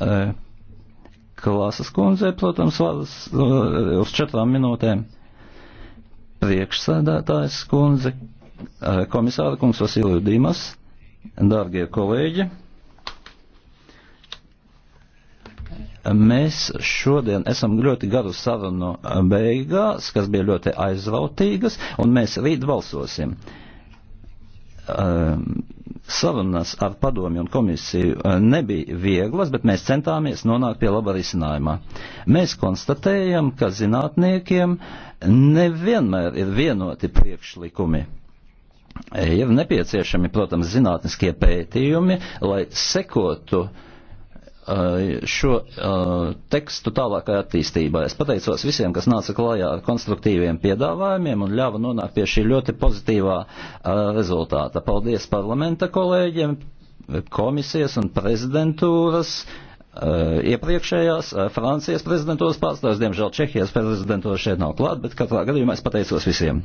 E, Klāsas kundzei, protams, e, uz četrām minūtēm. Priekšsēdētājs kundze, e, komisāra kungs Vasiliju Dīmas, dārgie kolēģi. Mēs šodien esam ļoti garu sarunu beigās, kas bija ļoti aizrautīgas, un mēs rīt balsosim. Um, Sarunas ar padomi un komisiju eh, nebija vieglas, bet mēs centāmies nonākt pie laba risinājumā. Mēs konstatējam, ka zinātniekiem nevienmēr ir vienoti priekšlikumi. Ir nepieciešami, protams, zinātniskie pētījumi, lai sekotu uh, Eh, šo eh, tekstu tālākai attīstībai. Es pateicos visiem, kas nāca klajā ar konstruktīviem piedāvājumiem un ļāva nonākt pie šī ļoti pozitīvā eh, rezultāta. Paldies parlamenta kolēģiem, komisijas un prezidentūras iepriekšējās Francijas prezidentūras pārstāvis, diemžēl Čehijas prezidentūra šeit nav klāt, bet katrā gadījumā es pateicos visiem.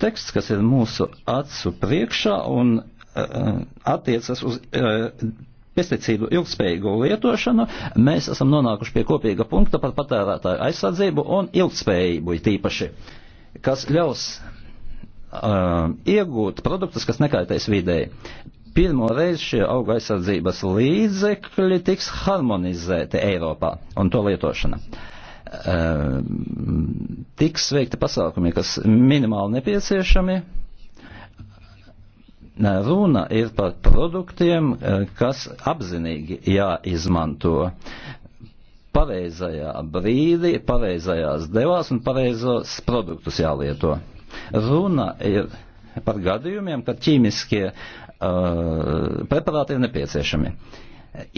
Teksts, kas ir mūsu acu priekšā un attiecas uz pesticīdu ilgspējīgu lietošanu, mēs esam nonākuši pie kopīga punkta par patērētāju aizsardzību un ilgspējību tīpaši, kas ļaus uh, iegūt produktus, kas nekaitēs vidēji. Pirmo reizi šie auga aizsardzības līdzekļi tiks harmonizēti Eiropā un to lietošana. Uh, tiks veikti pasākumi, kas minimāli nepieciešami, Runa ir par produktiem, e, kas apzinīgi jāizmanto pareizajā brīdī, pareizajās devās un pareizos produktus jālieto. Runa ir par gadījumiem, kad ķīmiskie uh, preparāti ir nepieciešami.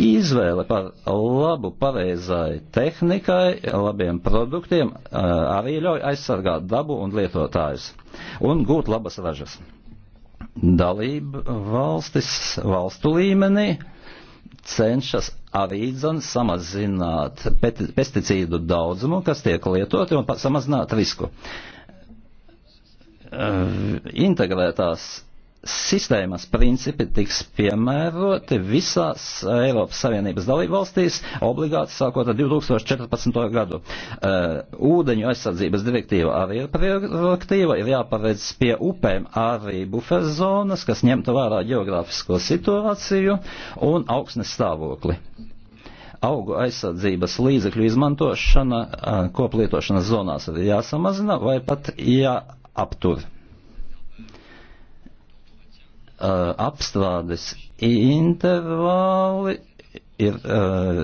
Izvēle par labu pareizai tehnikai, labiem produktiem uh, arī ļauj aizsargāt dabu un lietotājus un gūt labas ražas dalību valstis valstu līmenī cenšas avīdzan samazināt pesticīdu daudzumu, kas tiek lietoti, un samazināt risku. Integrētās sistēmas principi tiks piemēroti visās Eiropas Savienības dalībvalstīs obligāti sākot ar 2014. gadu. Uh, ūdeņu aizsardzības direktīva arī ir prerogatīva, ir jāparedz pie upēm arī buferzonas, kas ņemtu vērā geogrāfisko situāciju un augsnes stāvokli. Augu aizsardzības līdzekļu izmantošana eh, koplietošanas zonās ir jāsamazina vai pat jāaptur uh, apstrādes intervāli ir uh,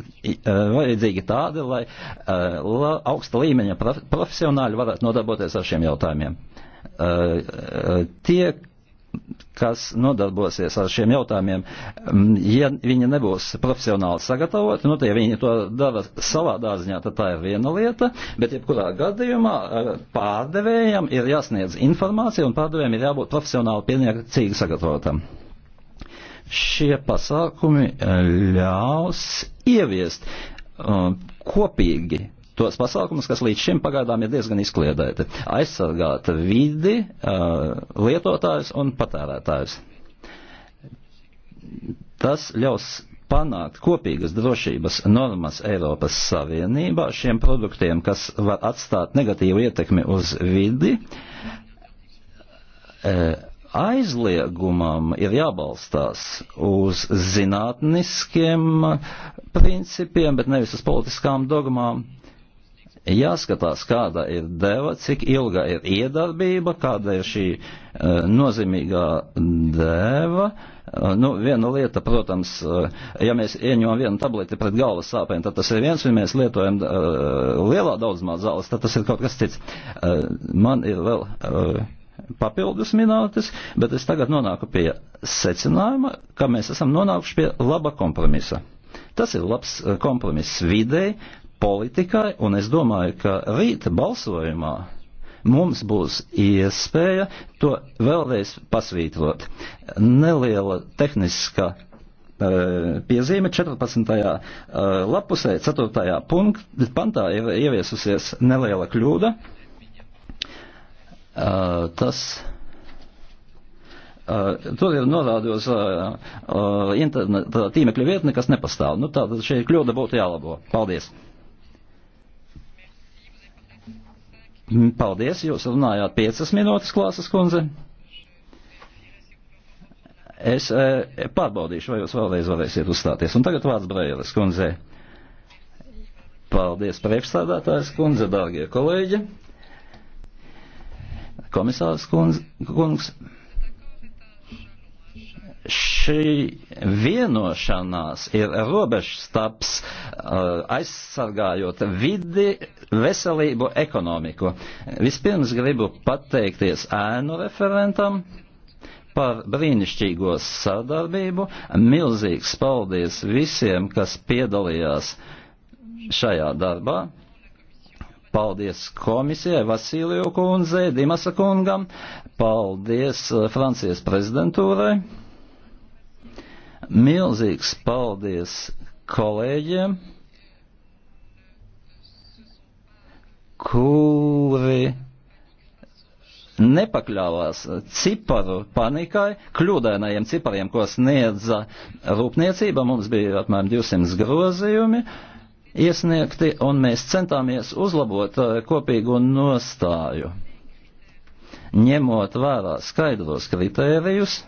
uh, vajadzīgi tādi, lai uh, la, augsta līmeņa prof, profesionāļi varētu nodarboties ar šiem jautājumiem. Uh, uh tiek kas nodarbosies ar šiem jautājumiem, mm, ja viņi nebūs profesionāli sagatavoti, nu, ja viņi to dara savā dārziņā, tad tā ir viena lieta, bet jebkurā gadījumā eh, pārdevējam ir jāsniedz informācija un pārdevējam ir jābūt profesionāli pienācīgi sagatavotam. Šie pasākumi eh, ļaus ieviest eh, kopīgi tos pasākumus, kas līdz šim pagaidām ir diezgan izkliedēti. Aizsargāt vidi, lietotājus un patērētājus. Tas ļaus panākt kopīgas drošības normas Eiropas Savienībā šiem produktiem, kas var atstāt negatīvu ietekmi uz vidi. Aizliegumam ir jābalstās uz zinātniskiem principiem, bet nevis uz politiskām dogmām jāskatās, kāda ir deva, cik ilga ir iedarbība, kāda ir šī e, nozīmīgā deva. E, nu, viena lieta, protams, e, ja mēs ieņemam vienu tableti pret galvas sāpēm, tad tas ir viens, ja mēs lietojam lielā daudzumā zāles, tad tas ir kaut kas cits. Man ir vēl papildus minētas, bet es tagad nonāku pie secinājuma, ka mēs esam nonākuši pie laba kompromisa. Tas ir labs kompromiss videi, politikai, un es domāju, ka rīta balsojumā mums būs iespēja to vēlreiz pasvītrot. Neliela tehniska uh, piezīme 14. Uh, e, lapusē, 4. Punkt, pantā ir ieviesusies neliela kļūda. Uh, tas Uh, tur ir norādījusi uh, uh, interneta tīmekļa vietne, kas nepastāv. Nu, tā tad šī kļūda būtu jālabo. Paldies! Mm, paldies, jūs runājāt piecas minūtes, klāsas kundze. Es e, pārbaudīšu, vai jūs vēlreiz varēsiet uzstāties. Un tagad vārds Brailes kundzei. Paldies, priekšstādātājs kundze, dārgie kolēģi. Komisārs kundze, kungs šī vienošanās ir robežstaps eh, aizsargājot vidi, veselību, ekonomiku. Vispirms gribu pateikties ēnu referentam par brīnišķīgo sadarbību. Milzīgs paldies visiem, kas piedalījās šajā darbā. Paldies komisijai, Vasīliju kundzei, Dimasa kungam, paldies eh, Francijas prezidentūrai. Milzīgs paldies kolēģiem, kuri nepakļāvās ciparu panikai, kļūdainajiem cipariem, ko sniedza rūpniecība. Mums bija apmēram 200 grozījumi iesniegti, un mēs centāmies uzlabot eh, kopīgu nostāju, ņemot vērā skaidros kritērijus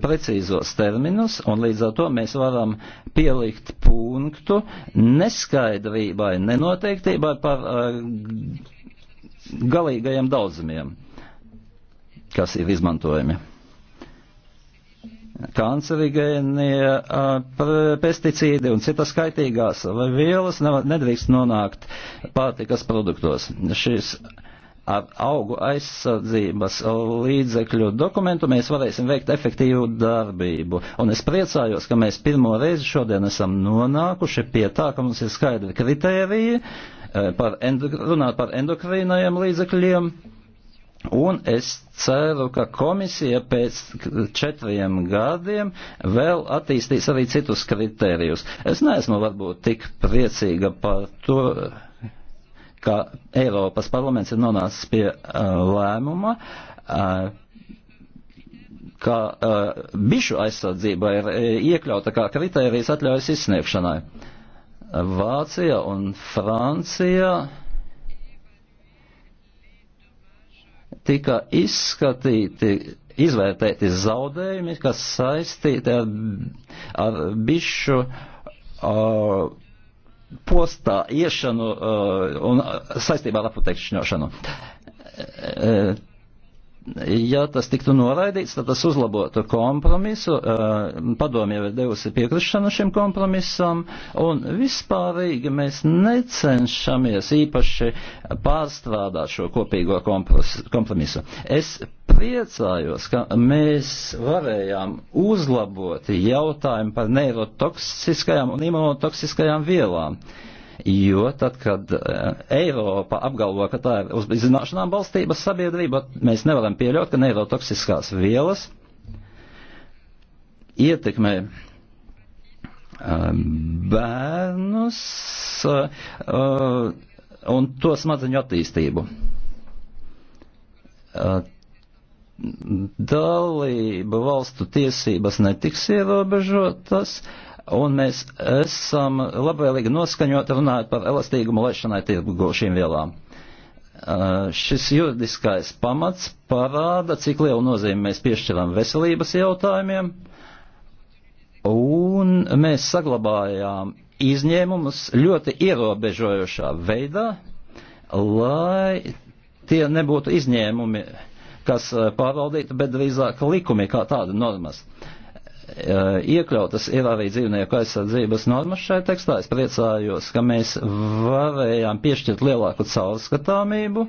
precīzos terminus, un līdz ar to mēs varam pielikt punktu neskaidrībai, nenoteiktībai par uh, galīgajiem daudzumiem, kas ir izmantojami. Kancerigēnie uh, pesticīdi un citas skaitīgās vielas nedrīkst nonākt pārtikas produktos. Šis ar augu aizsardzības līdzekļu dokumentu mēs varēsim veikt efektīvu darbību. Un es priecājos, ka mēs pirmo reizi šodien esam nonākuši pie tā, ka mums ir skaidri kritēriji eh, par runāt par endokrīnajiem līdzekļiem. Un es ceru, ka komisija pēc četriem gadiem vēl attīstīs arī citus kritērijus. Es neesmu varbūt tik priecīga par to, ka Eiropas parlaments ir nonācis pie uh, lēmuma, uh, ka uh, bišu aizsardzība ir iekļauta kā kritērijas atļaujas izsniegšanai. Vācija un Francija tika izskatīti, izvērtēti zaudējumi, kas saistīti ar, ar bišu uh, postā iešanu uh, un uh, saistībā ar apateikšanu. Uh, uh ja tas tiktu noraidīts, tad tas uzlabotu kompromisu, eh, padomju jau ir devusi piekrišanu šim kompromisam, un vispārīgi mēs necenšamies īpaši pārstrādāt šo kopīgo kompromisu. Es priecājos, ka mēs varējām uzlabot jautājumu par neirotoksiskajām un imunotoksiskajām vielām. Uh, jo tad, kad eh, Eiropa apgalvo, ka tā ir uz zināšanām balstības sabiedrība, mēs nevaram pieļaut, ka neirotoksiskās vielas ietekmē eh, bērnus eh, un to smadzeņu attīstību dalība valstu tiesības netiks ierobežotas, un mēs esam labvēlīgi noskaņot runājot par elastīgumu lešanai tirgu šīm vielām. Eh, šis juridiskais pamats parāda, cik lielu nozīmi mēs piešķiram veselības jautājumiem, un mēs saglabājām izņēmumus ļoti ierobežojošā veidā, lai tie nebūtu izņēmumi, kas eh, pārvaldītu, bet drīzāk likumi kā tāda normas. Uh, Eh, iekļautas ir arī dzīvnieku aizsardzības normas šajā tekstā. Es priecājos, ka mēs varējām piešķirt lielāku caurskatāmību.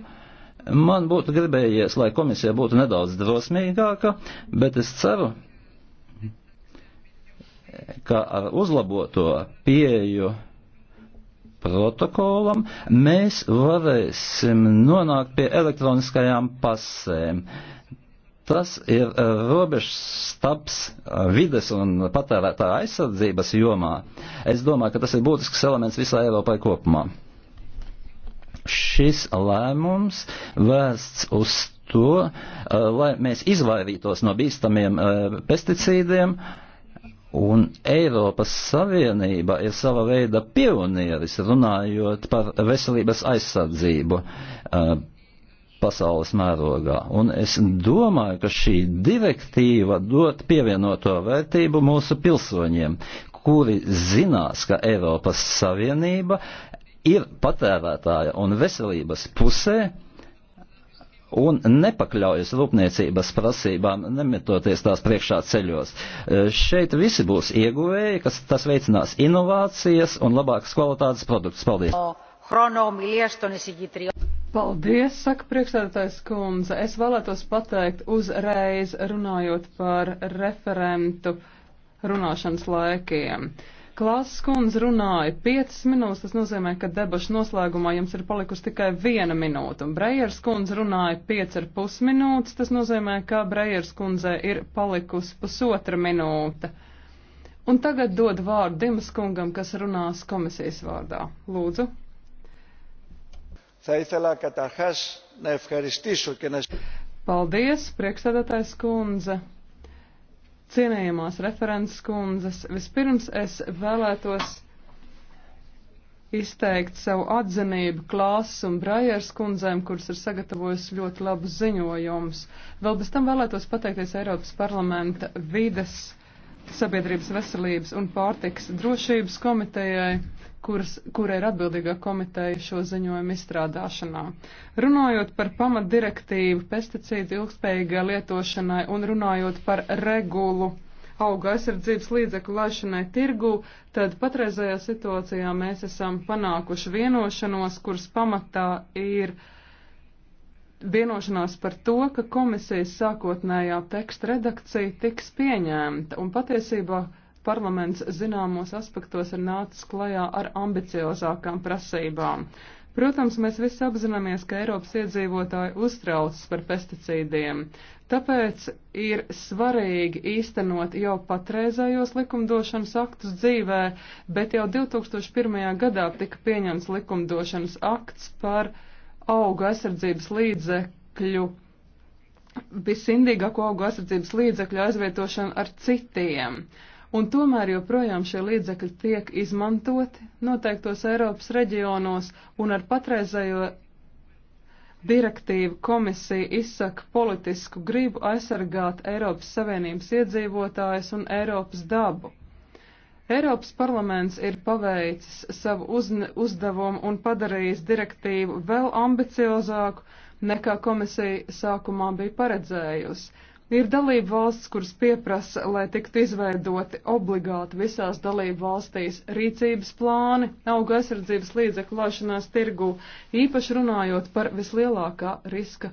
Man būtu gribējies, lai komisija būtu nedaudz drosmīgāka, bet es ceru, ka ar uzlaboto pieju protokolam mēs varēsim nonākt pie elektroniskajām pasēm. Uh, Tas ir e, robežs staps e, vides un patērētā aizsardzības jomā. Es domāju, ka tas ir būtisks elements visā Eiropai kopumā. Šis lēmums vērsts uz to, e, lai mēs izvairītos no bīstamiem pesticīdiem, Un Eiropas Savienība ir sava veida pionieris runājot par veselības aizsardzību pasaules mērogā. Un es domāju, ka šī direktīva dot pievienoto vērtību mūsu pilsoņiem, kuri zinās, ka Eiropas Savienība ir patērētāja un veselības pusē un nepakļaujas rūpniecības prasībām, nemetoties tās priekšā ceļos. E, šeit visi būs ieguvēji, kas tas veicinās inovācijas un labākas kvalitātes produktus. Paldies! Paldies, saka priekšsēdētājs kundze. Es vēlētos pateikt uzreiz runājot par referentu runāšanas laikiem. Klāsas kundze runāja 5 minūtes, tas nozīmē, ka debašu noslēgumā jums ir palikusi tikai viena minūte, un Brejers kundze runāja 5,5 minūtes, tas nozīmē, ka Brejers kundze ir palikusi pusotra minūte. Un tagad dod vārdu Dimas kungam, kas runās komisijas vārdā. Lūdzu. Θα ήθελα καταρχάς να ευχαριστήσω και να... Paldies, priekšsēdētājs kundze. Cienējamās referents kundzes, vispirms es vēlētos izteikt savu atzinību klāsas un brajers kundzēm, kuras ir sagatavojusi ļoti labus ziņojumus. Vēl bez tam vēlētos pateikties Eiropas parlamenta vides, sabiedrības veselības un pārtiks drošības komitejai kuras, kura ir atbildīgā komiteja šo ziņojumu izstrādāšanā. Runājot par pamatdirektīvu pesticīdu ilgspējīgai lietošanai un runājot par regulu auga aizsardzības līdzekļu laišanai tirgū, tad patreizajā situācijā mēs esam panākuši vienošanos, kuras pamatā ir vienošanās par to, ka komisijas sākotnējā teksta redakcija tiks pieņemta un patiesībā parlaments zināmos aspektos ir nācis klajā ar ambiciozākām prasībām. Protams, mēs visi apzināmies, ka Eiropas iedzīvotāji uztraucas par pesticīdiem, tāpēc ir svarīgi īstenot jau patreizējos likumdošanas aktus dzīvē, bet jau 2001. gadā tika pieņemts likumdošanas akts par auga aizsardzības līdzekļu, visindīgāko auga aizsardzības līdzekļu aizvietošanu ar citiem. Uh, un tomēr joprojām šie līdzekļi tiek izmantoti noteiktos Eiropas reģionos un ar patreizējo direktīvu komisija izsaka politisku gribu aizsargāt Eiropas Savienības iedzīvotājus un Eiropas dabu. Eiropas parlaments ir paveicis savu uzdevumu un padarījis direktīvu vēl ambiciozāku, nekā komisija sākumā bija paredzējusi. Ir dalība valsts, kuras pieprasa, lai tiktu izveidoti obligāti visās dalība valstīs rīcības plāni auga aizsardzības līdzekļu lošanās tirgu, īpaši runājot par vislielākā riska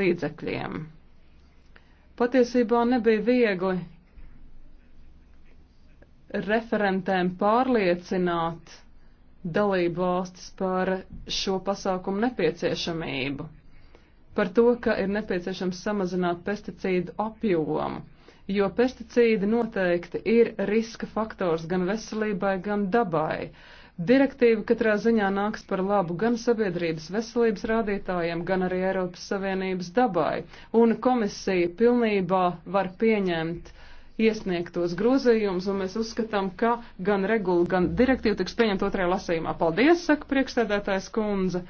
līdzekļiem. Patiesībā nebija viegli referentēm pārliecināt dalību valstis par šo pasākumu nepieciešamību par to, ka ir nepieciešams samazināt pesticīdu apjomu, jo pesticīdi noteikti ir riska faktors gan veselībai, gan dabai. Direktīva katrā ziņā nāks par labu gan sabiedrības veselības rādītājiem, gan arī Eiropas Savienības dabai, un komisija pilnībā var pieņemt iesniegtos grozījumus, un mēs uzskatām, ka gan regula, gan direktīva tiks pieņemta otrajā lasījumā. Paldies, saka priekšstādātājs kundze.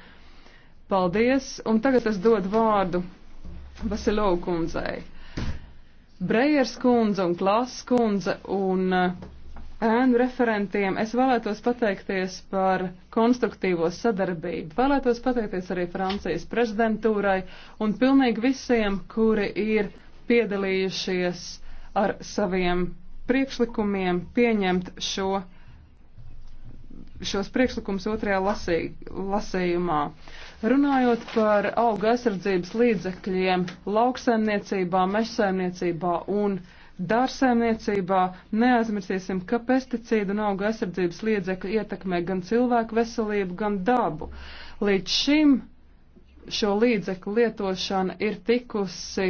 Paldies, un tagad es dodu vārdu Vasilov kundzei. Brejers kundze un Klas kundze un eh, ēnu referentiem es vēlētos pateikties par konstruktīvo sadarbību. Vēlētos pateikties arī Francijas prezidentūrai un pilnīgi visiem, kuri ir piedalījušies ar saviem priekšlikumiem pieņemt šo, šos priekšlikumus otrajā lasī, lasējumā. Uh, Runājot par auga aizsardzības līdzekļiem lauksaimniecībā, mežsaimniecībā un dārsaimniecībā, neaizmirsīsim, ka pesticīdu un auga aizsardzības līdzekļi ietekmē gan cilvēku veselību, gan dabu. Līdz šim šo līdzekļu lietošana ir tikusi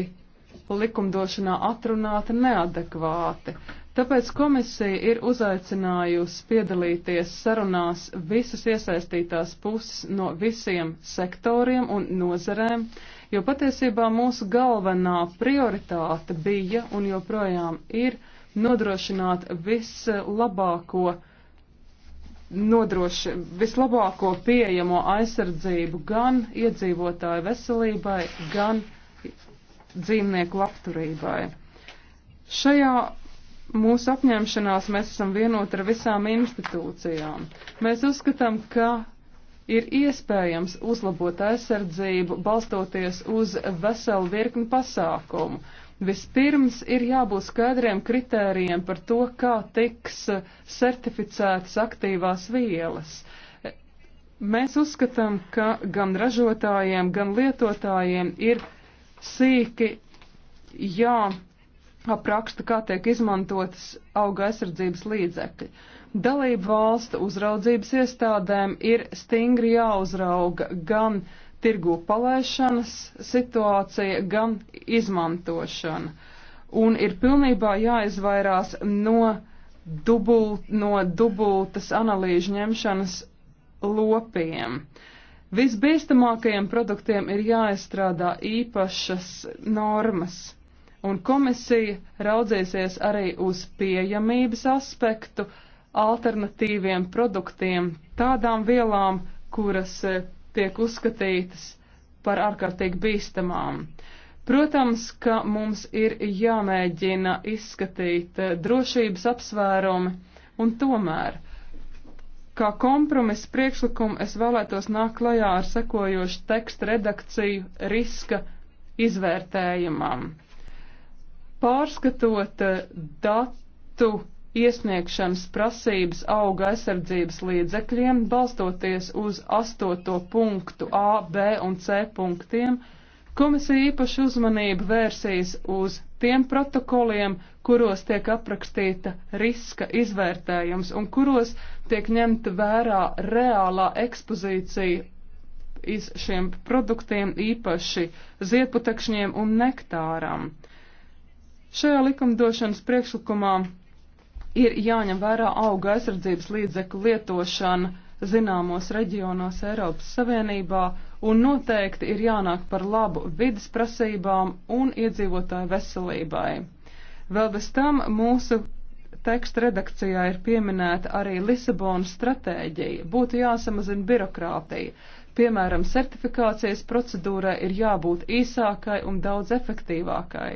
likumdošanā atrunāta neadekvāti. Tāpēc komisija ir uzaicinājusi piedalīties sarunās visas iesaistītās puses no visiem sektoriem un nozarēm, jo patiesībā mūsu galvenā prioritāte bija un joprojām ir nodrošināt vislabāko, nodroši, vislabāko pieejamo aizsardzību gan iedzīvotāju veselībai, gan dzīvnieku labturībai. Šajā mūsu apņemšanās mēs esam vienoti ar visām institūcijām. Mēs uzskatām, ka ir iespējams uzlabot aizsardzību balstoties uz veselu virkni pasākumu. Vispirms ir jābūt skaidriem kritērijiem par to, kā tiks certificētas aktīvās vielas. Mēs uzskatām, ka gan ražotājiem, gan lietotājiem ir sīki jā apraksta, kā tiek izmantotas auga aizsardzības līdzekļi. Dalību valstu uzraudzības iestādēm ir stingri jāuzrauga gan tirgu palaišanas situācija, gan izmantošana. Un ir pilnībā jāizvairās no, dubult, no dubultas analīžu ņemšanas lopiem. Visbīstamākajiem produktiem ir jāizstrādā īpašas normas un komisija raudzīsies arī uz pieejamības aspektu alternatīviem produktiem, tādām vielām, kuras eh, tiek uzskatītas par ārkārtīgi bīstamām. Protams, ka mums ir jāmēģina izskatīt eh, drošības apsvērumi, un tomēr, kā kompromisa priekšlikumu, es vēlētos nākt klajā ar sekojošu tekstu redakciju riska izvērtējumam. Pārskatot eh, datu iesniegšanas prasības auga aizsardzības līdzekļiem, balstoties uz 8. punktu A, B un C punktiem, komisija īpaši uzmanību vērsīs uz tiem protokoliem, kuros tiek aprakstīta riska izvērtējums un kuros tiek ņemta vērā reālā ekspozīcija iz šiem produktiem īpaši ziedputekšņiem un nektāram. Šajā likumdošanas priekšlikumā ir jāņem vērā auga aizsardzības līdzekļu lietošana zināmos reģionos Eiropas Savienībā un noteikti ir jānāk par labu vidas prasībām un iedzīvotāju veselībai. Vēl bez tam mūsu teksta redakcijā ir pieminēta arī Lisabonas stratēģija. Būtu jāsamazina birokrātija. Piemēram, certifikācijas procedūrai ir jābūt īsākai un daudz efektīvākai.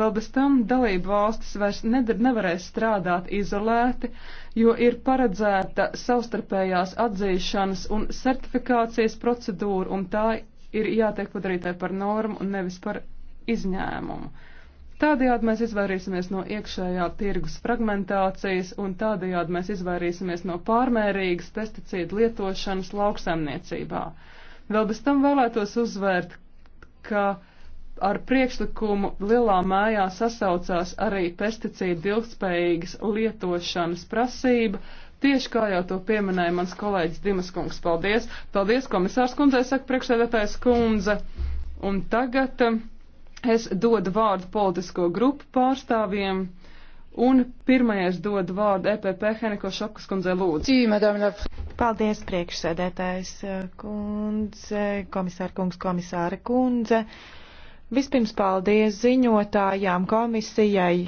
Vēl bez tam dalību valstis vairs nevarēs strādāt izolēti, jo ir paredzēta savstarpējās atzīšanas un certifikācijas procedūra, un tā ir jātiek padarītai par normu un nevis par izņēmumu. Tādējādi mēs izvairīsimies no iekšējā tirgus fragmentācijas un tādējādi mēs izvairīsimies no pārmērīgas pesticīdu lietošanas lauksaimniecībā. Vēl bez tam vēlētos uzsvērt, ka uh, ar priekšlikumu lielā mājā sasaucās arī pesticīdu ilgspējīgas lietošanas prasība. Tieši kā jau to pieminēja mans kolēģis Dimas kungs. Paldies! Paldies, komisārs kundzei, saka priekšsēdētājs kundze. Un tagad um, es dodu vārdu politisko grupu pārstāvjiem. Un pirmajais dod vārdu EPP Heniko Šokas kundzei lūdzu. Paldies, priekšsēdētājs uh, kundze, komisāra kungs, komisāra kundze. Uh, Vispirms paldies ziņotājām, komisijai,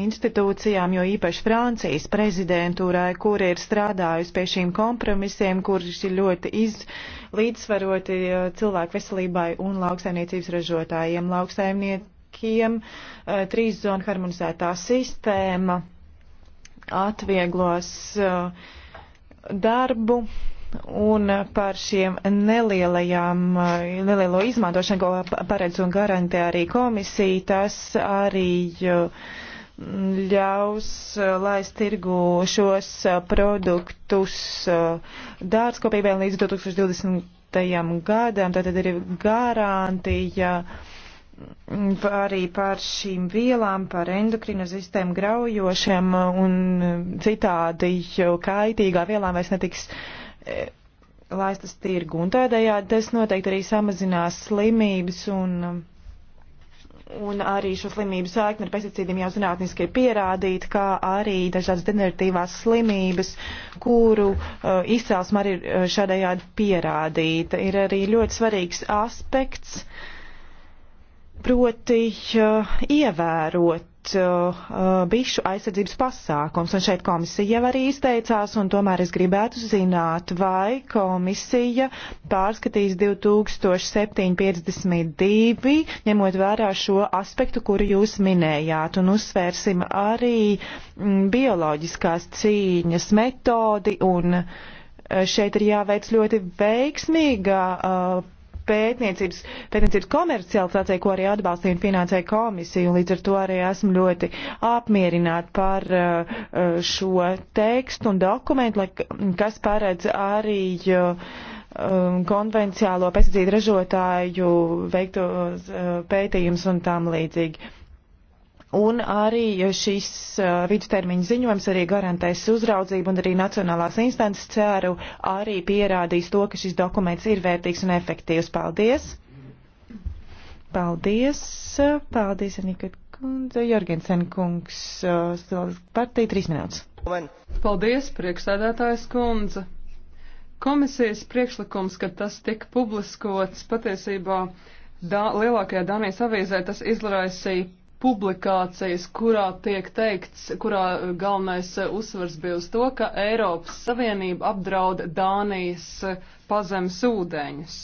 institūcijām, jo īpaši Francijas prezidentūrai, kur ir strādājusi pie šīm kompromisiem, kurš ir ļoti iz, līdzsvaroti eh, cilvēku veselībai un lauksaimniecības ražotājiem. Lauksaimniekiem eh, trīs zonu harmonizētā sistēma atvieglos eh, darbu un par šiem nelielajām, nelielo izmantošanu, ko paredz un garantē arī komisija, tas arī ļaus uh, laist tirgu šos uh, produktus uh, dārzkopībai līdz 2020. gadam. Tātad ir garantija mm, arī par šīm vielām, par endokrino sistēmu graujošiem un citādi kaitīgā vielām vairs netiks uh, laistas tirgu. Un tādējādi tas noteikti arī samazinās slimības un, un arī šo slimību sākni ar pesticīdiem jau zinātniski ir pierādīta, kā arī dažādas degeneratīvās slimības, kuru uh, izcelsme arī ir uh, šādējādi pierādīta. Ir arī ļoti svarīgs aspekts, proti uh, ievērot Uh, uh, bišu aizsardzības pasākums, un šeit komisija jau arī izteicās, un tomēr es gribētu zināt, vai komisija pārskatīs 2752, ņemot vērā šo aspektu, kuru jūs minējāt, un uzsvērsim arī m, mm, bioloģiskās cīņas metodi, un uh, šeit ir jāveic ļoti veiksmīga uh, pētniecības, pētniecības komercializācija, ko arī atbalstīja un finansēja komisija, un līdz ar to arī esmu ļoti apmierināta par uh, šo tekstu un dokumentu, kas paredz arī uh, um, konvenciālo pesticīdu ražotāju veiktos uh, pētījums un tam līdzīgi. Un arī šis uh, vidustermiņa ziņojums arī garantēs uzraudzību un arī nacionālās instances ceru arī pierādīs to, ka šis dokuments ir vērtīgs un efektīvs. Paldies! Paldies! Paldies, Anika kundze, Jorgensen kungs, uh, Stilas partija, trīs minūtes. Paldies, priekšsēdētājs kundze! Komisijas priekšlikums, kad tas tika publiskots, patiesībā da, lielākajā Danijas avīzē tas izraisīja publikācijas, kurā tiek teikts, kurā eh, galvenais eh, uzsvars bija uz to, ka Eiropas Savienība apdraud Dānijas eh, pazemes ūdeņus.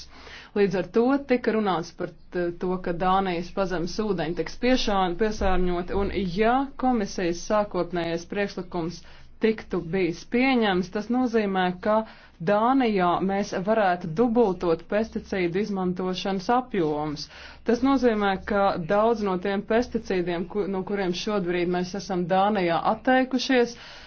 Līdz ar to tika runāts par to, ka Dānijas pazemes ūdeņi tiks piesārņoti, un ja komisijas sākotnējais priekšlikums tiktu bijis pieņems, tas nozīmē, ka Dānijā mēs varētu dubultot pesticīdu izmantošanas apjomus. Tas nozīmē, ka daudz no tiem pesticīdiem, no kuriem šobrīd mēs esam Dānijā atteikušies, uh,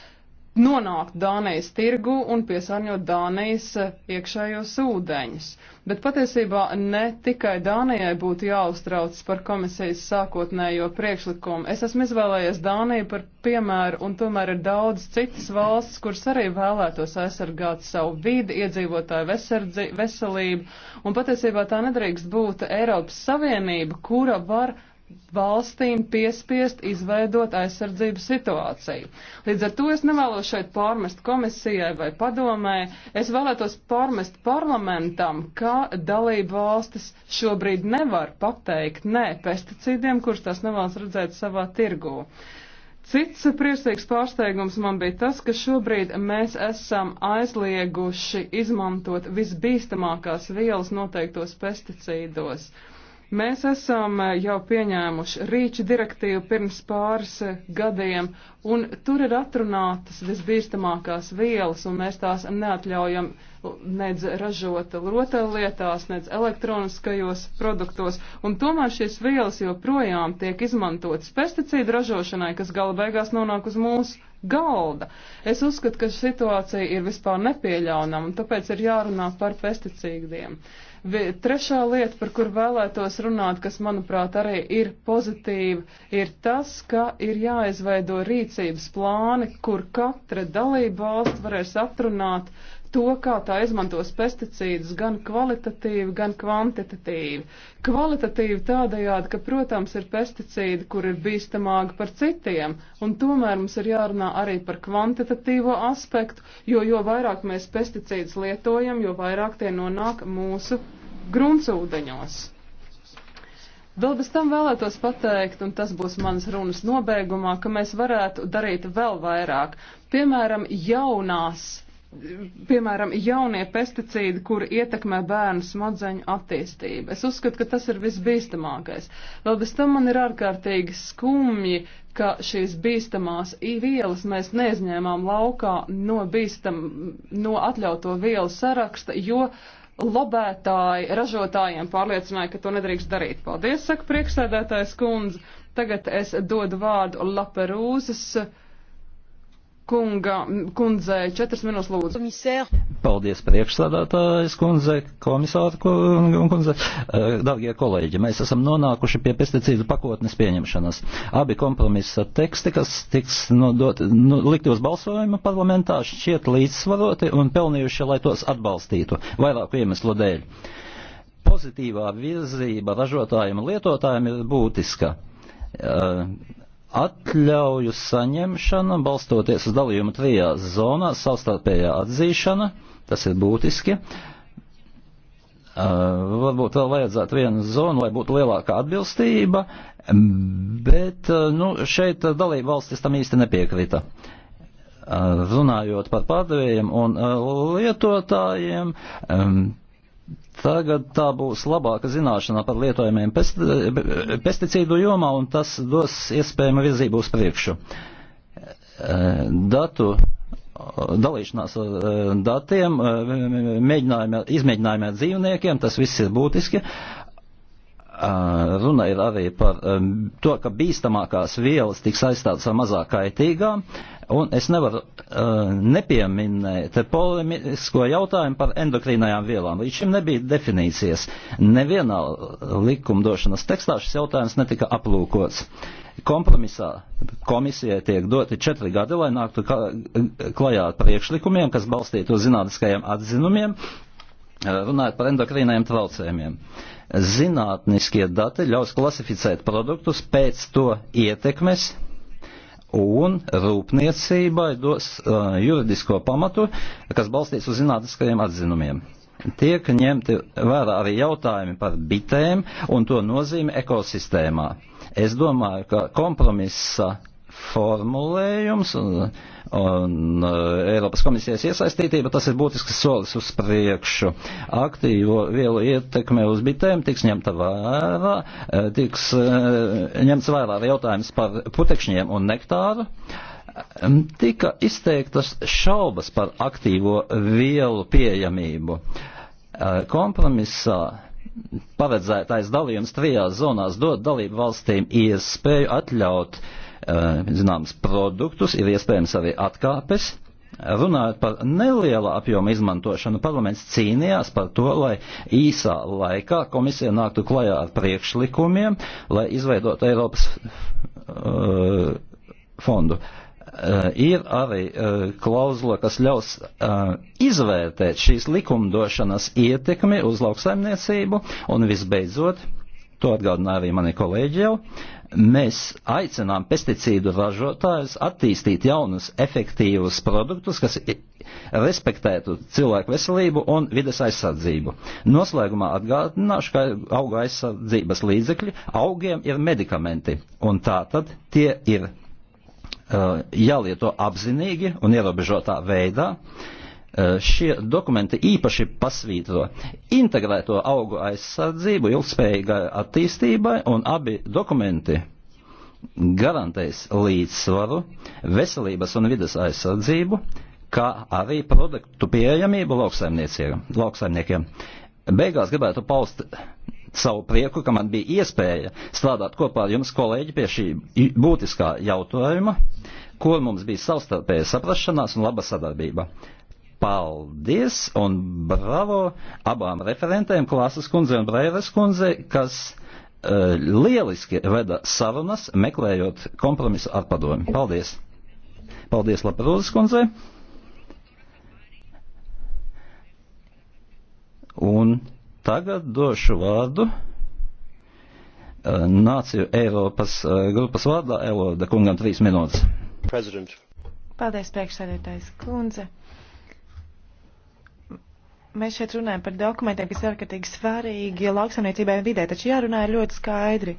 nonākt Dānijas tirgu un piesārņot Dānijas eh, iekšējos ūdeņus. Bet patiesībā ne tikai Dānijai būtu jāuztrauc par komisijas sākotnējo priekšlikumu. Es esmu izvēlējies Dāniju par piemēru, un tomēr ir daudz citas valsts, kuras arī vēlētos aizsargāt savu vidi, iedzīvotāju veselību, un patiesībā tā nedrīkst būt Eiropas Savienība, kura var valstīm piespiest izveidot aizsardzību situāciju. Līdz ar to es nevēlos šeit pārmest komisijai vai padomē, es vēlētos pārmest parlamentam, ka dalību valstis šobrīd nevar pateikt nē ne pesticīdiem, kurus tās nevēlas redzēt savā tirgū. Cits priecīgs pārsteigums man bija tas, ka šobrīd mēs esam aizlieguši izmantot visbīstamākās vielas noteiktos pesticīdos. Uh, Mēs esam eh, jau pieņēmuši rīču direktīvu pirms pāris eh, gadiem, un tur ir atrunātas visbīstamākās vielas, un mēs tās neatļaujam nedz ražot rotaļlietās, nedz elektroniskajos produktos, un tomēr šīs vielas joprojām tiek izmantotas pesticīdu ražošanai, kas gala beigās nonāk uz mūsu galda. Es uzskatu, ka situācija ir vispār nepieļaunama, un tāpēc ir jārunā par pesticīdiem. Uh, Trešā lieta, par kur vēlētos runāt, kas, manuprāt, arī ir pozitīva, ir tas, ka ir jāizveido rīcības plāni, kur katra dalība valsts varēs atrunāt, uh, to, kā tā izmantos pesticīdus gan kvalitatīvi, gan kvantitatīvi. Kvalitatīvi tādējādi, ka, protams, ir pesticīdi, kur ir bīstamāki par citiem, un tomēr mums ir jārunā arī par kvantitatīvo aspektu, jo jo vairāk mēs pesticīdus lietojam, jo vairāk tie nonāk mūsu gruntsūdeņos. Vēl bez tam vēlētos pateikt, un tas būs mans runas nobeigumā, ka mēs varētu darīt vēl vairāk. Piemēram, jaunās piemēram, jaunie pesticīdi, kur ietekmē bērnu smadzeņu attīstību. Es uzskatu, ka tas ir visbīstamākais. Vēl bez tam man ir ārkārtīgi skumji, ka šīs bīstamās vielas mēs neizņēmām laukā no, bīstam, no atļauto vielu saraksta, jo lobētāji ražotājiem pārliecināja, ka to nedrīkst darīt. Paldies, saka priekšsēdētājs kundze. Tagad es dodu vārdu Laperūzes. Uh, kunga, kundzei četras minūtes lūdzu. Komisēr. Paldies priekšsādātājas kundzei, komisāra un kundzei. Dargie kolēģi, mēs esam nonākuši pie pesticīdu pakotnes pieņemšanas. Abi kompromisa teksti, kas tiks nodot, nu, likti uz balsojumu parlamentā, šķiet līdzsvaroti un pelnījuši, lai tos atbalstītu vairāku iemeslu dēļ. Pozitīvā virzība ražotājiem un lietotājiem ir būtiska. Uh, Atļauju saņemšana, balstoties uz dalījumu trijās zonās, savstarpējā atzīšana, tas ir būtiski. Uh, varbūt vēl vajadzētu vienu zonu, lai būtu lielāka atbilstība, bet uh, nu, šeit dalība valstis tam īsti nepiekrita. Uh, runājot par pārdevējiem un uh, lietotājiem, um, Tagad tā būs labāka zināšana par lietojumiem pesticīdu jomā, un tas dos iespējama virzību uz priekšu. Datu dalīšanās ar datiem, izmēģinājumiem ar dzīvniekiem, tas viss ir būtiski. Runa ir arī par um, to, ka bīstamākās vielas tiks aizstātas ar mazāk kaitīgām. Uh, Un es nevaru uh, nepieminēt polemisko jautājumu par endokrīnajām vielām. Līdz šim nebija definīcijas. Nevienā likumdošanas tekstā šis jautājums netika aplūkots. Kompromisā komisijai tiek doti četri gadi, lai nāktu klajā ar priekšlikumiem, kas balstītu uz zinātniskajiem atzinumiem, eh, runājot par endokrīnajiem traucējumiem. Zinātniskie dati ļaus klasificēt produktus pēc to ietekmes un rūpniecībai dos uh, juridisko pamatu, kas balstīts uz zinātniskajiem atzinumiem. Tiek ņemti vērā arī jautājumi par bitēm un to nozīmi ekosistēmā. Es domāju, ka kompromisa formulējums un, un uh, Eiropas komisijas iesaistītība, tas ir būtisks solis uz priekšu. Aktīvo vielu ietekme uz bitēm tiks ņemta vērā, uh, tiks uh, ņemts vērā jautājums par putekšņiem un nektāru. Um, tika izteiktas šaubas par aktīvo vielu pieejamību. Uh, kompromisā paredzētais dalījums trijās zonās dod dalību valstīm iespēju atļaut uh, Eh, zināmas produktus, ir iespējams arī atkāpes. Runājot par nelielu apjomu izmantošanu, parlaments cīnījās par to, lai īsā laikā komisija nāktu klajā ar priekšlikumiem, lai izveidotu Eiropas uh, fondu. Uh, ir arī klauzula, kas ļaus izvērtēt šīs likumdošanas ietekmi uz lauksaimniecību, un visbeidzot, to atgādināja arī mani kolēģi jau, mēs aicinām pesticīdu ražotājus attīstīt jaunus efektīvus produktus, kas respektētu cilvēku veselību un vides aizsardzību. Noslēgumā atgādināšu, ka auga aizsardzības līdzekļi augiem ir medikamenti, un tā tad tie ir uh, jālieto apzinīgi un ierobežotā veidā. Uh, Eh, šie dokumenti īpaši pasvītro integrēto augu aizsardzību ilgspējīgai attīstībai un abi dokumenti garantēs līdzsvaru, veselības un vidas aizsardzību, kā arī produktu pieejamību lauksaimniekiem. Beigās gribētu paust savu prieku, ka man bija iespēja strādāt kopā ar jums, kolēģi, pie šī būtiskā jautājuma, kur mums bija savstarpēja saprašanās un laba sadarbība. Paldies un bravo abām referentēm, Klāsas kundze un Brēves kundze, kas uh, lieliski veda sarunas, meklējot kompromisu ar padomi. Paldies! Paldies, Laprūzes kundze! Un tagad došu vārdu uh, Nāciju Eiropas uh, grupas vārdā Eloda kungam trīs minūtes. President. Paldies, priekšsēdētājs kundze! Mēs šeit runājam par dokumentiem, kas ir ārkārtīgi svarīgi lauksamniecībai un vidē, taču jārunā ir ļoti skaidri.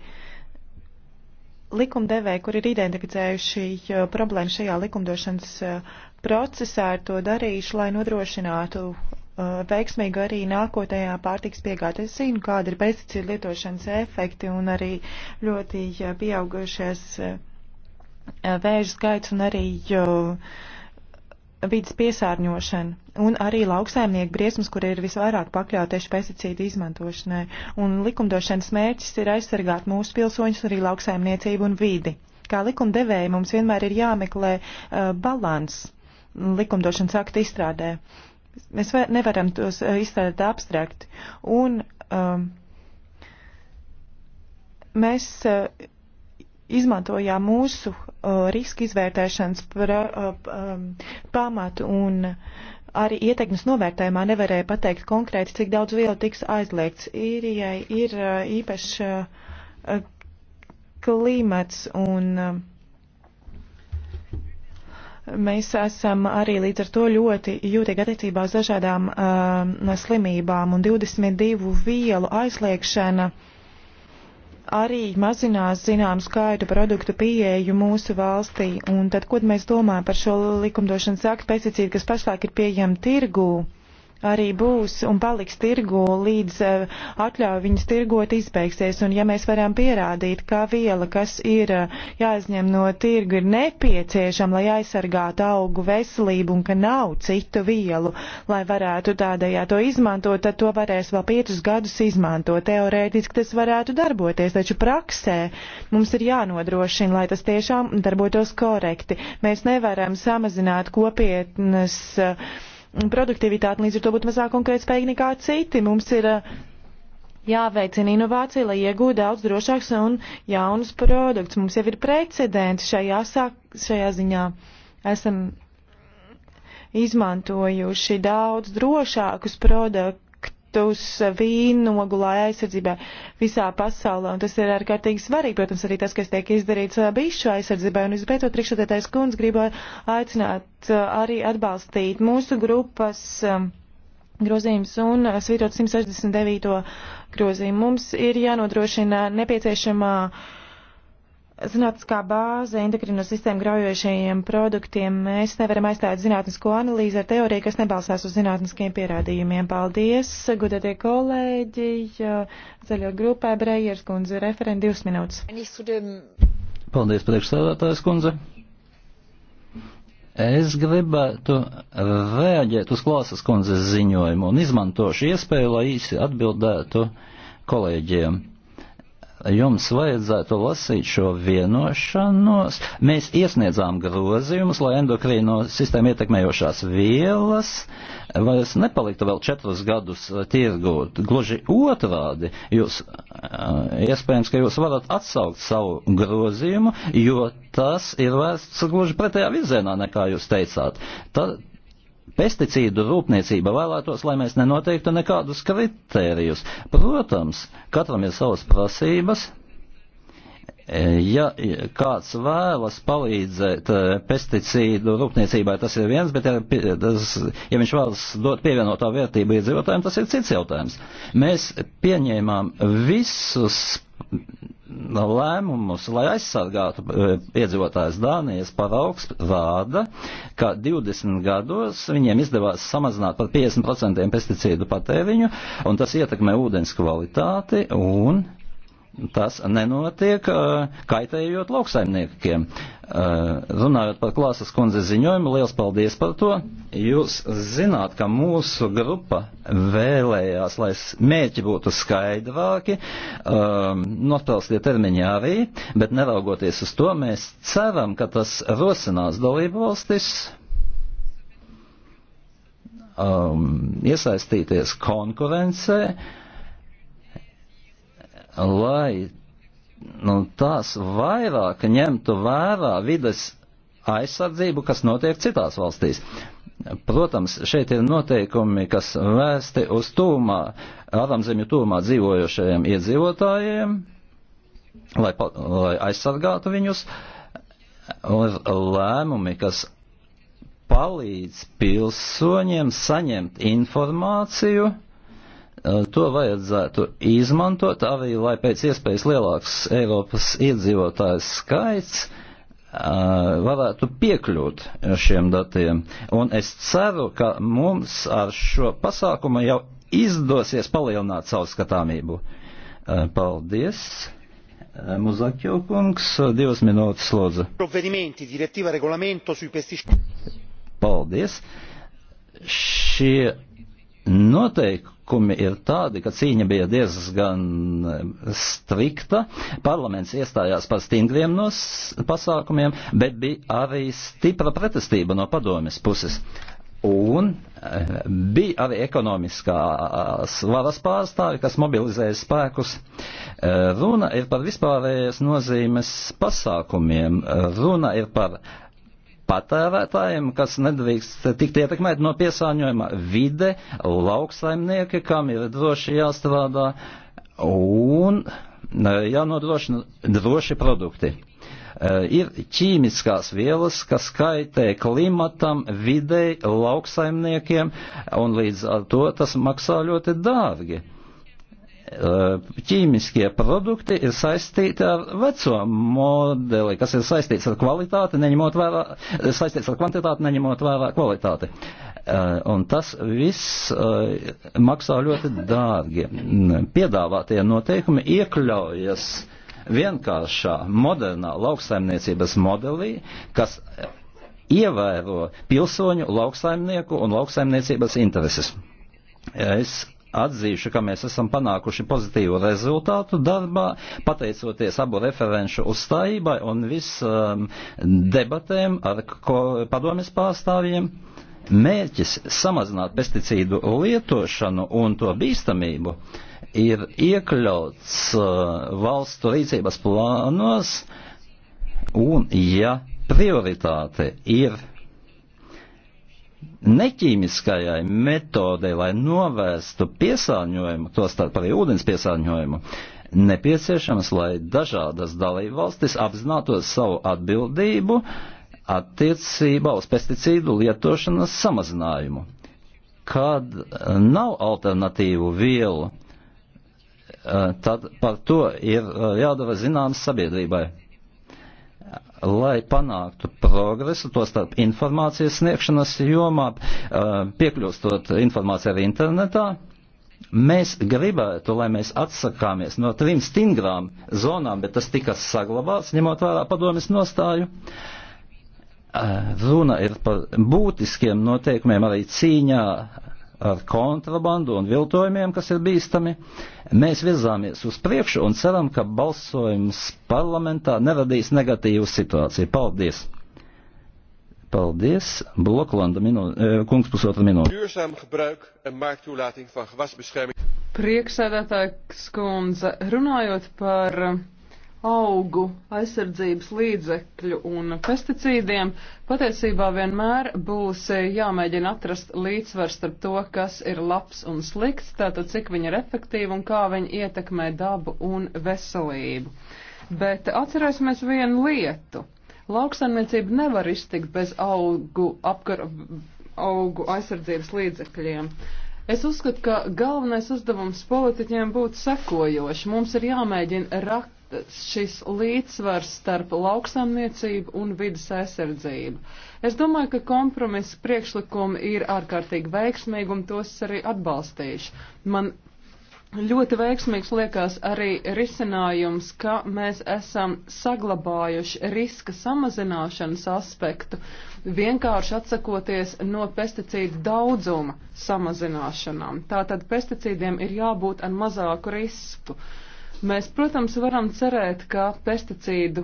Likumdevēji, kur ir identificējuši uh, problēmu šajā likumdošanas uh, procesā, ir to darījuši, lai nodrošinātu uh, veiksmīgu arī nākotnējā pārtiks piegāde. Es zinu, kāda ir pesticīdu lietošanas efekti un arī ļoti pieaugušies vēža skaits un arī. Uh, vidas piesārņošana un arī lauksaimnieku briesmas, kur ir visvairāk pakļautieši pesticīdu izmantošanai. Un likumdošanas mērķis ir aizsargāt mūsu pilsoņus, arī lauksaimniecību un vidi. Kā likumdevēji mums vienmēr ir jāmeklē uh, balans likumdošanas aktu izstrādē. Mēs var, nevaram tos uh, izstrādāt abstrakt. Un, um, mēs uh, izmantojām mūsu uh, riska izvērtēšanas pra, uh, um, pamatu un arī ietekmes novērtējumā nevarēja pateikt konkrēti, cik daudz vielu tiks aizliegts. Īrijai ir uh, īpašs uh, klimats un uh, mēs esam arī līdz ar to ļoti jūtīgi attiecībā uz dažādām uh, slimībām un 22 vielu aizliegšana uh, arī mazinās zinām skaitu produktu pieeju mūsu valstī. Un tad, ko mēs domājam par šo likumdošanas aktu pesticīdu, kas pašlaik ir pieejama tirgū? arī būs un paliks tirgu, līdz eh, atļauja viņas tirgot izbeigsies. Un ja mēs varam pierādīt, ka viela, kas ir eh, jāizņem no tirgu, ir nepieciešama, lai aizsargātu augu veselību un ka nav citu vielu, lai varētu tādējā to izmantot, tad to varēs vēl piecus gadus izmantot. Teorētiski tas varētu darboties, taču praksē mums ir jānodrošina, lai tas tiešām darbotos korekti. Mēs nevaram samazināt kopietnas uh, eh, produktivitāte, līdz ar to būtu mazāk konkurētspējīgi nekā citi. Mums ir eh, jāveicina inovācija, lai iegūtu daudz drošāks un jaunus produktus. Mums jau ir precedenti šajā, sāk, šajā ziņā. Esam izmantojuši daudz drošākus produktus produktus vīnogulai aizsardzībai visā pasaulē. Un tas ir ārkārtīgi svarīgi, protams, arī tas, kas tiek izdarīts uh, bišu aizsardzībai. Un visbeidzot, priekšsēdētājs kundze gribu uh, aicināt uh, arī atbalstīt mūsu grupas um, grozījums un svītot 169. grozījumu. Mums ir jānodrošina nepieciešamā zinātniskā bāze endokrino sistēmu graujošajiem produktiem. Mēs nevaram aizstāt zinātnisko analīzi ar teoriju, kas nebalstās uz zinātniskiem pierādījumiem. Paldies, gudatie kolēģi, zaļo grupē Brejers kundze, referent divas minūtes. Paldies, priekšsēdētājs kundze. Es gribētu reaģēt uz klāsas kundzes ziņojumu un izmantošu iespēju, lai īsi atbildētu kolēģiem jums vajadzētu lasīt šo vienošanos. Mēs iesniedzām grozījumus, lai endokrīno sistēmu ietekmējošās vielas vairs nepaliktu vēl četrus gadus uh, tirgū. Gluži otrādi, jūs, uh, iespējams, ka jūs varat atsaukt savu grozījumu, jo tas ir vērsts gluži pretējā virzienā, nekā jūs teicāt. Tad, pesticīdu rūpniecība vēlētos, lai mēs nenoteiktu nekādus kritērijus. Protams, katram ir savas prasības. E, ja kāds vēlas palīdzēt e, pesticīdu rūpniecībai, tas ir viens, bet ja, tas, ja viņš vēlas dot pievienotā vērtību iedzīvotājiem, tas ir cits jautājums. Mēs pieņēmām visus lēmumus, lai aizsargātu e, iedzīvotājs Dānijas paraugs rāda, ka 20 gados viņiem izdevās samazināt par 50% pesticīdu patēriņu, un tas ietekmē ūdens kvalitāti un tas nenotiek, kaitējot lauksaimniekiem. Runājot par klāsas kundze ziņojumu, liels paldies par to. Jūs zināt, ka mūsu grupa vēlējās, lai mērķi būtu skaidrāki, nopelstie termiņi arī, bet neraugoties uz to, mēs ceram, ka tas rosinās dalību valstis um, iesaistīties konkurencē, uh, lai nu, tās vairāk ņemtu vērā vides aizsardzību, kas notiek citās valstīs. Protams, šeit ir noteikumi, kas vērsti uz tūmā, ārzemju tūmā dzīvojošajiem iedzīvotājiem, lai, lai aizsargātu viņus, un lēmumi, kas palīdz pilsoņiem saņemt informāciju, uh, Eh, to vajadzētu izmantot arī, lai pēc iespējas lielāks Eiropas iedzīvotājs skaits eh, varētu piekļūt šiem datiem. Un es ceru, ka mums ar šo pasākumu jau izdosies palielināt savu skatāmību. Eh, paldies! Muzakjo kungs, divas minūtes lūdzu. Paldies! Šie Noteikumi ir tādi, ka cīņa bija diezgan eh, strikta, parlaments iestājās par stingriem nos pasākumiem, bet bija arī stipra pretestība no padomjas puses. Un eh, bija arī ekonomiskās varas pārstāvi, kas mobilizēja spēkus. Eh, runa ir par vispārējais nozīmes pasākumiem, runa ir par patērētājiem, kas nedrīkst tikt ietekmēt no piesāņojuma vide, lauksaimnieki, kam ir droši jāstrādā un e, jānodrošina droši produkti. E, ir ķīmiskās vielas, kas kaitē klimatam, videi, lauksaimniekiem, un līdz ar to tas maksā ļoti dārgi Uh, ķīmiskie produkti ir saistīti ar veco modeli, kas ir saistīts ar kvalitāti, neņemot vērā, saistīts ar kvantitāti, neņemot vērā kvalitāti. Uh, un tas viss uh, maksā ļoti dārgi. Piedāvātie noteikumi iekļaujas vienkāršā, modernā lauksaimniecības modelī, kas ievēro pilsoņu, lauksaimnieku un lauksaimniecības intereses. Es atzīšu, ka mēs esam panākuši pozitīvu rezultātu darbā, pateicoties abu referenšu uzstājībai un visām um, debatēm ar padomjas pārstāvjiem. Mērķis samazināt pesticīdu lietošanu un to bīstamību ir iekļauts uh, valstu rīcības plānos, un ja prioritāte ir neķīmiskajai metodei, lai novērstu piesārņojumu, tostarp arī ūdens piesārņojumu, nepieciešams, lai dažādas dalībvalstis apzinātos savu atbildību attiecībā uz pesticīdu lietošanas samazinājumu. Kad nav alternatīvu vielu, eh, tad par to ir eh, jādara zināms sabiedrībai lai panāktu progresu, to starp informācijas sniegšanas jomā, piekļūstot informācijai arī internetā, mēs gribētu, lai mēs atsakāmies no trim stingrām zonām, bet tas tika saglabāts, ņemot vērā padomjas nostāju. Runa ir par būtiskiem noteikumiem arī cīņā ar kontrabandu un viltojumiem, kas ir bīstami. Mēs virzāmies uz priekšu un ceram, ka balsojums parlamentā neradīs negatīvu situāciju. Paldies! Paldies! Bloklanda minu, e, kungs pusotra minūte. Prieksēdētāja skundze, runājot par augu aizsardzības līdzekļu un pesticīdiem, patiesībā vienmēr būs e, jāmēģina atrast līdzsvars starp to, kas ir labs un slikts, tātad cik viņi ir efektīvi un kā viņi ietekmē dabu un veselību. Bet atcerēsimies vienu lietu. Lauksaimniecība nevar iztikt bez augu, apkar, augu aizsardzības līdzekļiem. Es uzskatu, ka galvenais uzdevums politiķiem būtu sekojoši. Mums ir jāmēģina rak šis līdzsvars starp lauksamniecību un vidas aizsardzību. Es domāju, ka kompromisa priekšlikumi ir ārkārtīgi veiksmīgi un tos arī atbalstīšu. Man ļoti veiksmīgs liekas arī risinājums, ka mēs esam saglabājuši riska samazināšanas aspektu, vienkārši atsakoties no pesticīdu daudzuma samazināšanām. Tātad pesticīdiem ir jābūt ar mazāku risku. Uh, Mēs, protams, varam cerēt, ka pesticīdu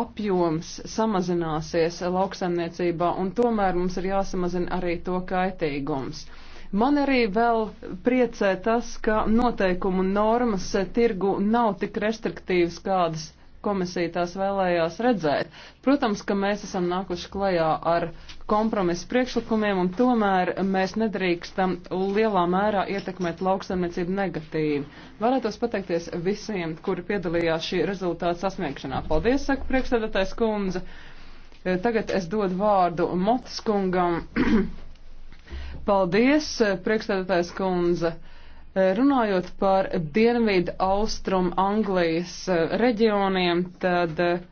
apjoms samazināsies lauksaimniecībā, un tomēr mums ir jāsamazina arī to kaitīgums. Man arī vēl priecē tas, ka noteikumu normas tirgu nav tik restriktīvas, kādas komisija tās vēlējās redzēt. Protams, ka mēs esam nākuši klajā ar kompromisu priekšlikumiem, un tomēr mēs nedrīkstam lielā mērā ietekmēt lauksaimniecību negatīvi. Varētos pateikties visiem, kuri piedalījās šī rezultāta sasniegšanā. Paldies, saka priekšstādātais kundze. E, tagad es dodu vārdu Motas kungam. Paldies, e, priekšstādātais kundze. Runājot par Dienvidu Austrum Anglijas eh, reģioniem, tad eh,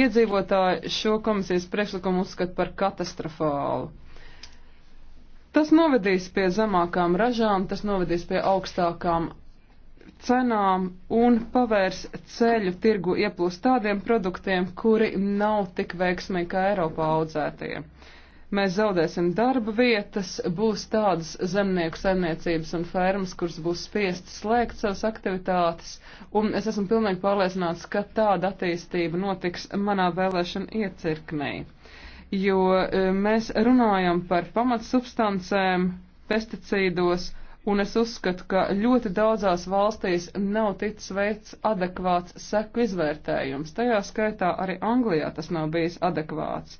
iedzīvotāji šo komisijas priekšlikumu uzskata par katastrofālu. Tas novedīs pie zemākām ražām, tas novedīs pie augstākām cenām un pavērs ceļu tirgu ieplūst tādiem produktiem, kuri nav tik veiksmīgi kā Eiropā audzētie. Mēs zaudēsim darba vietas, būs tādas zemnieku saimniecības un fermas, kuras būs spiestas slēgt savas aktivitātes, un es esmu pilnīgi pārliecināts, ka tāda attīstība notiks manā vēlēšana iecirknī. Jo e, mēs runājam par pamatsubstancēm, pesticīdos, un es uzskatu, ka ļoti daudzās valstīs nav ticis veikts adekvāts seku izvērtējums. Tajā skaitā arī Anglijā tas nav bijis adekvāts.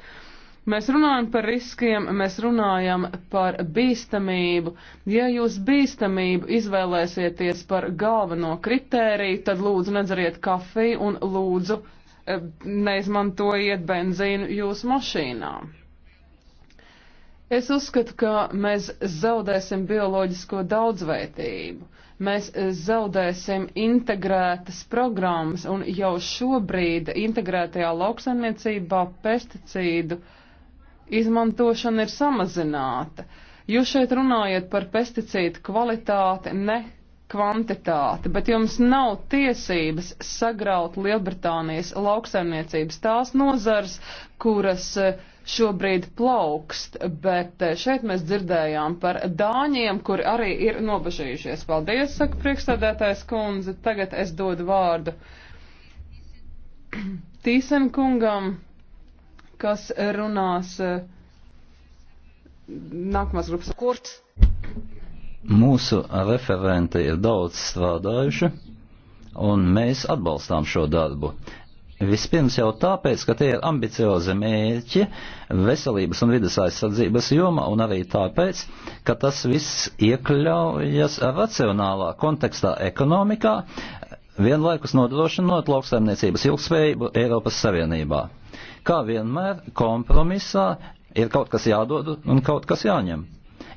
Mēs runājam par riskiem, mēs runājam par bīstamību. Ja jūs bīstamību izvēlēsieties par galveno kritēriju, tad lūdzu nedzeriet kafiju un lūdzu eh, neizmantojiet benzīnu jūsu mašīnā. Es uzskatu, ka mēs zaudēsim bioloģisko daudzveidību, mēs zaudēsim integrētas programmas un jau šobrīd integrētajā lauksaimniecībā pesticīdu uh, izmantošana ir samazināta. Jūs šeit runājat par pesticīdu kvalitāti, ne kvantitāti, bet jums nav tiesības sagraut Lielbritānijas lauksaimniecības tās nozars, kuras eh, šobrīd plaukst, bet eh, šeit mēs dzirdējām par dāņiem, kuri arī ir nobežījušies. Paldies, saka priekšstādētājs kundze, tagad es dodu vārdu Tīsen kungam kas runās eh, nākamās grupas. Kurt. Mūsu referenti ir daudz strādājuši, un mēs atbalstām šo darbu. Vispirms jau tāpēc, ka tie ir ambiciozi mērķi veselības un vidas aizsardzības jomā, un arī tāpēc, ka tas viss iekļaujas racionālā kontekstā ekonomikā, vienlaikus nodrošinot lauksaimniecības ilgspējību Eiropas Savienībā. Kā vienmēr, kompromisā ir kaut kas jādod un kaut kas jāņem.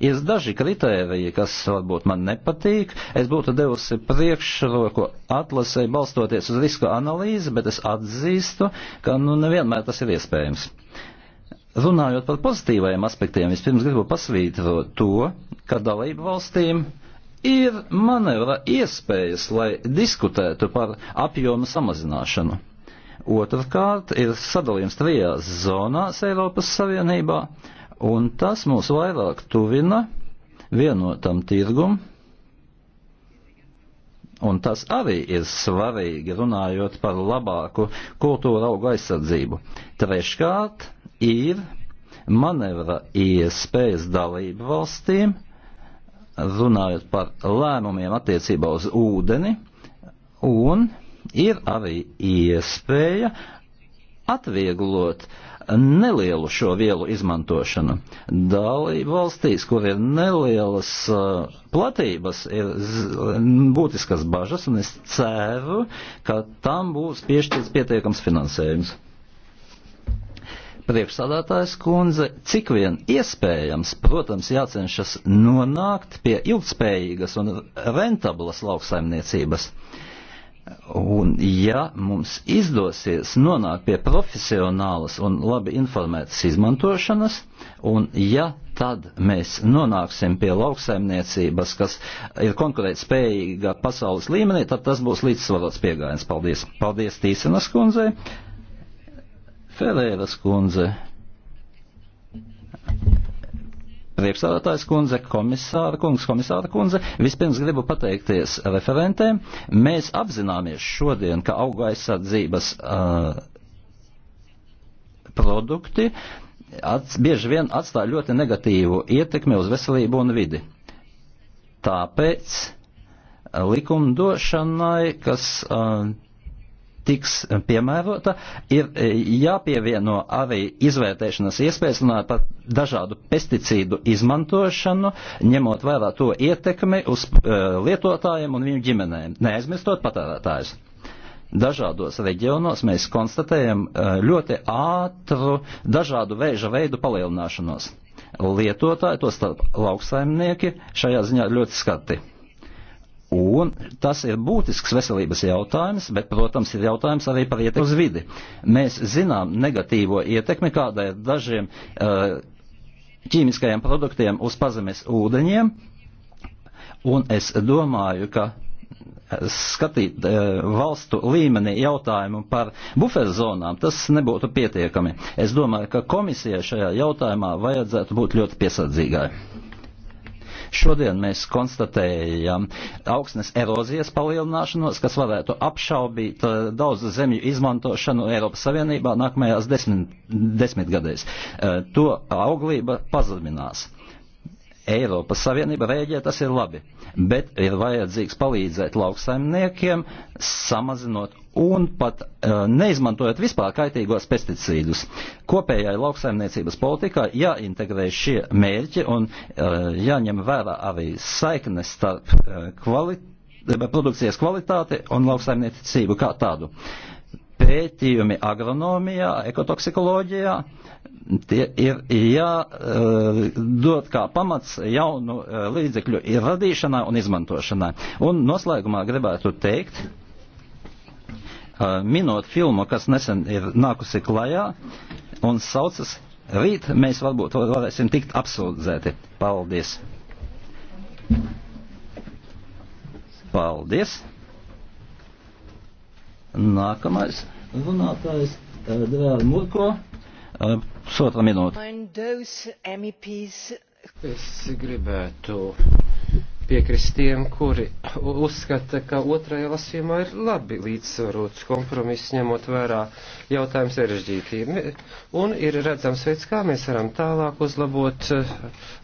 Ir daži kritēriji, kas varbūt man nepatīk. Es būtu devusi priekšroku atlasēji balstoties uz riska analīzi, bet es atzīstu, ka nu nevienmēr tas ir iespējams. Runājot par pozitīvajiem aspektiem, vispirms gribu pasvītrot to, ka dalību valstīm ir manevra iespējas, lai diskutētu par apjomu samazināšanu. Otrakārt ir sadalījums trijās zonās Eiropas Savienībā, un tas mūs vairāk tuvina vienotam tirgum, un tas arī ir svarīgi runājot par labāku kultūra augu aizsardzību. Treškārt ir manevra iespējas dalību valstīm, runājot par lēmumiem attiecībā uz ūdeni, un ir arī iespēja atvieglot nelielu šo vielu izmantošanu. Dalība valstīs, kur ir nelielas uh, platības, ir būtiskas bažas, un es ceru, ka tam būs piešķirts pietiekams finansējums. Priekšsādātājs kundze, cik vien iespējams, protams, jācenšas nonākt pie ilgspējīgas un rentablas lauksaimniecības. Uh, Un, ja mums izdosies nonākt pie profesionālas un labi informētas izmantošanas, un ja tad mēs nonāksim pie lauksaimniecības, kas ir konkurēt spējīga pasaules līmenī, tad tas būs līdzsvarots pieejams. Paldies! Paldies Tīsenas kundzei! Ferēras kundze! priekšsādātājs kundze, komisāra kungs, komisāra kundze. Vispirms gribu pateikties referentēm. Mēs apzināmies šodien, ka auga aizsardzības uh, produkti ats, bieži vien atstāja ļoti negatīvu ietekmi uz veselību un vidi. Tāpēc uh, likumdošanai, kas uh, tiks eh, piemērota, ir eh, jāpievieno arī izvērtēšanas iespējas runāt par dažādu pesticīdu izmantošanu, ņemot vērā to ietekmi uz eh, lietotājiem un viņu ģimenēm, neaizmirstot patērētājus dažādos reģionos mēs konstatējam ļoti ātru dažādu vēža veidu palielināšanos. Lietotāji, to starp lauksaimnieki, šajā ziņā ļoti skati. Un tas ir būtisks veselības jautājums, bet, protams, ir jautājums arī par ietekmi uz vidi. Mēs zinām negatīvo ietekmi, kāda ir dažiem uh, ķīmiskajiem produktiem uz pazemes ūdeņiem, un es domāju, ka eh, skatīt e, valstu līmenī jautājumu par buferzonām, tas nebūtu pietiekami. Es domāju, ka komisijai šajā jautājumā vajadzētu būt ļoti piesardzīgai. Šodien mēs konstatējam augsnes erozijas palielināšanos, kas varētu apšaubīt eh, daudz zemju izmantošanu Eiropas Savienībā nākamajās desmit, desmitgadēs. Eh, to auglība pazeminās. Eiropas Savienība rēģē, tas ir labi, bet ir vajadzīgs palīdzēt lauksaimniekiem, samazinot un pat uh, neizmantojot vispār kaitīgos pesticīdus. Kopējai lauksaimniecības politikā jāintegrē šie mērķi un uh, jāņem vērā arī saiknes starp uh, eh, kvalitāti produkcijas kvalitāti un lauksaimniecību kā tādu. Uh, pētījumi agronomijā, ekotoksikoloģijā, tie ir jādod eh, kā pamats jaunu eh, līdzekļu radīšanai un izmantošanai. Un noslēgumā gribētu teikt, eh, minot filmu, kas nesen ir nākusi klajā un saucas Rīt mēs varbūt varēsim tikt apsūdzēti. Paldies! Paldies! Nākamais runātājs eh, Dvēl Murko, pusotra eh, minūte. Es gribētu piekrist tiem, kuri uzskata, ka otrajā lasījumā ir labi līdzsvarots kompromiss, ņemot vērā jautājumu sarežģītību. Un ir redzams veids, kā mēs varam tālāk uzlabot eh,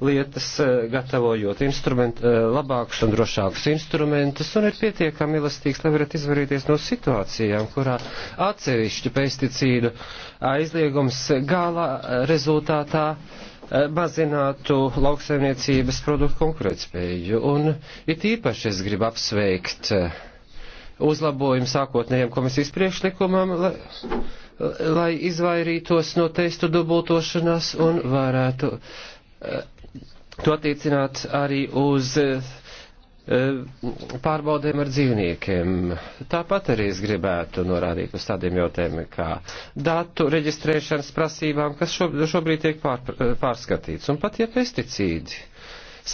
lietas, eh, gatavojot eh, labākus un drošākus instrumentus, un ir pietiekami elastīgs, lai varat izvarīties no situācijām, kurā atsevišķu pesticīdu aizliegums galā rezultātā Eh, mazinātu lauksaimniecības produktu konkurētspēju. Un it īpaši es gribu apsveikt eh, uzlabojumu sākotnējiem komisijas priekšlikumam, lai, lai izvairītos no teistu dubultošanās un varētu eh, to attiecināt arī uz Eh, pārbaudēm ar dzīvniekiem. Tāpat arī es gribētu norādīt uz tādiem jautājumiem kā datu reģistrēšanas prasībām, kas šobrīd tiek pār, eh, pārskatīts, un pat ja pesticīdi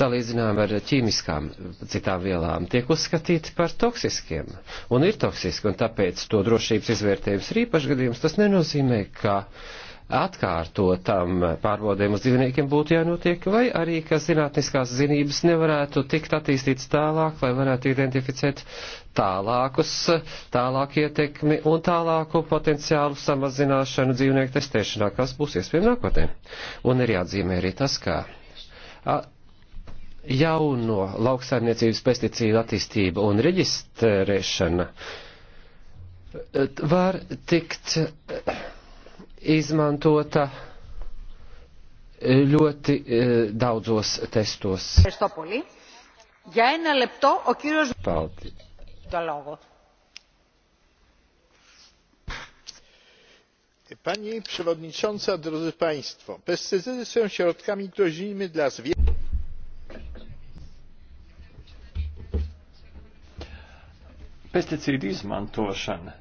salīdzinām ar ķīmiskām citām vielām, tiek uzskatīti par toksiskiem un ir toksiski, un tāpēc to drošības izvērtējums ir īpašgadījums. Tas nenozīmē, ka uh, atkārtotam pārbaudēm uz dzīvniekiem būtu jānotiek, vai arī, ka zinātniskās zinības nevarētu tikt attīstītas tālāk, lai varētu identificēt tālākus, tālāku ietekmi un tālāku potenciālu samazināšanu dzīvnieku testēšanā, kas būs iespējams nākotnē. Un ir jāatzīmē arī tas, ka jauno lauksaimniecības pesticīdu attīstība un reģistrēšana e, var tikt izmantota e, ļoti e, daudzos testos. Paldies. pani przewodnicząca! drodzy państwo! pestycydy są środkami groźnymi dla zwierząt. pesticīdu izmantošana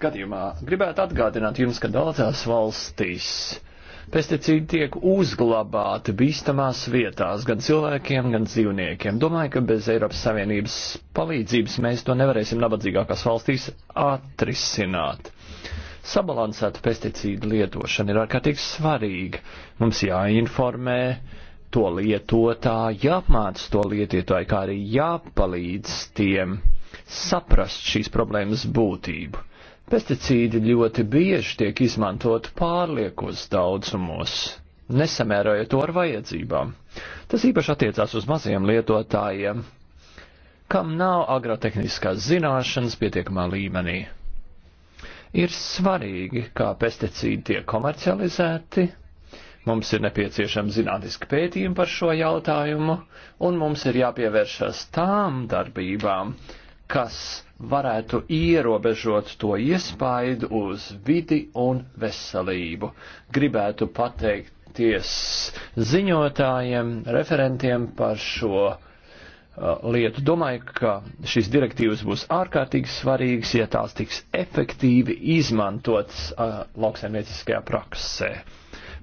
gadījumā gribētu atgādināt jums, ka daudzās valstīs pesticīdi tiek uzglabāti bīstamās vietās gan cilvēkiem, gan dzīvniekiem. Domāju, ka bez Eiropas Savienības palīdzības mēs to nevarēsim nabadzīgākās valstīs atrisināt. Sabalansēta pesticīdu lietošana ir ārkārtīgi svarīga. Mums jāinformē to lietotāji, jāapmāc to lietotāji, kā arī jāpalīdz tiem saprast šīs problēmas būtību Pesticīdi ļoti bieži tiek izmantot pārliekos daudzumos, nesamērojot to ar vajadzībām. Tas īpaši attiecās uz maziem lietotājiem, kam nav agrotehniskās zināšanas pietiekamā līmenī. Ir svarīgi, kā pesticīdi tiek komercializēti, Mums ir nepieciešama zinātniska pētījuma par šo jautājumu, un mums ir jāpievēršas tām darbībām, kas varētu ierobežot to iespaidu uz vidi un veselību. Gribētu pateikties ziņotājiem, referentiem par šo uh, lietu. Domāju, ka šīs direktīvas būs ārkārtīgi svarīgas, ja tās tiks efektīvi izmantotas uh, lauksaimnieciskajā praksē.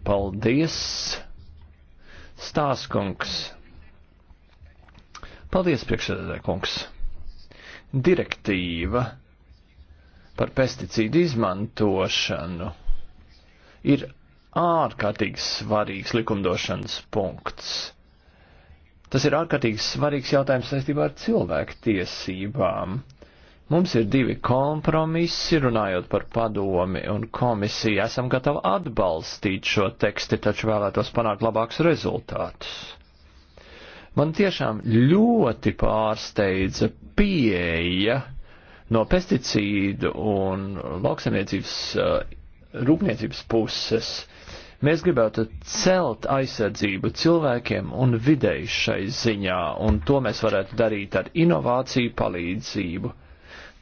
Paldies, Stāskungs! Paldies, priekšsēdētāj kungs! direktīva par pesticīdu izmantošanu ir ārkārtīgi svarīgs likumdošanas punkts. Tas ir ārkārtīgi svarīgs jautājums saistībā ar cilvēku tiesībām. Mums ir divi kompromisi, runājot par padomi un komisiju. Esam gatavi atbalstīt šo tekstu, taču vēlētos panākt labākus rezultātus. Man tiešām ļoti pārsteidza pieeja no pesticīdu un lauksaimniecības eh, rūpniecības puses. Mēs gribētu celt aizsardzību cilvēkiem un videi šai ziņā, un to mēs varētu darīt ar inovāciju palīdzību.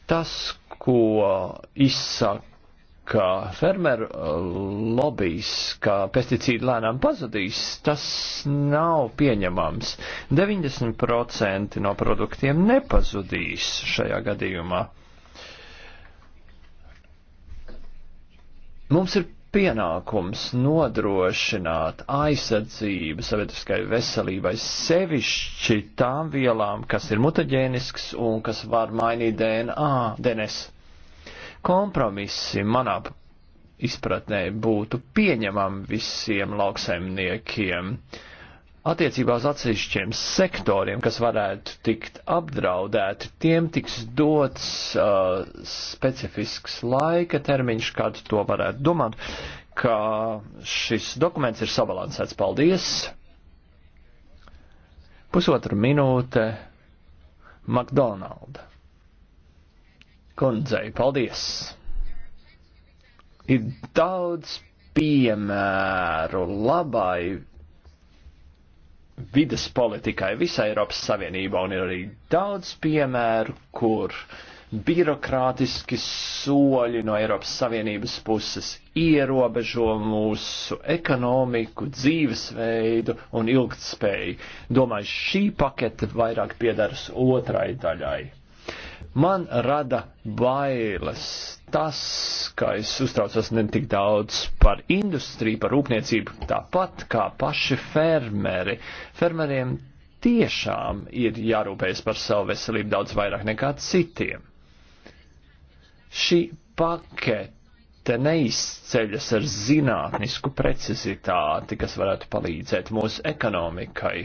Tas, ko izsaka ka fermeru uh, lobijs, ka pesticīdi lēnām pazudīs, tas nav pieņemams. 90% no produktiem nepazudīs šajā gadījumā. Mums ir pienākums nodrošināt aizsardzību sabiedriskai veselībai sevišķi tām vielām, kas ir mutaģēnisks un kas var mainīt DNA, DNS kompromisi manā izpratnē būtu pieņemami visiem lauksaimniekiem attiecībā uz atsevišķiem sektoriem, kas varētu tikt apdraudēti, tiem tiks dots uh, specifisks laika termiņš, kad to varētu domāt, ka šis dokuments ir sabalansēts. Paldies! Pusotra minūte McDonalda kundzei. Paldies! Ir daudz piemēru labai vidas politikai visā Eiropas Savienībā, un ir arī daudz piemēru, kur birokrātiski soļi no Eiropas Savienības puses ierobežo mūsu ekonomiku, dzīvesveidu un ilgtspēju. Domāju, šī pakete vairāk piedaras otrai daļai. Man rada bailes tas, ka es uztraucos ne tik daudz par industriju, par rūpniecību, tāpat kā paši fermeri. Fermeriem tiešām ir jārūpējas par savu veselību daudz vairāk nekā citiem. Šī pakete neizceļas ar zinātnisku precizitāti, kas varētu palīdzēt mūsu ekonomikai.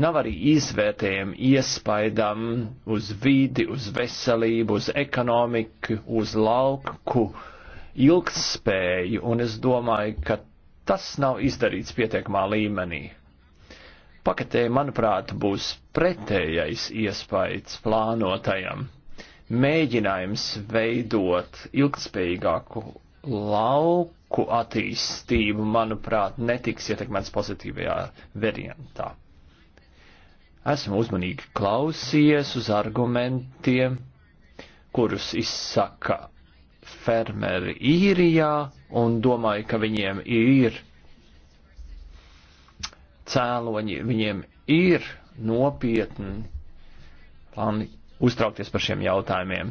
Nav arī izvērtējumi iespaidam uz vidi, uz veselību, uz ekonomiku, uz lauku ilgtspēju, un es domāju, ka tas nav izdarīts pietiekamā līmenī. Paketē, manuprāt, būs pretējais iespējas plānotajam. Mēģinājums veidot ilgtspējīgāku lauku attīstību, manuprāt, netiks ietekmēts pozitīvajā variantā. Esmu uzmanīgi klausies uz argumentiem, kurus izsaka fermeri īrijā un domāju, ka viņiem ir cēloņi, viņiem ir nopietni plāni uztraukties par šiem jautājumiem.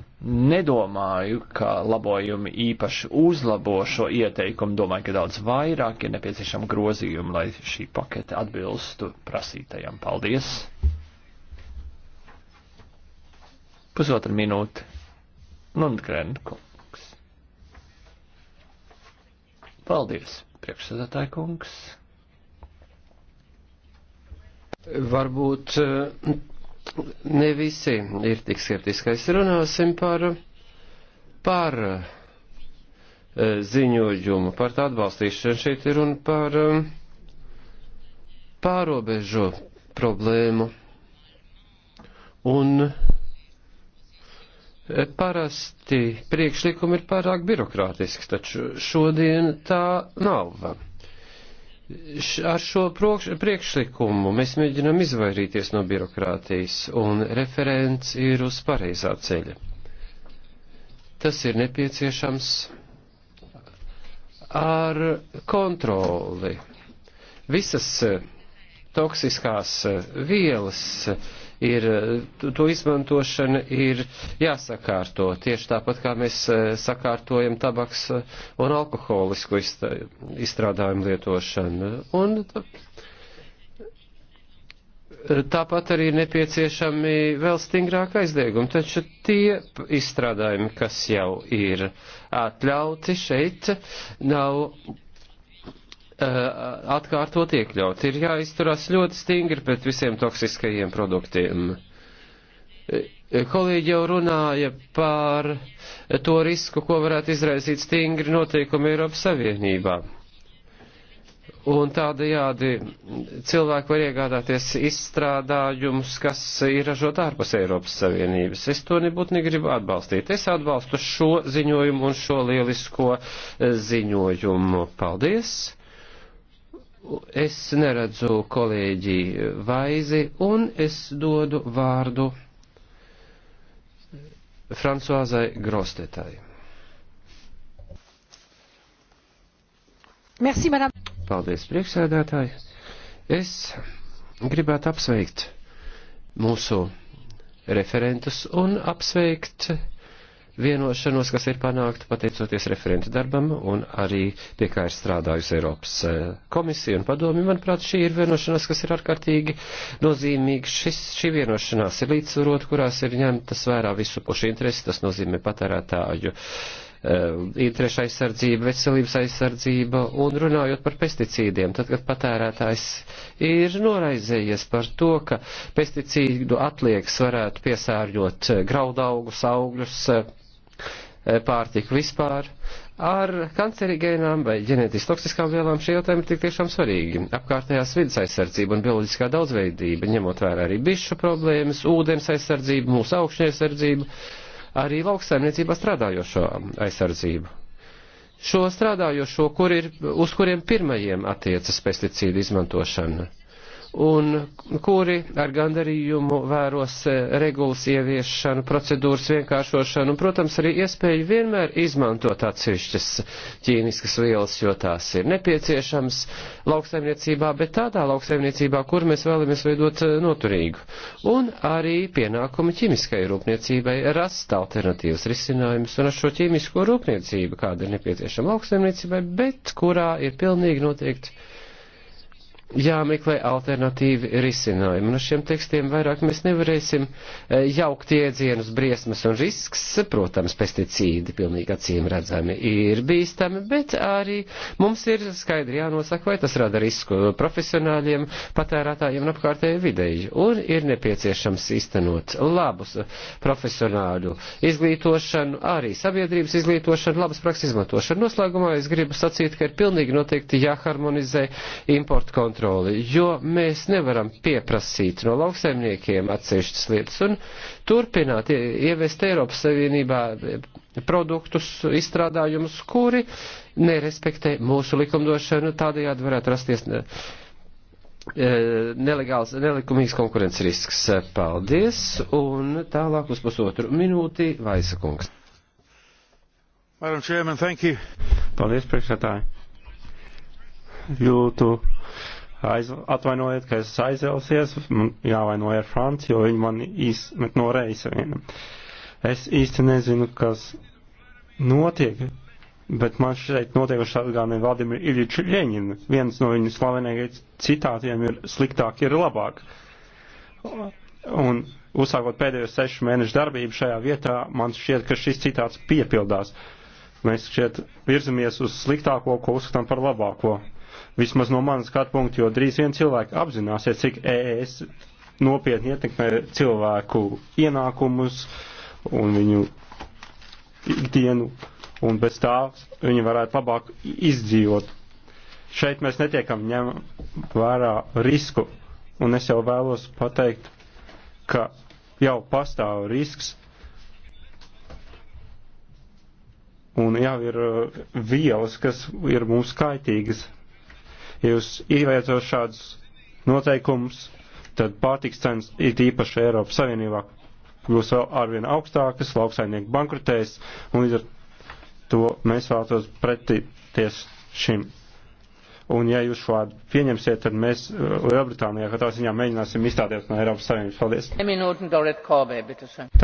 Nedomāju, ka labojumi īpaši uzlabo šo ieteikumu, domāju, ka daudz vairāk ir nepieciešama grozījuma, lai šī pakete atbilstu prasītajam. Paldies! Pusotra minūte. Lundgren kungs. Paldies, priekšsēdētāji kungs. Varbūt eh, ne visi ir tik skeptiskais. Runāsim par, par eh, ziņojumu, par tā atbalstīšanu. Šeit ir runa par eh, pārobežu problēmu. Un Parasti priekšlikumi ir pārāk birokrātiski, taču šodien tā nav. Ar šo priekšlikumu mēs mēģinām izvairīties no birokrātijas, un referents ir uz pareizā ceļa. Tas ir nepieciešams ar kontroli. Visas eh, toksiskās eh, vielas ir, to izmantošana ir jāsakārto, tieši tāpat kā mēs e, sakārtojam tabaks e, un alkoholisku izstrādājumu lietošanu. Un tāpat arī nepieciešami vēl stingrāk aizliegumi, taču tie izstrādājumi, kas jau ir atļauti šeit, nav Eh, atkārtot iekļaut. Ir jāizturās ļoti stingri pret visiem toksiskajiem produktiem. Eh, kolēģi jau runāja par to risku, ko varētu izraisīt stingri noteikumi Eiropas Savienībā. Un tādajādi cilvēki var iegādāties izstrādājumus, kas ir ražot ārpus Eiropas Savienības. Es to nebūtu negribu atbalstīt. Es atbalstu šo ziņojumu un šo lielisko eh, ziņojumu. Paldies! Es neredzu kolēģi Vaizi un es dodu vārdu Francoāzai Grostetai. Merci, madame. Paldies, priekšsēdētāji. Es gribētu apsveikt mūsu referentus un apsveikt vienošanos, kas ir panākta pateicoties referentu darbam un arī pie kā ir strādājusi Eiropas eh, komisija un padomi. Manuprāt, šī ir vienošanās, kas ir ārkārtīgi nozīmīga. Šis, šī vienošanās ir līdzsvarot, kurās ir ņemtas vērā visu pušu interesi, tas nozīmē patērētāju eh, interešu aizsardzība, veselības aizsardzība un runājot par pesticīdiem, tad, kad patērētājs ir noraizējies par to, ka pesticīdu atliekas varētu piesārņot eh, graudaugus, augļus, E, pārtiku vispār. Ar kancerigēnām vai ģenētiski toksiskām vielām šie jautājumi tik tiešām svarīgi. Apkārtējās vidas aizsardzība un bioloģiskā daudzveidība, ņemot vērā arī bišu problēmas, ūdens aizsardzība, mūsu augšņa aizsardzība, arī lauksaimniecībā strādājošo aizsardzību. Šo strādājošo, kur ir, uz kuriem pirmajiem attiecas pesticīdu izmantošana un kuri ar gandarījumu vēros eh, regulas ieviešanu, procedūras vienkāršošanu un, protams, arī iespēju vienmēr izmantot atsevišķas ķīmiskas vielas, jo tās ir nepieciešams lauksaimniecībā, bet tādā lauksaimniecībā, kur mēs vēlamies veidot eh, noturīgu. Un arī pienākumu ķīmiskai rūpniecībai rast alternatīvas risinājumus un ar šo ķīmisko rūpniecību, kāda ir nepieciešama lauksaimniecībai, bet kurā ir pilnīgi noteikti jāmeklē alternatīvi risinājumi. No šiem tekstiem vairāk mēs nevarēsim e, jaukt iedzienus briesmas un risks. Protams, pesticīdi pilnīgi acīm redzami ir bīstami, bet arī mums ir skaidri jānosaka, vai tas rada risku profesionāļiem, patērētājiem un apkārtējai videi. Un ir nepieciešams iztenot labus profesionāļu izglītošanu, arī sabiedrības izglītošanu, labas prakses izmantošanu. Noslēgumā es gribu sacīt, ka ir pilnīgi noteikti jāharmonizē importu kontroli kontroli, jo mēs nevaram pieprasīt no lauksaimniekiem atsevišķas lietas un turpināt ievest Eiropas Savienībā eh, produktus, izstrādājumus, kuri nerespektē mūsu likumdošanu, tādējādi varētu rasties ne, eh, nelegāls, nelikumīgs konkurences risks. Paldies, un tālāk uz pusotru minūti Vaisa kungs. Madam Chairman, thank you. Paldies, priekšsētāji jūtu aiz, atvainojiet, ka es aizjausies, man jāvaino Air France, jo viņi man izmet no reisa viena. Es īsti nezinu, kas notiek, bet man šeit notiekoši atgādina Vladimir Iļiču Ļeņinu. Viens no viņu slavenīgajiem citātiem ir sliktāk ir labāk. Un uzsākot pēdējo sešu mēnešu darbību šajā vietā, man šķiet, ka šis citāts piepildās. Mēs šķiet virzamies uz sliktāko, ko uzskatām par labāko vismaz no manas skatu punktu, jo drīz vien cilvēki apzināsies, cik ES nopietni ietekmē cilvēku ienākumus un viņu ikdienu, un bez tā viņi varētu labāk izdzīvot. Šeit mēs netiekam ņem vērā risku, un es jau vēlos pateikt, ka jau pastāv risks, un jau ir uh, vielas, kas ir mums kaitīgas. Ja jūs ievietot šādus noteikumus, tad pārtiks cenas ir īpaši Eiropas Savienībā kļūs vēl arvien augstākas, lauksaimnieki bankrutēs, un līdz ar to mēs vēlētos pretities šim. Un ja jūs šādu pieņemsiet, tad mēs uh, Lielbritānijā, ka tās viņā mēģināsim izstāties no Eiropas Savienības. Paldies.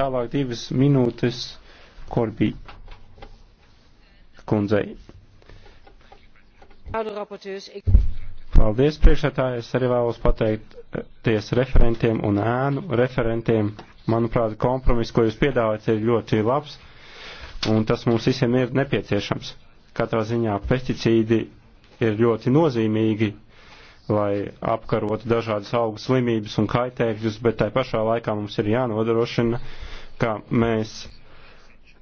Tālāk divas minūtes Korbī kundzei. Paldies, priekšētāji. Es arī vēlos pateikties referentiem un ēnu referentiem. Manuprāt, kompromiss, ko jūs piedāvājat, ir ļoti labs, un tas mums visiem ir nepieciešams. Katrā ziņā pesticīdi ir ļoti nozīmīgi, lai apkarotu dažādas augu slimības un kaitēkļus, bet tai pašā laikā mums ir jānodrošina, ka mēs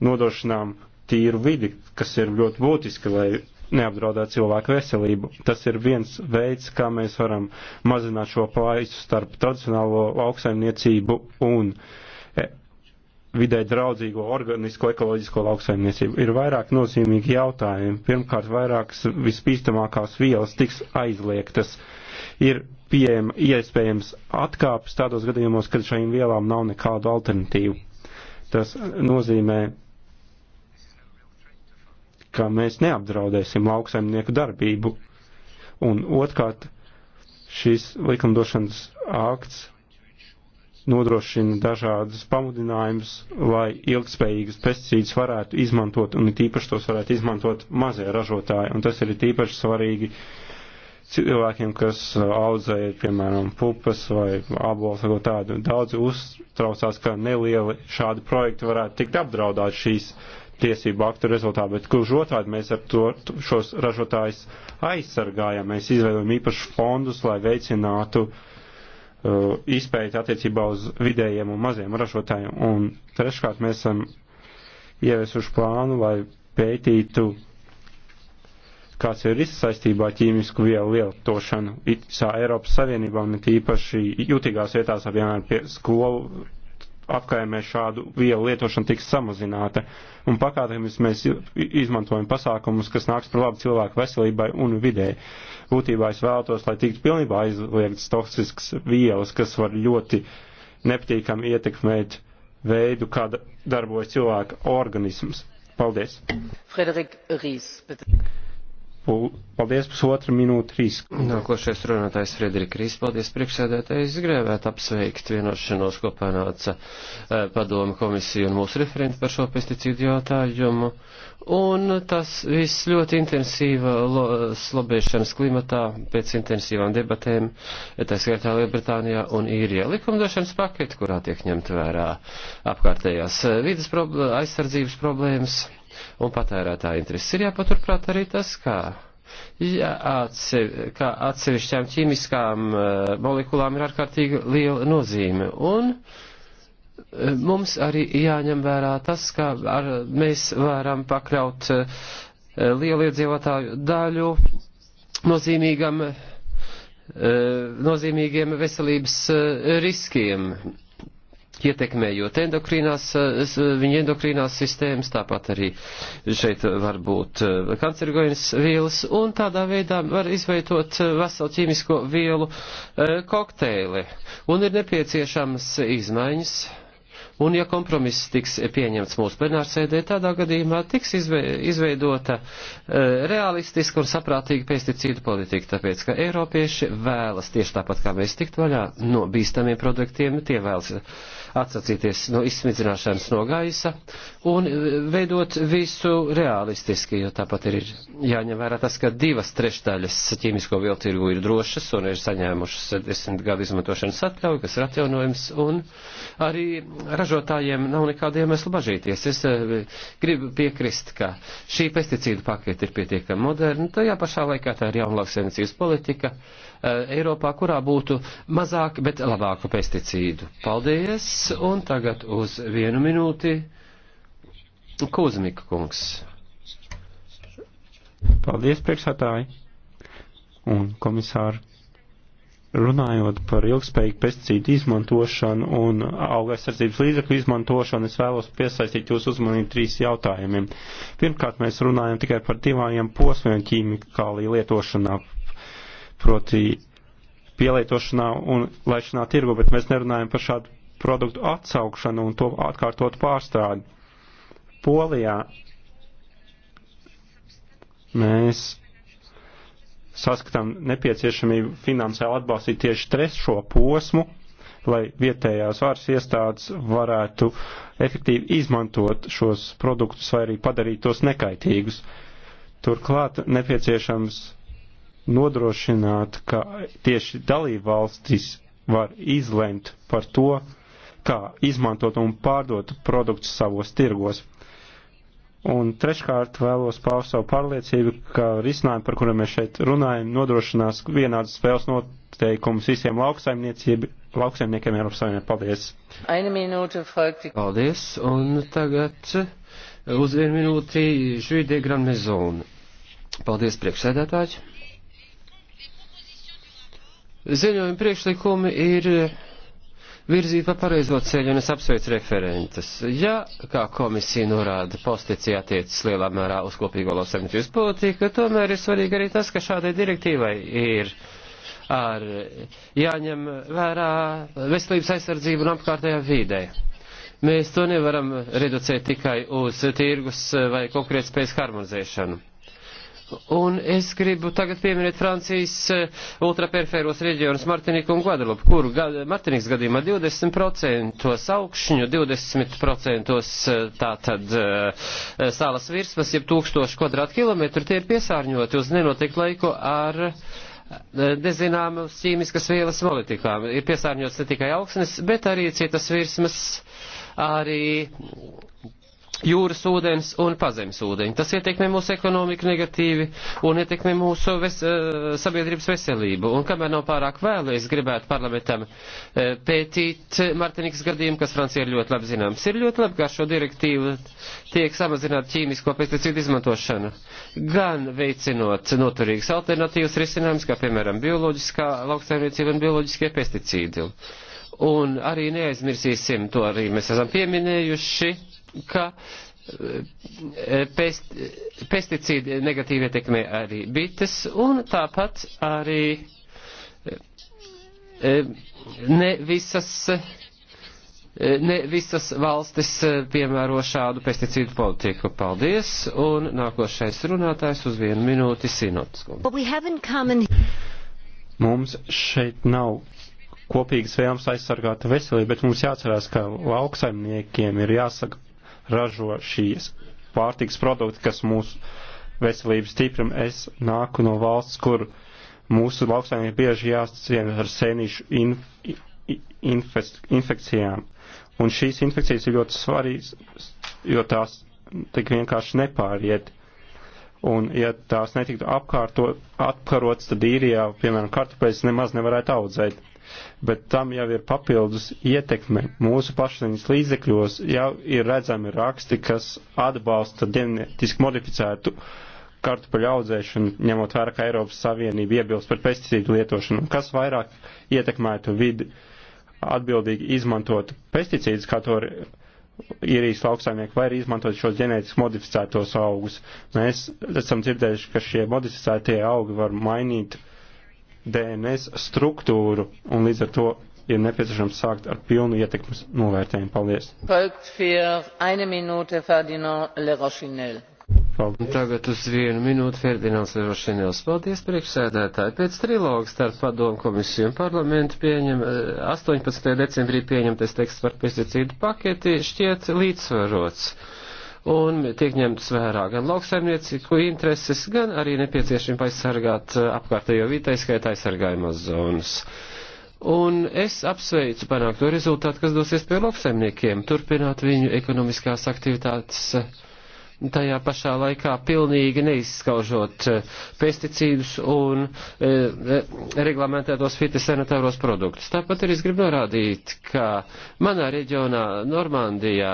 nodrošinām tīru vidi, kas ir ļoti būtiski, lai neapdraudēt cilvēku veselību. Tas ir viens veids, kā mēs varam mazināt šo plaisu starp tradicionālo lauksaimniecību un e, vidē draudzīgo organisko ekoloģisko lauksaimniecību. Ir vairāk nozīmīgi jautājumi. Pirmkārt, vairākas vispīstamākās vielas tiks aizliegtas. Ir pieejama iespējams atkāpes tādos gadījumos, kad šajām vielām nav nekādu alternatīvu. Tas nozīmē ka mēs neapdraudēsim lauksaimnieku darbību. Un otrkārt, šis likumdošanas akts nodrošina dažādas pamudinājumus, lai ilgspējīgas pesticīdus varētu izmantot, un tīpaši tos varētu izmantot mazie ražotāji. Un tas ir tīpaši svarīgi cilvēkiem, kas uh, audzē, piemēram, pupas vai abolas vai ko tādu. Daudzi uztraucās, ka nelieli šādi projekti varētu tikt apdraudāt šīs tiesību aktu rezultātā, bet kurš otrādi mēs ar to šos ražotājus aizsargājam. Mēs izveidojam īpašus fondus, lai veicinātu uh, izpēti attiecībā uz vidējiem un maziem ražotājiem. Un treškārt mēs esam ieviesuši plānu, lai pētītu, kāds ir risks saistībā ķīmisku vielu lietošanu visā Eiropas Savienībā un it īpaši jūtīgās vietās, piemēram, pie skolu apkaimē šādu vielu lietošana tiks samazināta. Un pakāpeniski mēs izmantojam pasākumus, kas nāks par labu cilvēku veselībai un vidē. Būtībā es vēlētos, lai tiktu pilnībā aizliegtas toksiskas vielas, kas var ļoti nepatīkami ietekmēt veidu, kā darbojas cilvēka organisms. Paldies! Frederik Rīs. Bet... Paldies, pusotra minūte, trīs. Nākošais runātājs Frederika Rīs, paldies priekšsēdētāji, izgrēvēt apsveikt vienošanos, ko panāca eh, padoma komisija un mūsu referenti par šo pesticīdu jautājumu. Un tas viss ļoti intensīva lo, slobēšanas klimatā pēc intensīvām debatēm, tā skaitā Lielbritānijā un Īrijā. Likumdošanas paketi, kurā tiek ņemt vērā apkārtējās eh, vidas problē, aizsardzības problēmas un patērētāja intereses. Ir jāpaturprāt arī tas, kā. Jā, atsevi, kā atsevišķām ķīmiskām eh, molekulām ir ārkārtīgi liela nozīme. Un eh, mums arī jāņem vērā tas, ka ar, mēs varam pakļaut eh, lielu iedzīvotāju daļu nozīmīgam, nozīmīgiem veselības riskiem ietekmējot endokrīnās, eh, viņa endokrīnās sistēmas, tāpat arī šeit var būt eh, kancerogēnas vielas, un tādā veidā var izveidot eh, veselu ķīmisko vielu kokteili. Un ir nepieciešamas izmaiņas Un ja kompromiss tiks pieņemts mūsu plenārsēdē, tādā gadījumā tiks izveidota e, realistiska un saprātīga pesticīdu politika, tāpēc ka Eiropieši vēlas tieši tāpat kā mēs tikt vaļā no bīstamiem produktiem, tie vēlas atsacīties no izsmidzināšanas no gaisa un e, veidot visu realistiski, jo tāpat ir jāņem vērā tas, ka divas trešdaļas ķīmisko vielu tirgu ir drošas un ir saņēmušas desmit gadu izmantošanas atļauju, kas ir atjaunojums, un arī ražotājiem nav nekāda iemesla bažīties. Es eh, gribu piekrist, ka šī pesticīdu pakete ir pietiekami moderna, tajā pašā laikā tā ir jauna lauksainicības politika eh, Eiropā, kurā būtu mazāk, bet labāku pesticīdu. Paldies, un tagad uz vienu minūti Kuzmika kungs. Paldies, priekšsētāji un komisāri. Runājot par ilgspējīgu pesticīdu izmantošanu un augaisardzības līdzekļu izmantošanu, es vēlos piesaistīt jūsu uzmanību trīs jautājumiem. Pirmkārt, mēs runājam tikai par divām posmiem ķīmikālī lietošanā, proti pielietošanā un laišanā tirgu, bet mēs nerunājam par šādu produktu atsaukšanu un to atkārtot pārstrādi. Polijā mēs saskatām nepieciešamību finansiāli atbalstīt tieši trešo posmu, lai vietējās varas iestādes varētu efektīvi izmantot šos produktus vai arī padarīt tos nekaitīgus. Turklāt nepieciešams nodrošināt, ka tieši dalībvalstis var izlemt par to, kā izmantot un pārdot produktus savos tirgos. Un treškārt vēlos paust savu pārliecību, ka risinājumi, par kuriem mēs šeit runājam, nodrošinās vienādas spēles noteikumus visiem lauksaimniekiem Eiropas Savienībā. Paldies! Aina minūte, Falkti. Paldies! Un tagad uz vienu minūti Žuidie Granmezona. Paldies, priekšsēdētāji! Ziņojumi priekšlikumi ir virzība pa pareizo ceļu, un es apsveicu referentes. Ja, kā komisija norāda, posticija attiecas lielā mērā uz kopīgo lauksaimniecības politiku, tomēr ir svarīgi arī tas, ka šādai direktīvai ir ar jāņem vērā veselības aizsardzību un apkārtējā vidē. Mēs to nevaram reducēt tikai uz tirgus vai konkurētspējas harmonizēšanu. Un es gribu tagad pieminēt Francijas eh, ultraperifēros reģionus Martiniku un Guadalupu, kuru gad, Martinikas gadījumā 20% augšņu, 20% eh, tātad eh, salas virsmas, jeb 1000 kvadrātkilometru, tie ir piesārņoti uz nenoteiktu laiku ar nezināmas ķīmiskas vielas molekulām. Ir piesārņots ne tikai augsnes, bet arī citas virsmas, arī jūras ūdens un pazemes ūdeņi. Tas ietekmē mūsu ekonomiku negatīvi un ietekmē mūsu ves, eh, sabiedrības veselību. Un kamēr nav pārāk vēlu, es gribētu parlamentam eh, pētīt Martinikas gadījumu, kas Francija ir ļoti labi zināms. Ir ļoti labi, ka šo direktīvu tiek samazināta ķīmisko pesticīdu izmantošana, gan veicinot noturīgas alternatīvas risinājumus, kā piemēram bioloģiskā lauksaimniecība un bioloģiskie pesticīdi. Un arī neaizmirsīsim, to arī mēs esam pieminējuši, ka eh, pest, pesticīdi negatīvi ietekmē arī bites un tāpat arī eh, ne visas eh, ne visas valstis piemēro šādu pesticīdu politiku. Paldies, un nākošais runātājs uz vienu minūti Sinots. Mums šeit nav kopīgas vēlmes aizsargāt veselību, bet mums jāatcerās, ka lauksaimniekiem ir jāsaka ražo šīs pārtiks produkti, kas mūsu veselības stiprina. Es nāku no valsts, kur mūsu lauksaimnieki bieži jāsacien ar sēnīšu inf infest, infekcijām. Un šīs infekcijas ir ļoti svarīgas, jo tās tik vienkārši nepāriet. Un, ja tās netiktu apkārtot, apkarots, tad īrijā, piemēram, kartupeļs nemaz nevarētu audzēt bet tam jau ir papildus ietekme. Mūsu pašsaņas līdzekļos jau ir redzami raksti, kas atbalsta ģenetiski modificētu kartupeļu audzēšanu, ņemot vērā, ka Eiropas Savienība iebilst par pesticīdu lietošanu, kas vairāk ietekmētu vidi atbildīgi izmantot pesticīdus, kā to īrijas lauksaimnieki var izmantot šos ģenētiski modificētos augus. Mēs esam dzirdējuši, ka šie modificētie augi var mainīt uh, DNS struktūru, un līdz ar to ir nepieciešams sākt ar pilnu ietekmes novērtējumu. Paldies! Paldies. Tagad uz vienu minūti Ferdinands Lerošinēls. Paldies, priekšsēdētāji. Pēc trilogu starp padomu komisiju un parlamentu pieņem, 18. Eh, decembrī pieņemtais teksts par pesticīdu paketi šķiet līdzsvarots un tiek ņemtas vērā gan lauksaimnieciku intereses, gan arī nepieciešamība aizsargāt eh, apkārtējo vidi, skaitā aizsargājumās zonas. Un es apsveicu panākto rezultātu, kas dosies pie lauksaimniekiem, turpināt viņu ekonomiskās aktivitātes eh, tajā pašā laikā pilnīgi neizskaužot eh, pesticīdus un e, reglamentētos fitosanitāros produktus. Tāpat arī es gribu norādīt, ka manā reģionā, Normandijā,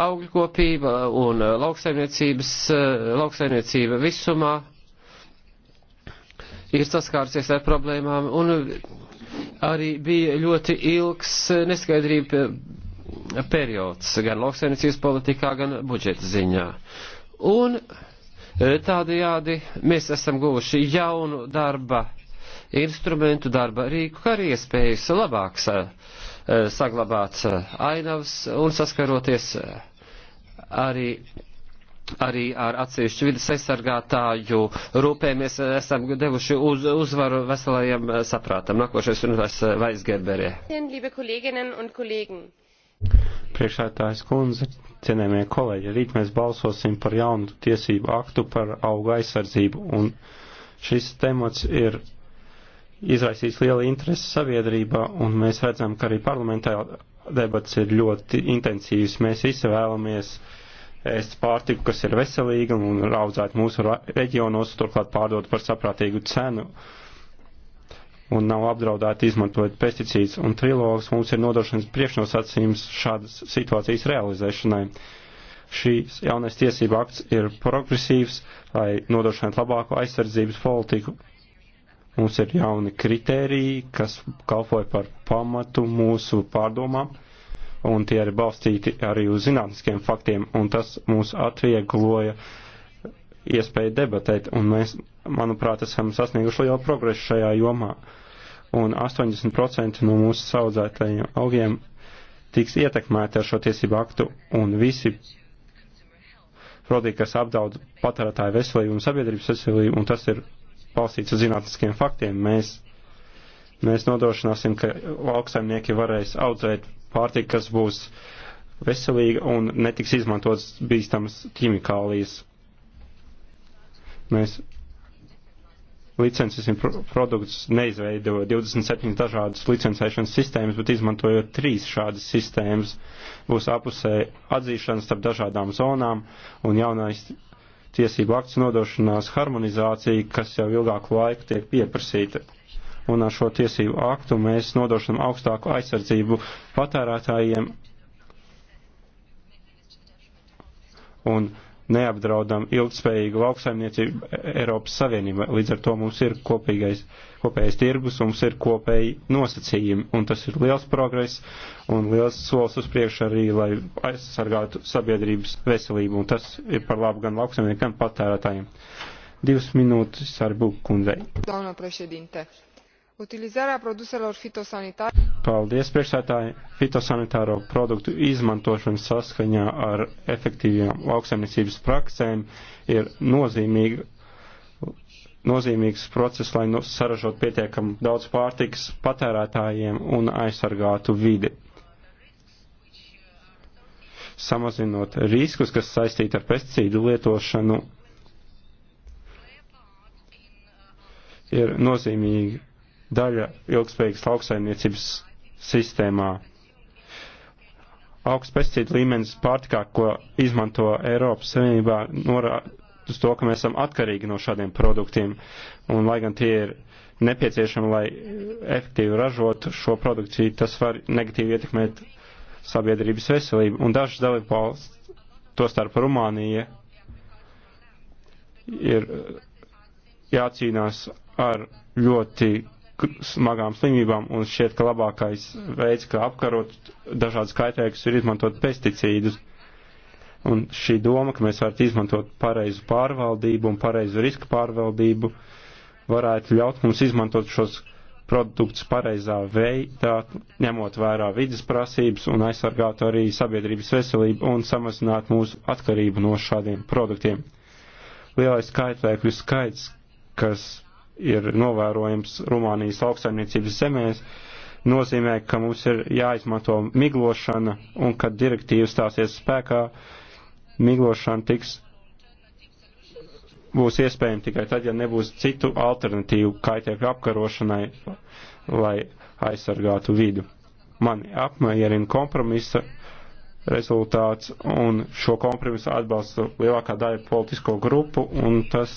augļkopība un eh, lauksaimniecības, eh, lauksaimniecība visumā ir saskārsies ar problēmām un arī bija ļoti ilgs neskaidrība eh, periods gan lauksaimniecības politikā, gan budžeta ziņā. Un tādajādi mēs esam guvuši jaunu darba instrumentu, darba rīku, kā arī iespējas labāk saglabāt ainavas un saskaroties arī arī ar atsevišķu vidas aizsargātāju rūpējamies, esam devuši uz, uzvaru veselajam eh, saprātam. Nākošais runās Vaisgerberē. Eh, Priekšētājs kundze, cienējamie kolēģi, rīt mēs balsosim par jaunu tiesību aktu par auga aizsardzību, un šis temats ir izraisījis lielu interesi sabiedrībā, un mēs redzam, ka arī parlamentā debats ir ļoti intensīvs. Mēs visi vēlamies uh, ēst pārtiku, kas ir veselīga un raudzēt mūsu reģionos, turklāt pārdot par saprātīgu cenu un nav apdraudēti izmantojot pesticīdus. Un trilogs mums ir nodrošinājums priekšnosacījums šādas situācijas realizēšanai. Šīs jaunais tiesība akts ir progresīvs, lai nodrošinātu labāku aizsardzības politiku. Mums ir jauni kritēriji, kas kalpoja par pamatu mūsu pārdomām un tie ir balstīti arī uz zinātniskiem faktiem, un tas mūs atviegloja iespēju debatēt, un mēs, manuprāt, esam sasnieguši lielu progresu šajā jomā. Un 80% no mūsu saudzētajiem augiem tiks ietekmēti ar šo tiesību aktu, un visi produkti, kas apdaud patērētāju veselību un sabiedrības veselību, un tas ir balstīts uz zinātniskiem faktiem, mēs, mēs nodrošināsim, ka lauksaimnieki varēs audzēt pārtika, kas būs veselīga un netiks izmantotas bīstamas ķimikālijas. Mēs licences un produktus neizveido 27 dažādas licencēšanas sistēmas, bet izmantojot trīs šādas sistēmas, būs apusē atzīšanas starp dažādām zonām un jaunais tiesību akts nodošanās harmonizācija, kas jau ilgāku laiku tiek pieprasīta un ar šo tiesību aktu mēs nodošam augstāku aizsardzību patērētājiem un neapdraudam ilgspējīgu lauksaimniecību Eiropas Savienībā. Līdz ar to mums ir kopīgais, kopējais tirgus, mums ir kopēji nosacījumi, un tas ir liels progress un liels solis uz priekšu arī, lai aizsargātu sabiedrības veselību, un tas ir par labu gan lauksaimniekiem, gan patērētājiem. Divas minūtes ar Buku kundzei. Doamna președinte, utilizarea produselor fitosanitare. Paldies priekšsētāji fitosanitāro produktu izmantošanu saskaņā ar efektīvām lauksaimniecības praksēm ir nozīmīga nozīmīgs process, lai nu, saražot pietiekam daudz pārtikas patērētājiem un aizsargātu vidi. Samazinot riskus, kas saistīti ar pesticīdu lietošanu, ir nozīmīgi daļa ilgspējīgas lauksaimniecības sistēmā. Augsts pesticīdu līmenis pārtikā, ko izmanto Eiropas Savienībā, norāda uz to, ka mēs esam atkarīgi no šādiem produktiem, un lai gan tie ir nepieciešami, lai efektīvi ražotu šo produkciju, tas var negatīvi ietekmēt sabiedrības veselību. Un dažas dalībvalsts, to starp Rumānija, ir jācīnās ar ļoti smagām slimībām, un šķiet, ka labākais veids, kā apkarot dažādas kaitēkļus, ir izmantot pesticīdus. Un šī doma, ka mēs varētu izmantot pareizu pārvaldību un pareizu riska pārvaldību, varētu ļaut mums izmantot šos produktus pareizā veidā, ņemot vērā vidas prasības un aizsargāt arī sabiedrības veselību un samazināt mūsu atkarību no šādiem produktiem. Lielais skaitlēkļu skaits, kas ir novērojams Rumānijas lauksaimniecības zemēs, nozīmē, ka mums ir jāizmanto miglošana un kad direktīva stāsies spēkā, miglošana tiks būs iespējama tikai tad, ja nebūs citu alternatīvu kaitēkļu apkarošanai, lai aizsargātu vidu. Mani apmierina kompromisa rezultāts, un šo kompromisu atbalsta lielākā daļa politisko grupu, un tas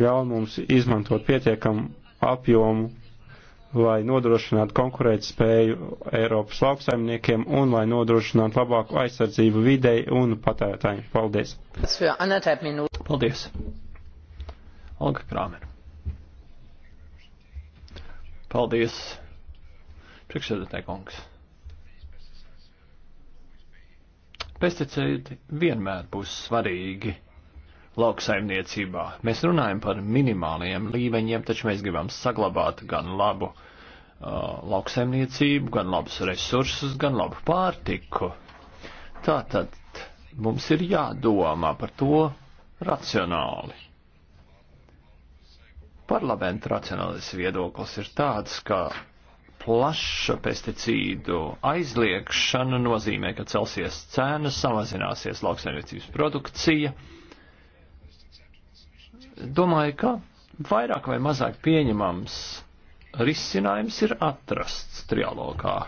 ļauj mums izmantot pietiekamu apjomu, lai nodrošinātu konkurēt spēju Eiropas lauksaimniekiem un lai nodrošinātu labāku aizsardzību videi un patērētājiem. Paldies! Paldies! Olga Krāmer. Paldies, priekšsēdētāji kungs. Pesticīdi vienmēr būs svarīgi lauksaimniecībā. Mēs runājam par minimāliem līmeņiem, taču mēs gribam saglabāt gan labu uh, lauksaimniecību, gan labus resursus, gan labu pārtiku. Tātad mums ir jādomā par to racionāli. Parlamenta racionālais viedoklis ir tāds, ka plaša pesticīdu aizliekšana nozīmē, ka celsies cenas, samazināsies lauksaimniecības produkcija, uh, domāju, ka vairāk vai mazāk pieņemams risinājums ir atrasts trialogā.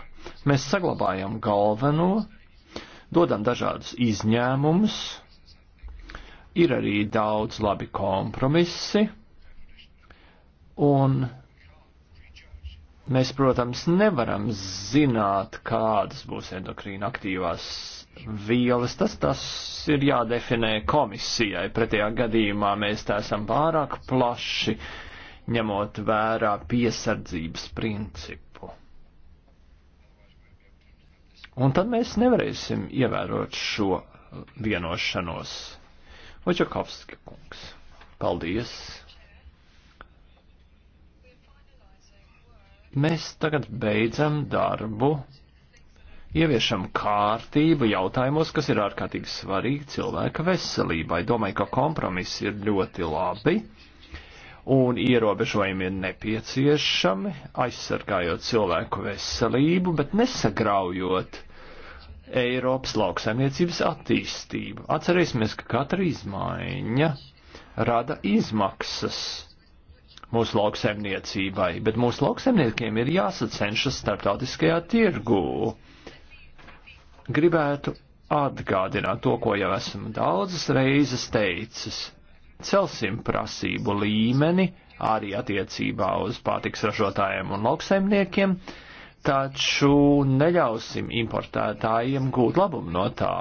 Mēs saglabājam galveno, dodam dažādus izņēmumus, ir arī daudz labi kompromisi, un mēs, protams, nevaram zināt, kādas būs endokrīna aktīvās vielas, tas, tas ir jādefinē komisijai. Pretējā gadījumā mēs tā esam pārāk plaši, ņemot vērā piesardzības principu. Un tad mēs nevarēsim ievērot šo vienošanos. Očakovski kungs, paldies! Mēs tagad beidzam darbu ieviešam kārtību jautājumos, kas ir ārkārtīgi svarīgi cilvēka veselībai. Domāju, ka kompromiss ir ļoti labi un ierobežojumi ir nepieciešami, aizsargājot cilvēku veselību, bet nesagraujot Eiropas lauksaimniecības attīstību. Atcerēsimies, ka katra izmaiņa rada izmaksas mūsu lauksaimniecībai, bet mūsu lauksaimniekiem ir jāsacenšas starptautiskajā tirgū gribētu atgādināt to, ko jau esmu daudzas reizes teicis. Celsim prasību līmeni arī attiecībā uz pārtiks ražotājiem un lauksaimniekiem, taču neļausim importētājiem gūt labumu no tā,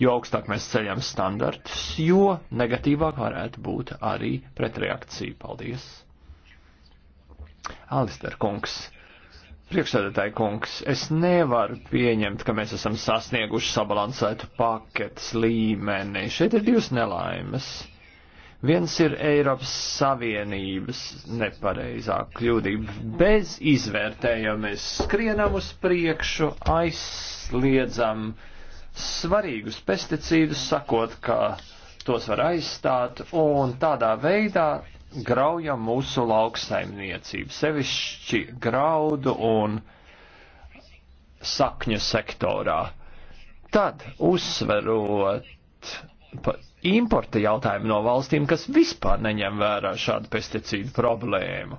jo augstāk mēs ceļam standartus, jo negatīvāk varētu būt arī pretreakcija. Paldies! Alister kungs! Priekšsēdētāji kungs, es nevaru pieņemt, ka mēs esam sasnieguši sabalansētu paketes līmeni. Šeit ir divas nelaimes. Viens ir Eiropas Savienības nepareizā kļūdība. Bez izvērtējuma mēs skrienam uz priekšu, aizsliedzam svarīgus pesticīdus, sakot, ka tos var aizstāt, un tādā veidā grauja mūsu lauksaimniecību, sevišķi graudu un sakņu sektorā. Tad uzsverot importa jautājumu no valstīm, kas vispār neņem vērā šādu pesticīdu problēmu.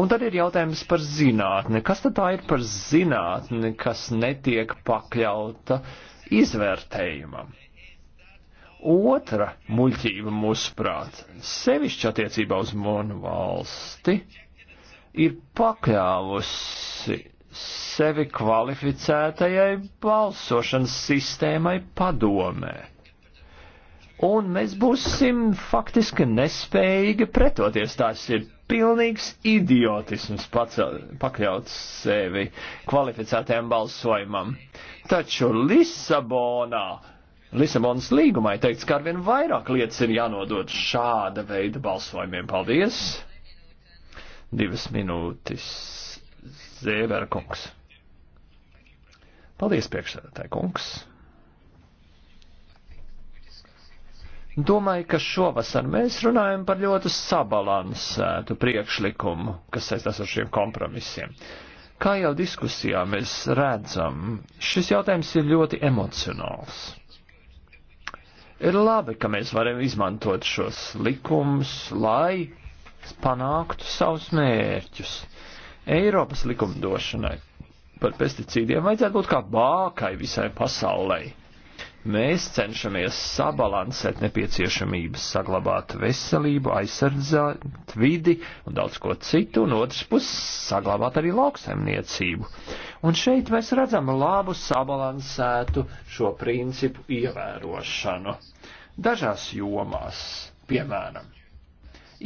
Un tad ir jautājums par zinātni. Kas tad tā ir par zinātni, kas netiek pakļauta izvērtējumam? Otra muļķība mūsuprāt, sevišķi attiecībā uz monu valsti, ir pakļāvusi sevi kvalificētajai balsošanas sistēmai padomē. Un mēs būsim faktiski nespējīgi pretoties. Tās ir pilnīgs idiotisms pakļaut sevi kvalificētajam balsojumam. Taču Lisabonā Lisabonas līgumai teikts, ka arvien vairāk lietas ir jānodod šāda veida balsojumiem. Paldies! Divas minūtes. Zēver kungs. Paldies, priekšsēdētāji kungs. Domāju, ka šovasar mēs runājam par ļoti sabalansētu priekšlikumu, kas saistās ar šiem kompromisiem. Kā jau diskusijā mēs redzam, šis jautājums ir ļoti emocionāls. Ir labi, ka mēs varam izmantot šos likumus, lai panāktu savus mērķus. Eiropas likumdošanai par pesticīdiem vajadzētu būt kā bākai visai pasaulei. Mēs cenšamies sabalansēt nepieciešamības, saglabāt veselību, aizsardzēt vidi un daudz ko citu, un otrs puses saglabāt arī lauksaimniecību. Un šeit mēs redzam labu sabalansētu šo principu ievērošanu. Dažās jomās, piemēram,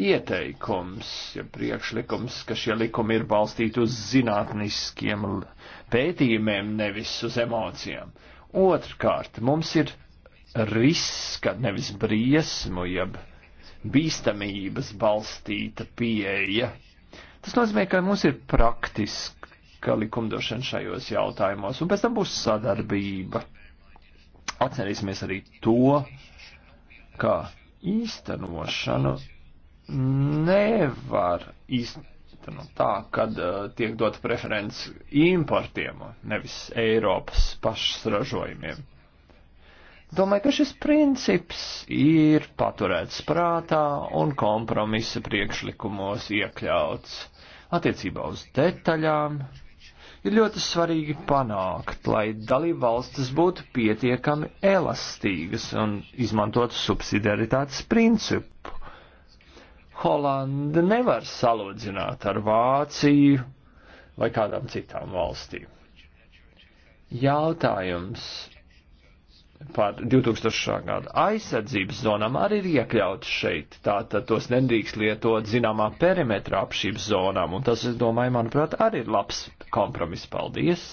ieteikums, ja priekšlikums, ka šie likumi ir balstīti uz zinātniskiem pētījumiem, nevis uz emocijām Otrkārt, mums ir riska, nevis briesmu, jeb bīstamības balstīta pieeja. Tas nozīmē, ka mums ir praktiska likumdošana šajos jautājumos, un pēc tam būs sadarbība. Atcerīsimies arī to, ka īstenošanu nevar īstenot jāīsteno nu, tā, kad uh, tiek dot preferences importiem, nevis Eiropas pašas ražojumiem. Domāju, ka šis princips ir paturēts prātā un kompromisa priekšlikumos iekļauts. Attiecībā uz detaļām ir ļoti svarīgi panākt, lai dalība valstis būtu pietiekami elastīgas un izmantotu subsidiaritātes principu Holanda nevar salūdzināt ar Vāciju vai kādām citām valstīm. Jautājums par 2000. gada aizsardzības zonām arī ir iekļauts šeit. Tātad tos nedrīkst lietot zināmā perimetra apšības zonām, un tas, es domāju, manuprāt, arī ir labs kompromiss. Paldies,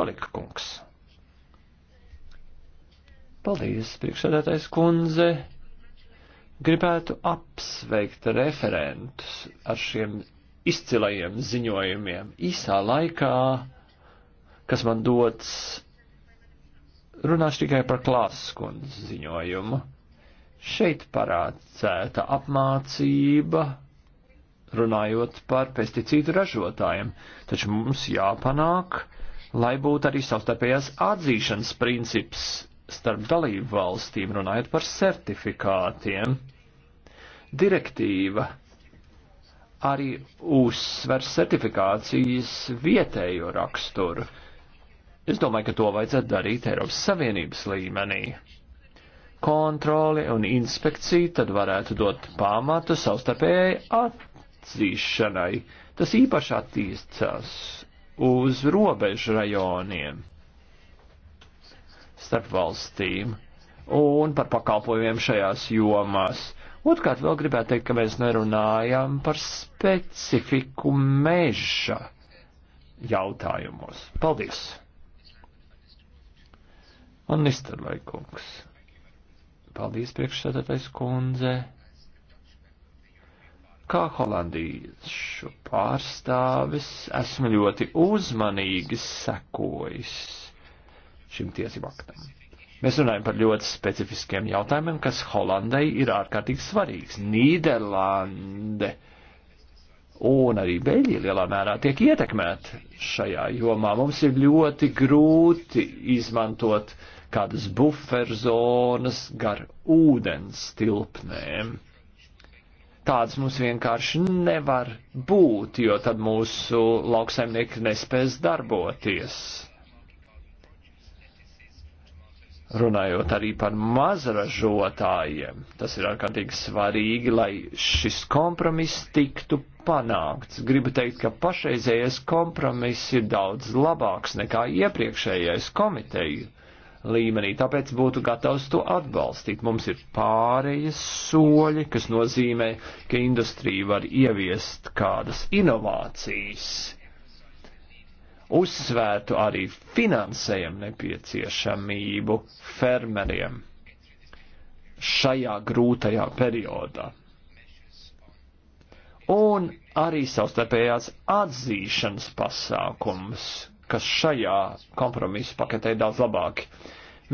kolika kungs. Paldies, priekšsēdētais kundze. Gribētu apsveikt referentus ar šiem izcilajiem ziņojumiem īsā laikā, kas man dots runāšu tikai par klāsas kundzes ziņojumu. Šeit parādzēta apmācība, runājot par pesticīdu ražotājiem, taču mums jāpanāk, lai būtu arī savstarpējās atzīšanas princips starp dalību valstīm, runājot par certifikātiem. Direktīva arī uzsver certifikācijas vietējo raksturu. Es domāju, ka to vajadzētu darīt Eiropas Savienības līmenī. Kontroli un inspekcija tad varētu dot pamatu savstarpējai atzīšanai. Tas īpaši attīstās uz robežu rajoniem starp valstīm un par pakalpojumiem šajās jomās. Otkārt vēl gribētu teikt, ka mēs nerunājam par specifiku meža jautājumos. Paldies! Un Nisterlai kungs. Paldies priekšsēdētais kundze. Kā holandiešu pārstāvis esmu ļoti uzmanīgi sekojis šim tiesību aktam. Mēs runājam par ļoti specifiskiem jautājumiem, kas Holandai ir ārkārtīgi svarīgs. Nīderlande un arī Beļģija lielā mērā tiek ietekmēta šajā jomā. Mums ir ļoti grūti izmantot kādas buferzonas gar ūdens tilpnēm tāds mums vienkārši nevar būt, jo tad mūsu lauksaimnieki nespēs darboties runājot arī par mazražotājiem. Tas ir ārkārtīgi svarīgi, lai šis kompromiss tiktu panākts. Gribu teikt, ka pašreizējais kompromiss ir daudz labāks nekā iepriekšējais komiteju līmenī, tāpēc būtu gatavs to atbalstīt. Mums ir pārējas soļi, kas nozīmē, ka industrija var ieviest kādas inovācijas uzsvērtu arī finansējumu nepieciešamību fermeriem šajā grūtajā periodā. Un arī savstarpējās atzīšanas pasākums, kas šajā kompromisu paketē daudz labāk.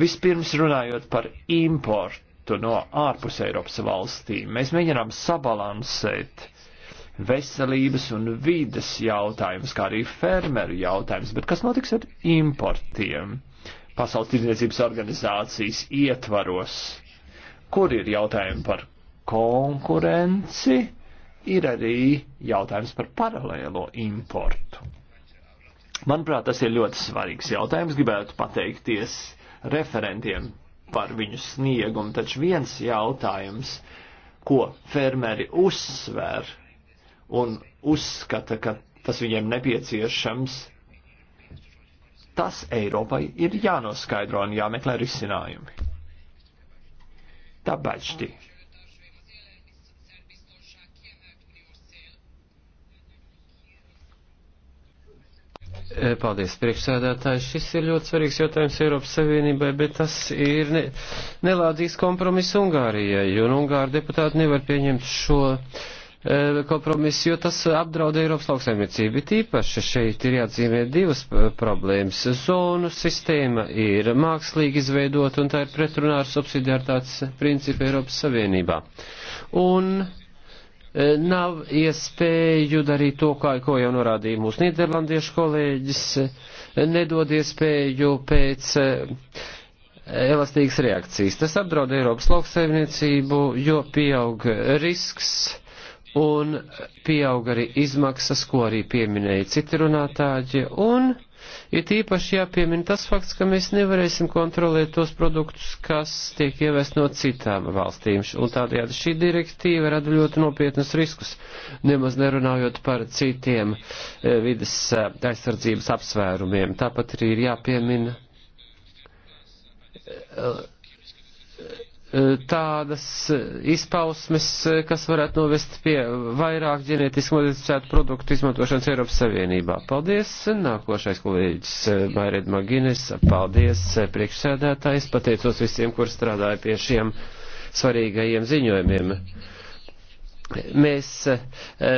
Vispirms runājot par importu no ārpus Eiropas valstīm, mēs mēģinām sabalansēt veselības un vides jautājums, kā arī fermeru jautājums, bet kas notiks ar importiem pasaules tirdzniecības organizācijas ietvaros, kur ir jautājumi par konkurenci, ir arī jautājums par paralēlo importu. Manuprāt, tas ir ļoti svarīgs jautājums. Gribētu pateikties referentiem par viņu sniegumu, taču viens jautājums, ko fermeri uzsver un uzskata, ka tas viņiem nepieciešams, tas Eiropai ir jānoskaidro un jāmeklē risinājumi. Tāpēc tī. E, paldies, priekšsēdētāji. Šis ir ļoti svarīgs jautājums Eiropas Savienībai, bet tas ir ne, nelādīgs kompromiss Ungārijai, jo Ungāra deputāti nevar pieņemt šo uh, Eh, kompromiss, jo tas apdraud Eiropas lauksaimniecību. Tīpaši šeit ir jāatzīmē divas eh, problēmas. Zonu sistēma ir mākslīgi izveidota un tā ir pretrunā ar subsidiartātes principu Eiropas Savienībā. Un eh, nav iespēju darīt to, kā, ko jau norādīja mūsu nīderlandiešu kolēģis, nedod iespēju pēc elastīgas reakcijas. Tas apdraud Eiropas lauksaimniecību, jo pieaug risks un pieaug arī izmaksas, ko arī pieminēja citi runātāji, un ir īpaši jāpiemina tas fakts, ka mēs nevarēsim kontrolēt tos produktus, kas tiek ievest no citām valstīm, un tādējādi šī direktīva rada ļoti nopietnus riskus, nemaz nerunājot par citiem eh, vidas eh, aizsardzības apsvērumiem. Tāpat arī ir jāpiemina eh, E, tādas e, izpausmes, e, kas varētu novest pie vairāk ģenētiski modificētu produktu izmantošanas Eiropas Savienībā. Paldies, nākošais kolēģis Maired Maginis, paldies priekšsēdētājs, pateicos visiem, kur strādāja pie šiem svarīgajiem ziņojumiem mēs eh,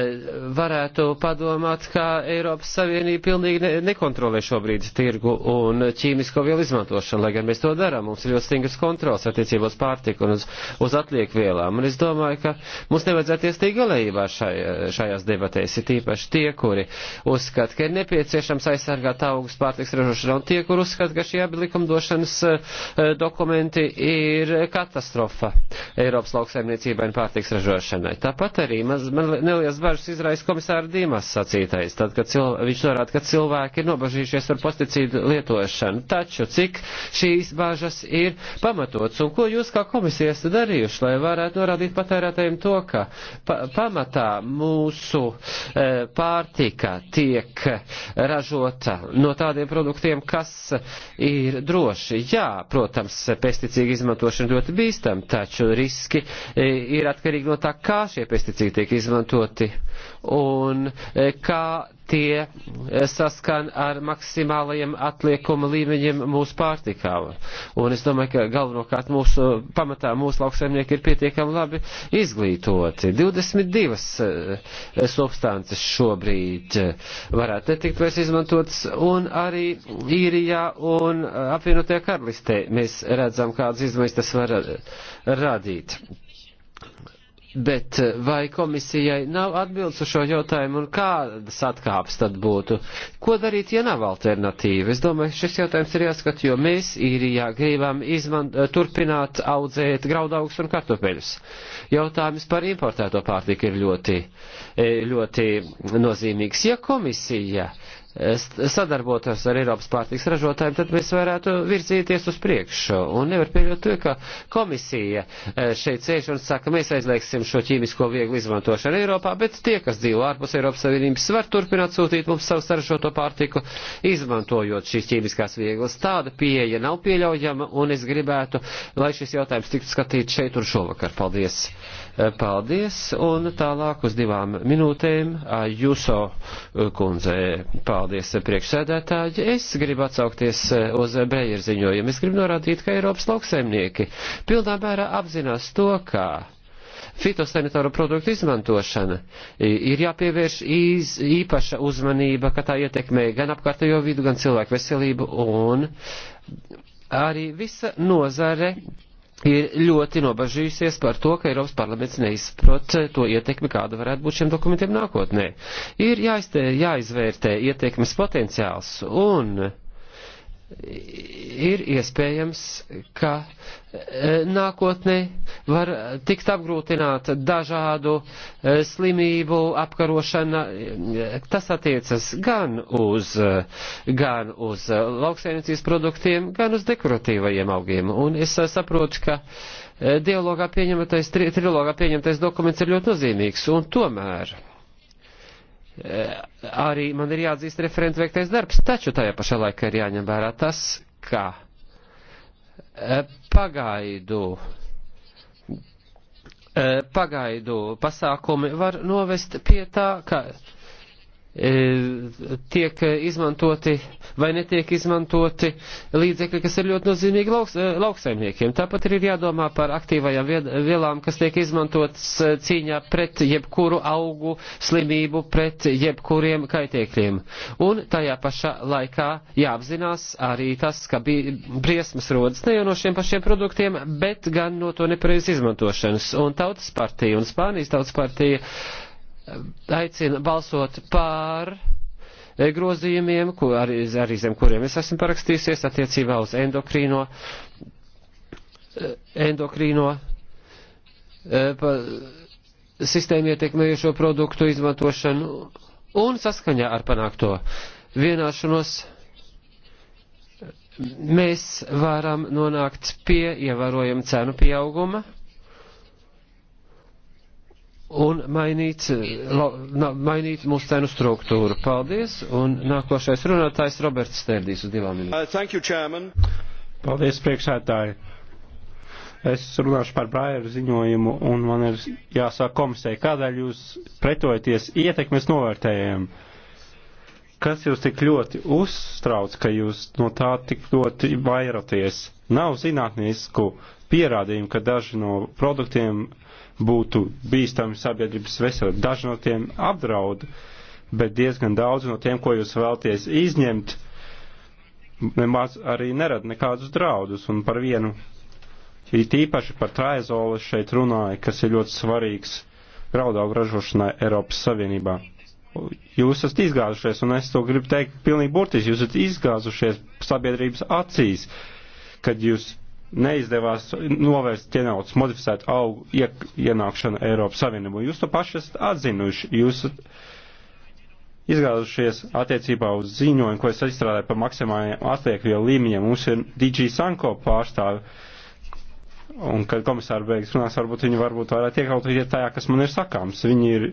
varētu padomāt, ka Eiropas Savienība pilnīgi nekontrolē šobrīd tirgu un ķīmisko vielu izmantošanu, lai gan mēs to darām. Mums ir ļoti stingras kontrols attiecībā uz pārtiku un uz, uz atlieku vielām. Un es domāju, ka mums nevajadzētu iestīt galējībā šai, šajās debatēs. Ir tīpaši tie, kuri uzskata, ka ir nepieciešams aizsargāt augus pārtiks ražošanu, un tie, kur uzskata, ka šie abi likumdošanas eh, dokumenti ir katastrofa Eiropas lauksaimniecībai un pārtiks ražošanai. Tāpēc Tāpat arī man, man neliels bažas izraisa komisāra Dīmas sacītais, tad, kad cilv, viņš norāda, ka cilvēki ir nobažījušies par pesticīdu lietošanu. Taču cik šīs bažas ir pamatots un ko jūs kā komisija esat darījuši, lai varētu norādīt patērētājiem to, ka pa, pamatā mūsu e, pārtika tiek ražota no tādiem produktiem, kas ir droši. Jā, protams, pesticīdu izmantošana ļoti bīstam, taču riski e, ir atkarīgi no tā, kā šie pesticīdi tiek izmantoti un e, kā tie e, saskan ar maksimālajiem atliekuma līmeņiem mūsu pārtikā. Un es domāju, ka galvenokārt mūsu pamatā mūsu lauksaimnieki ir pietiekami labi izglītoti. 22 e, substances šobrīd varētu netikt vairs izmantotas, un arī īrijā un apvienotajā karalistē mēs redzam, kādas izmaiņas tas var radīt. Bet eh, vai komisijai nav atbildes uz šo jautājumu un kādas atkāpes tad būtu? Ko darīt, ja nav alternatīva? Es domāju, šis jautājums ir jāskat, jo mēs īrijā gribam izmant, eh, turpināt audzēt graudaugus un kartupeļus. Jautājums par importēto pārtiku ir ļoti, eh, ļoti nozīmīgs. Ja komisija uh, sadarbotos ar Eiropas pārtiks ražotājiem, tad mēs varētu virzīties uz priekšu. Un nevar pieļaut to, ka komisija e, šeit sēž un saka, mēs aizliegsim šo ķīmisko vieglu izmantošanu Eiropā, bet tie, kas dzīvo ārpus Eiropas Savienības, var turpināt sūtīt mums savu saražoto pārtiku, izmantojot šīs ķīmiskās vieglas. Tāda pieeja nav pieļaujama, un es gribētu, lai šis jautājums tiktu skatīts šeit un šovakar. Paldies! Paldies, un tālāk uz divām minūtēm Juso e, kundze. Paldies, e, priekšsēdētāji. Es gribu atsaukties e, uz Brejer ziņojumu. Es gribu norādīt, ka Eiropas lauksaimnieki pilnā mērā apzinās to, ka fitosanitāro produktu izmantošana ir jāpievērš iz, īpaša uzmanība, ka tā ietekmē gan apkārtējo vidu, gan cilvēku veselību un arī visa nozare ir ļoti nobažījusies par to, ka Eiropas parlaments neizprot to ietekmi, kāda varētu būt šiem dokumentiem nākotnē. Ir jāiztē, jāizvērtē ietekmes potenciāls un ir iespējams, ka e, nākotnē var tikt apgrūtināta dažādu e, slimību apkarošana. Tas attiecas gan uz, e, gan uz lauksainicijas produktiem, gan uz dekoratīvajiem augiem. Un es saprotu, ka dialogā pieņemtais, trilogā pieņemtais dokuments ir ļoti nozīmīgs. Un tomēr Eh, arī man ir jāatzīst referentu veiktais darbs, taču tajā pašā laikā ir jāņem vērā tas, ka eh, pagaidu, eh, pagaidu pasākumi var novest pie tā, ka E, tiek izmantoti vai netiek izmantoti līdzekļi, kas ir ļoti nozīmīgi lauks, e, lauksaimniekiem. Tāpat ir jādomā par aktīvajām vielām, kas tiek izmantotas e, cīņā pret jebkuru augu slimību, pret jebkuriem kaitēkļiem. Un tajā pašā laikā jāapzinās arī tas, ka bija briesmas rodas ne jau no šiem pašiem produktiem, bet gan no to nepareiz izmantošanas. Un Tautas partija un Spānijas Tautas partija aicina balsot pār e, grozījumiem, ko arī, arī zem kuriem es esmu parakstījusies, attiecībā uz endokrīno, e, endokrīno e, pa, sistēmu ietekmējušo produktu izmantošanu un saskaņā ar panākto vienāšanos mēs varam nonākt pie ievērojama cenu pieauguma un mainīt, eh, la, mainīt mūsu cenu struktūru. Paldies, un nākošais runātājs Roberts Stērdīs uz divām minūtēm. Uh, Paldies, priekšētāji. Es runāšu par Braieru ziņojumu, un man ir jāsāk komisē, kādēļ jūs pretojaties ietekmes novērtējiem. Kas jūs tik ļoti uztrauc, ka jūs no tā tik ļoti vairoties? Nav zinātnīsku pierādījumu, ka daži no produktiem uh, būtu bīstami sabiedrības veselību. Daži no tiem apdraud, bet diezgan daudz no tiem, ko jūs vēlties izņemt, nemaz arī nerada nekādus draudus. Un par vienu, it īpaši par traizolu šeit runāja, kas ir ļoti svarīgs graudaugu ražošanai Eiropas Savienībā. Jūs esat izgāzušies, un es to gribu teikt pilnīgi burtiski, jūs esat izgāzušies sabiedrības acīs, kad jūs neizdevās novērst ķenautas modificētu augu ienākšanu Eiropas Savienībā. Jūs to paši esat atzinuši, jūs izgāzušies attiecībā uz ziņojumu, ko es izstrādāju par maksimālajiem atliekvie līmeņiem. Mums ir DG Sanko pārstāvi, un kad komisāri beigas runās, varbūt viņi varbūt varētu iekautīties tajā, kas man ir sakāms. Viņi ir,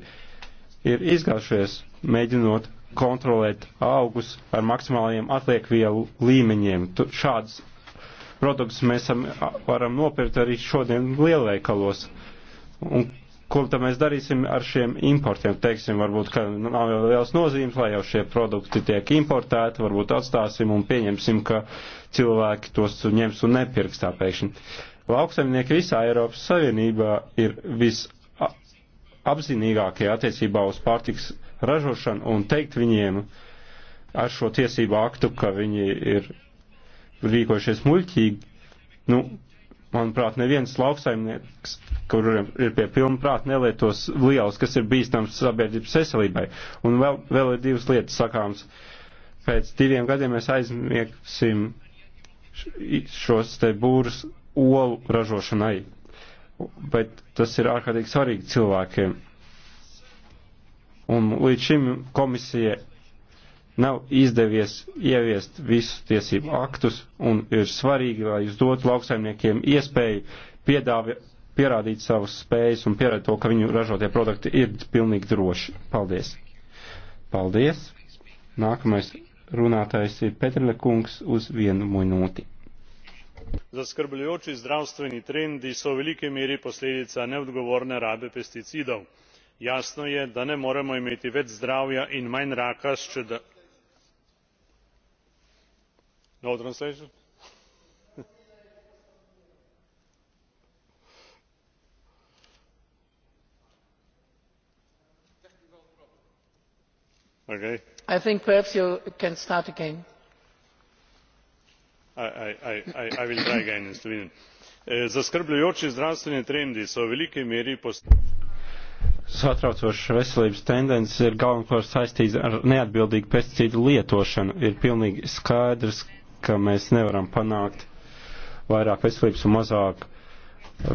ir izgāzušies, mēģinot kontrolēt augus ar maksimālajiem atliekvielu līmeņiem. Tu, šādas produktus mēs varam nopirkt arī šodien lielveikalos. Un ko tad mēs darīsim ar šiem importiem? Teiksim, varbūt, ka nav jau liels nozīmes, lai jau šie produkti tiek importēti, varbūt atstāsim un pieņemsim, ka cilvēki tos ņems un nepirks tā pēkšņi. Lauksaimnieki visā Eiropas Savienībā ir visapzinīgākie attiecībā uz pārtiks ražošanu un teikt viņiem ar šo tiesību aktu, ka viņi ir rīkojušies muļķīgi. Nu, manuprāt, neviens lauksaimnieks, kur ir pie pilna prāta, nelietos liels, kas ir bīstams sabiedrības veselībai. Un vēl, vēl ir divas lietas sakāms. Pēc diviem gadiem mēs aizmiegsim šos te būrus olu ražošanai. Bet tas ir ārkārtīgi svarīgi cilvēkiem. Un līdz šim komisija nav izdevies ieviest visus tiesību aktus, un ir svarīgi, lai jūs dotu lauksaimniekiem iespēju piedāvi, pierādīt savas spējas un pierādīt to, ka viņu ražotie produkti ir pilnīgi droši. Paldies! Paldies! Nākamais runātājs ir Petrile Kungs uz vienu minūti. Zaskrbljujoči zdravstveni trendi so v veliki meri posledica neodgovorne rabe pesticidov. Jasno je, da ne moremo imeti več zdravja in manj raka, če no translation? okay. I think perhaps you can start again. I, I, I, I will try again in Slovenian. Eh, zaskrbljujoči zdravstveni trendi so v veliki meri satraucošas veselības tendences ir galvenokārt saistīts ar neatbildīgu pesticīdu lietošanu. Ir pilnīgi skaidrs, ka mēs nevaram panākt vairāk veselības un mazāk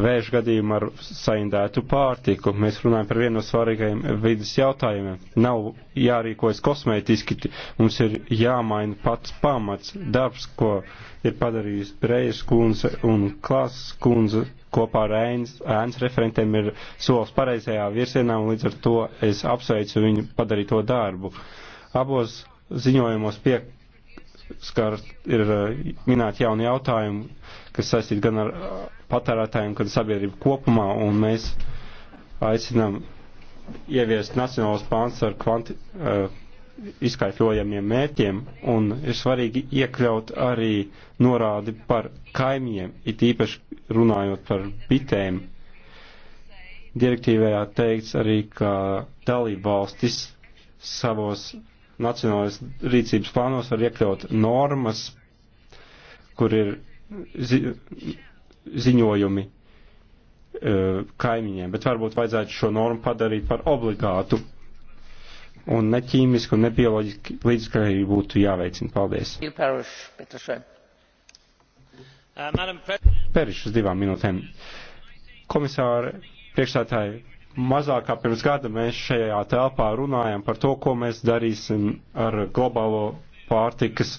vēža gadījumu ar saindētu pārtiku. Mēs runājam par vienu no svarīgajiem vidas jautājumiem. Nav jārīkojas kosmētiski, mums ir jāmaina pats pamats, darbs, ko ir padarījis Brejas kundze un Klāsas kundze kopā ar ēns, ēns referentiem ir solis pareizajā virsienā un līdz ar to es apsveicu viņu padarīto darbu. Abos ziņojumos pie, skar, ir eh, minēti jauni jautājumi, kas saistīti gan ar eh, patērētājiem, gan sabiedrību kopumā, un mēs aicinām ieviest nacionālos plāns ar kvanti, uh, izskaitļojamiem mērķiem, un ir svarīgi iekļaut arī norādi par kaimiem, it īpaši runājot par bitēm. Direktīvajā teikts arī, ka dalība valstis savos nacionālais rīcības plānos var iekļaut normas, kur ir zi ziņojumi e, kaimiņiem, bet varbūt vajadzētu šo normu padarīt par obligātu un neķīmisku un nebioloģisku līdzkrājību būtu jāveicina. Paldies. Uh, Perišs uz divām minūtēm. Komisāri, priekšstātāji, mazāk kā pirms gada mēs šajā telpā runājam par to, ko mēs darīsim ar globālo pārtikas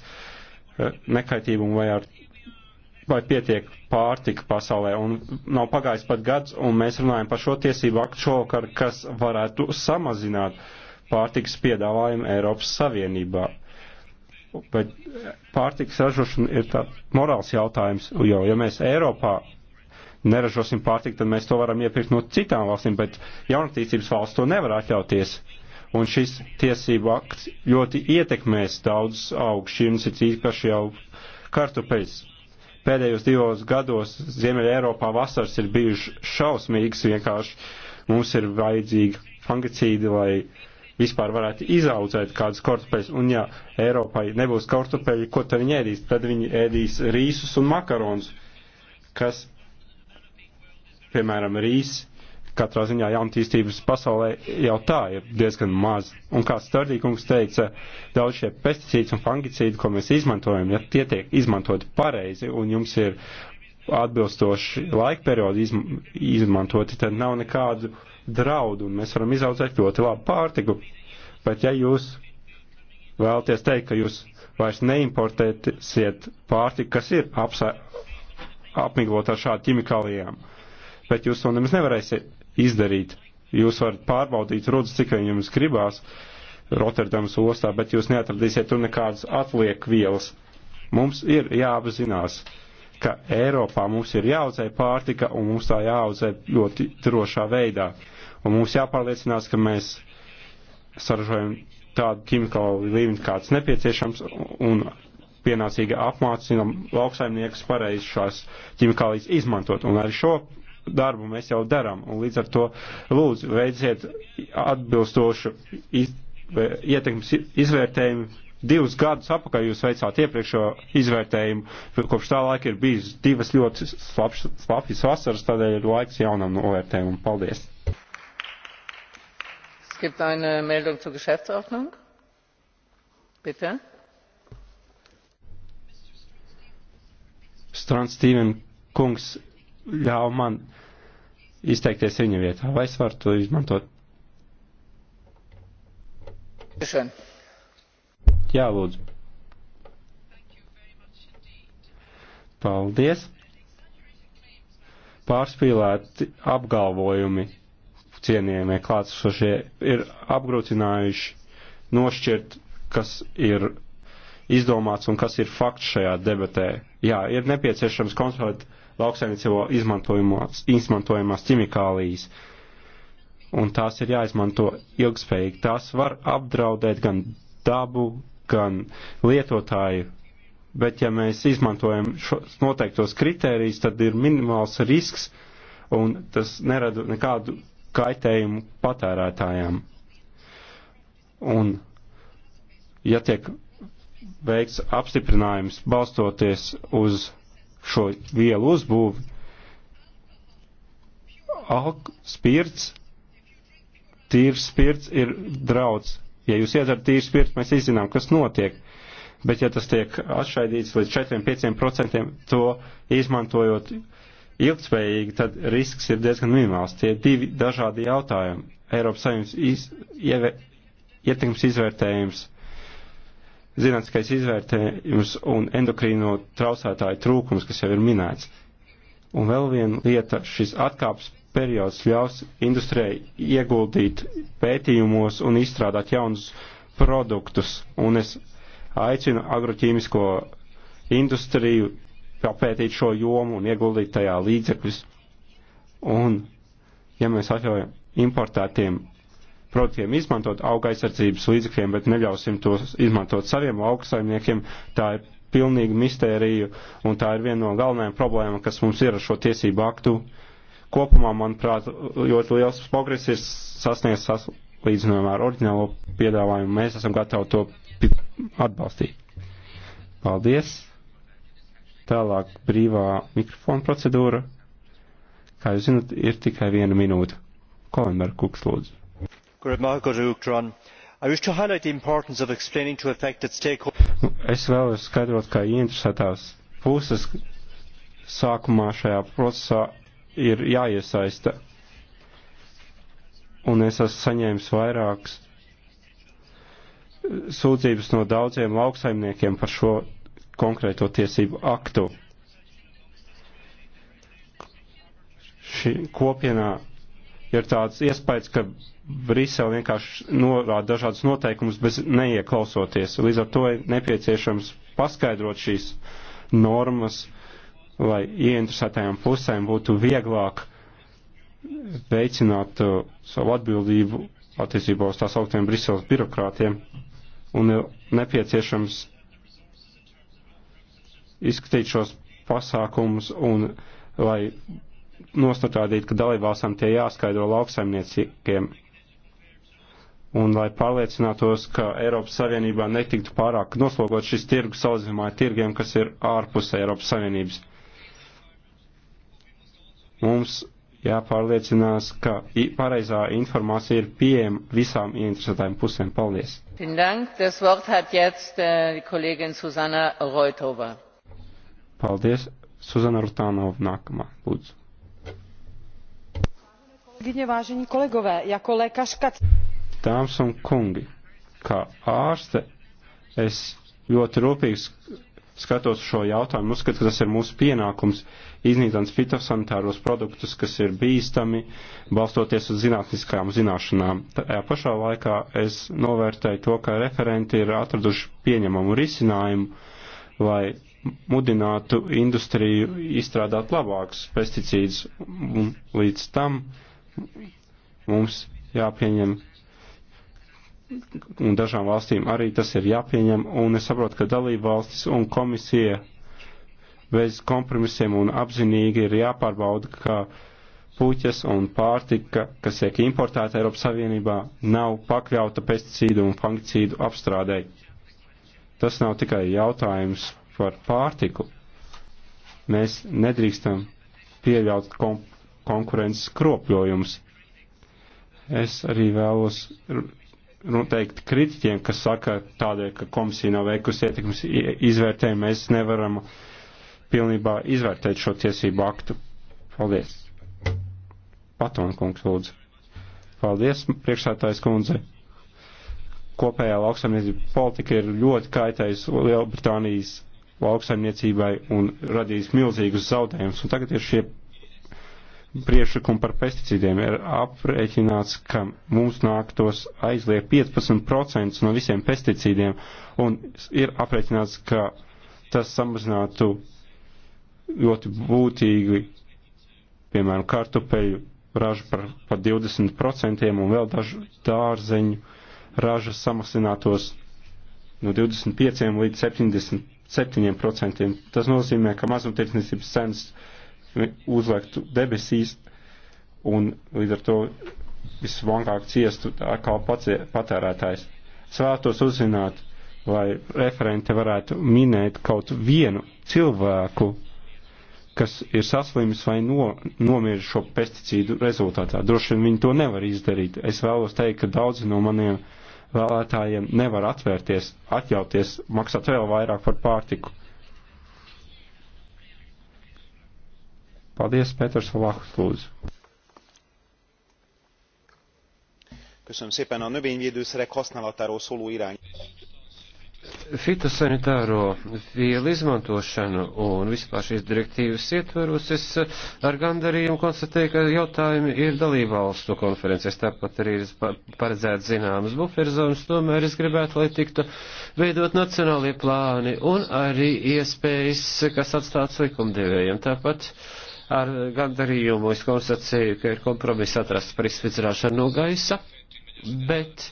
eh, nekaitīgumu vai ar vai pietiek pārtika pasaulē. Un nav pagājis pat gads, un mēs runājam par šo tiesību aktu šovakar, kas varētu samazināt pārtikas piedāvājumu Eiropas Savienībā. Bet eh, pārtikas ražošana ir tāds morāls jautājums, jo, ja mēs Eiropā neražosim pārtiku, tad mēs to varam iepirkt no citām valstīm, bet jaunatīstības valsts to nevar atļauties. Un šis tiesību akts ļoti ietekmēs daudz augšķirnes, it īpaši jau kartupeļs. Pēdējos divos gados Ziemeļa Eiropā vasaras ir bijuši šausmīgas vienkārši. Mums ir vajadzīgi fungicīdi, lai vispār varētu izaudzēt kādas kartupeļas, un ja Eiropai nebūs kartupeļi, ko tad viņi ēdīs? Tad viņi ēdīs rīsus un makaronus, kas piemēram, rīs, katrā ziņā jaunatīstības pasaulē jau tā ir diezgan maz. Un kā Stardīkungs teica, daudz šie pesticīdi un fungicīdi, ko mēs izmantojam, ja tie tiek izmantoti pareizi un jums ir atbilstoši laika periodi izm izmantoti, tad nav nekādu draudu un mēs varam izaudzēt ļoti labu pārtiku. Bet ja jūs vēlaties teikt, ka jūs vairs neimportēsiet pārtiku, kas ir apsa apmiglota ar šādu ķimikālijām, uh, bet jūs to nemaz nevarēsiet izdarīt. Jūs varat pārbaudīt rudus, cik vien jums gribās Rotterdamas ostā, bet jūs neatradīsiet tur nekādas atliek vielas. Mums ir jāapzinās, ka Eiropā mums ir jāaudzē pārtika un mums tā jāaudzē ļoti drošā veidā. Un mums jāpārliecinās, ka mēs saražojam tādu ķimikālu līmeni, kāds nepieciešams, un pienācīgi apmācinam lauksaimniekus pareizi šās ķimikālijas izmantot. Un arī šo darbu mēs jau darām, un līdz ar to lūdzu veiciet atbilstošu iz, ietekmes izvērtējumu. Divus gadus apakaļ jūs veicāt iepriekšējo izvērtējumu, kopš tā laika ir bijis divas ļoti slapjas vasaras, tādēļ ir laiks jaunam novērtējumam. Paldies! Es gibt eine Meldung zur Geschäftsordnung. Bitte. Strand Steven Kungs ļauj man izteikties viņa vietā. Vai es varu to izmantot? Jā, lūdzu. Paldies. Pārspīlēti apgalvojumi cienījamie klātsošie ir apgrūtinājuši nošķirt, kas ir izdomāts un kas ir fakts šajā debatē. Jā, ir nepieciešams konsolidēt lauksainicīvo izmantojamās ķimikālijas. Un tās ir jāizmanto ilgspējīgi. Tās var apdraudēt gan dabu, gan lietotāju. Bet ja mēs izmantojam šos noteiktos kritērijus, tad ir minimāls risks un tas nerada nekādu kaitējumu patērētājām. Un ja tiek veikts apstiprinājums balstoties uz šo vielu uzbūvi. Alk, spirts, tīrs spirts ir draudz. Ja jūs iedzerat tīrs spirts, mēs izzinām, kas notiek. Bet ja tas tiek atšaidīts līdz 4-5%, to izmantojot ilgtspējīgi, tad risks ir diezgan minimāls. Tie divi dažādi jautājumi. Eiropas saimnes iz, ietekmes izvērtējums zinātniskais izvērtējums un endokrīno trausētāju trūkums, kas jau ir minēts. Un vēl viena lieta, šis atkāps periods ļaus industrijai ieguldīt pētījumos un izstrādāt jaunus produktus. Un es aicinu agroķīmisko industriju papētīt šo jomu un ieguldīt tajā līdzekļus. Un, ja mēs atļaujam importētiem produktiem izmantot augaisardzības līdzekļiem, bet neļausim tos izmantot saviem augstsaimniekiem. Tā ir pilnīga mistērija, un tā ir viena no galvenajām problēmām, kas mums ir ar šo tiesību aktu. Kopumā, manuprāt, ļoti liels progress ir sasniegts sas, līdzinājumā ar oriģinālo piedāvājumu. Mēs esam gatavi to atbalstīt. Paldies! Tālāk brīvā mikrofona procedūra. Kā jūs zinat, ir tikai viena minūte. Kolenberg kungs lūdzu. Nu, es vēlos skaidrot, ka ieinteresētās puses sākumā šajā procesā ir jāiesaista. Un es esmu saņēmis vairākas sūdzības no daudziem lauksaimniekiem par šo konkrēto tiesību aktu. Šī kopienā ir tāds iespējas, ka Brisele vienkārši norāda dažādas noteikumus bez neieklausoties. Līdz ar to ir nepieciešams paskaidrot šīs normas, lai ieinteresētajām pusēm būtu vieglāk veicināt uh, savu atbildību attiecībā uz tā sauktiem Briseles birokrātiem un ir nepieciešams izskatīt šos pasākumus un lai nostādīt, ka dalībvalstam tie jāskaidro lauksaimniekiem un lai pārliecinātos, ka Eiropas Savienībā netiktu pārāk noslogot šis tirgus salīdzinājumā ar tirgiem, kas ir ārpus Eiropas Savienības. Mums jāpārliecinās, ka pareizā informācija ir pieejama visām ieinteresētājiem pusēm. Paldies! Äh, Paldies! Suzana Rutanov nākamā, lūdzu. Kolegyně, vážení kolegové, jako lékařka... Dāmas un kungi, kā ārste es ļoti rūpīgi skatos šo jautājumu, uzskatu, ka tas ir mūsu pienākums iznīcināt fitosanitāros produktus, kas ir bīstami, balstoties uz zinātniskajām zināšanām. Tajā pašā laikā es novērtēju to, ka referenti ir atraduši pieņemamu risinājumu, lai mudinātu industriju izstrādāt labākus pesticīdus. Līdz tam mums jāpieņem un dažām valstīm arī tas ir jāpieņem, un es saprotu, ka dalība valstis un komisija bez kompromisiem un apzinīgi ir jāpārbauda, ka puķes un pārtika, kas tiek importēta Eiropas Savienībā, nav pakļauta pesticīdu un fungicīdu apstrādei. Tas nav tikai jautājums par pārtiku. Mēs nedrīkstam pieļaut kom konkurences kropļojumus. Es arī vēlos noteikti kritiķiem, kas saka tādēļ, ka komisija nav veikusi ietekmes izvērtējumu, mēs nevaram pilnībā izvērtēt šo tiesību aktu. Paldies. Patona kungs, lūdzu. Paldies, priekšsētājs kundze. Kopējā lauksaimniecība politika ir ļoti kaitējusi Lielbritānijas lauksaimniecībai un radījis milzīgus zaudējumus. Un tagad ir šie priekšlikumu par pesticīdiem ir aprēķināts, ka mums nāktos aizliegt 15% no visiem pesticīdiem, un ir aprēķināts, ka tas samazinātu ļoti būtīgi, piemēram, kartupeļu ražu par, par 20% un vēl dažu dārzeņu ražas samazinātos no 25 līdz 77%. Tas nozīmē, ka mazumtirdzniecības cenas uzliektu debesīs un līdz ar to visvankāk ciestu kā patērētājs. Es vēlētos uzzināt, vai referente varētu minēt kaut vienu cilvēku, kas ir saslimis vai no, nomiris šo pesticīdu rezultātā. Droši vien viņi to nevar izdarīt. Es vēlos teikt, ka daudzi no maniem vēlētājiem nevar atvērties, atļauties maksāt vēl vairāk par pārtiku. Paldies, Pēters Valahs, lūdzu. Köszönöm szépen a növényvédőszerek használatáról szóló irány. Fitosanitāro vielu izmantošanu un vispār šīs direktīvas ietveros es ar gandarījumu konstatēju, ka jautājumi ir dalībvalstu konferences, tāpat arī ir paredzēts zināmas buferzonas, tomēr es gribētu, lai tiktu veidot nacionālie plāni un arī iespējas, kas atstāts likumdevējiem. Tāpat uh, ar gandarījumu es konstatēju, ka ir kompromiss atrasts par izsvidzināšanu no gaisa, bet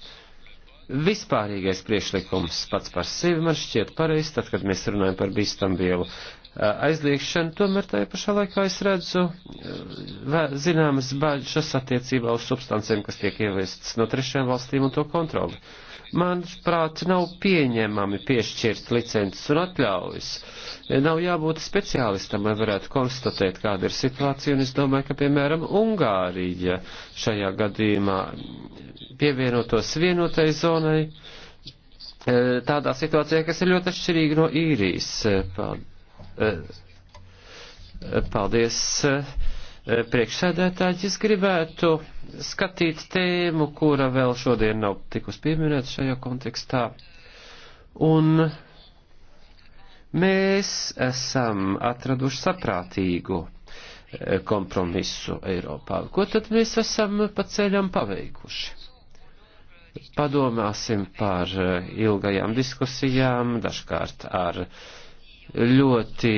vispārīgais priešlikums pats par sevi man šķiet pareizs, tad, kad mēs runājam par bīstamvielu aizliekšanu, tomēr tajā pašā laikā es redzu zināmas bažas attiecībā uz substancēm, kas tiek ieviestas no trešajām valstīm un to kontroli. Uh, manuprāt, nav pieņemami piešķirt licences un atļaujas. Nav jābūt speciālistam, lai varētu konstatēt, kāda ir situācija, un es domāju, ka, piemēram, Ungārija šajā gadījumā pievienotos vienotai zonai e, tādā situācijā, kas ir ļoti atšķirīga no īrijas. E, paldies. E, Eh, priekšsēdētāji, es gribētu skatīt tēmu, kura vēl šodien nav tikus pieminēta šajā kontekstā. Un mēs esam atraduši saprātīgu eh, kompromisu Eiropā. Ko tad mēs esam pa ceļam paveikuši? Padomāsim par eh, ilgajām diskusijām, dažkārt ar uh, ļoti,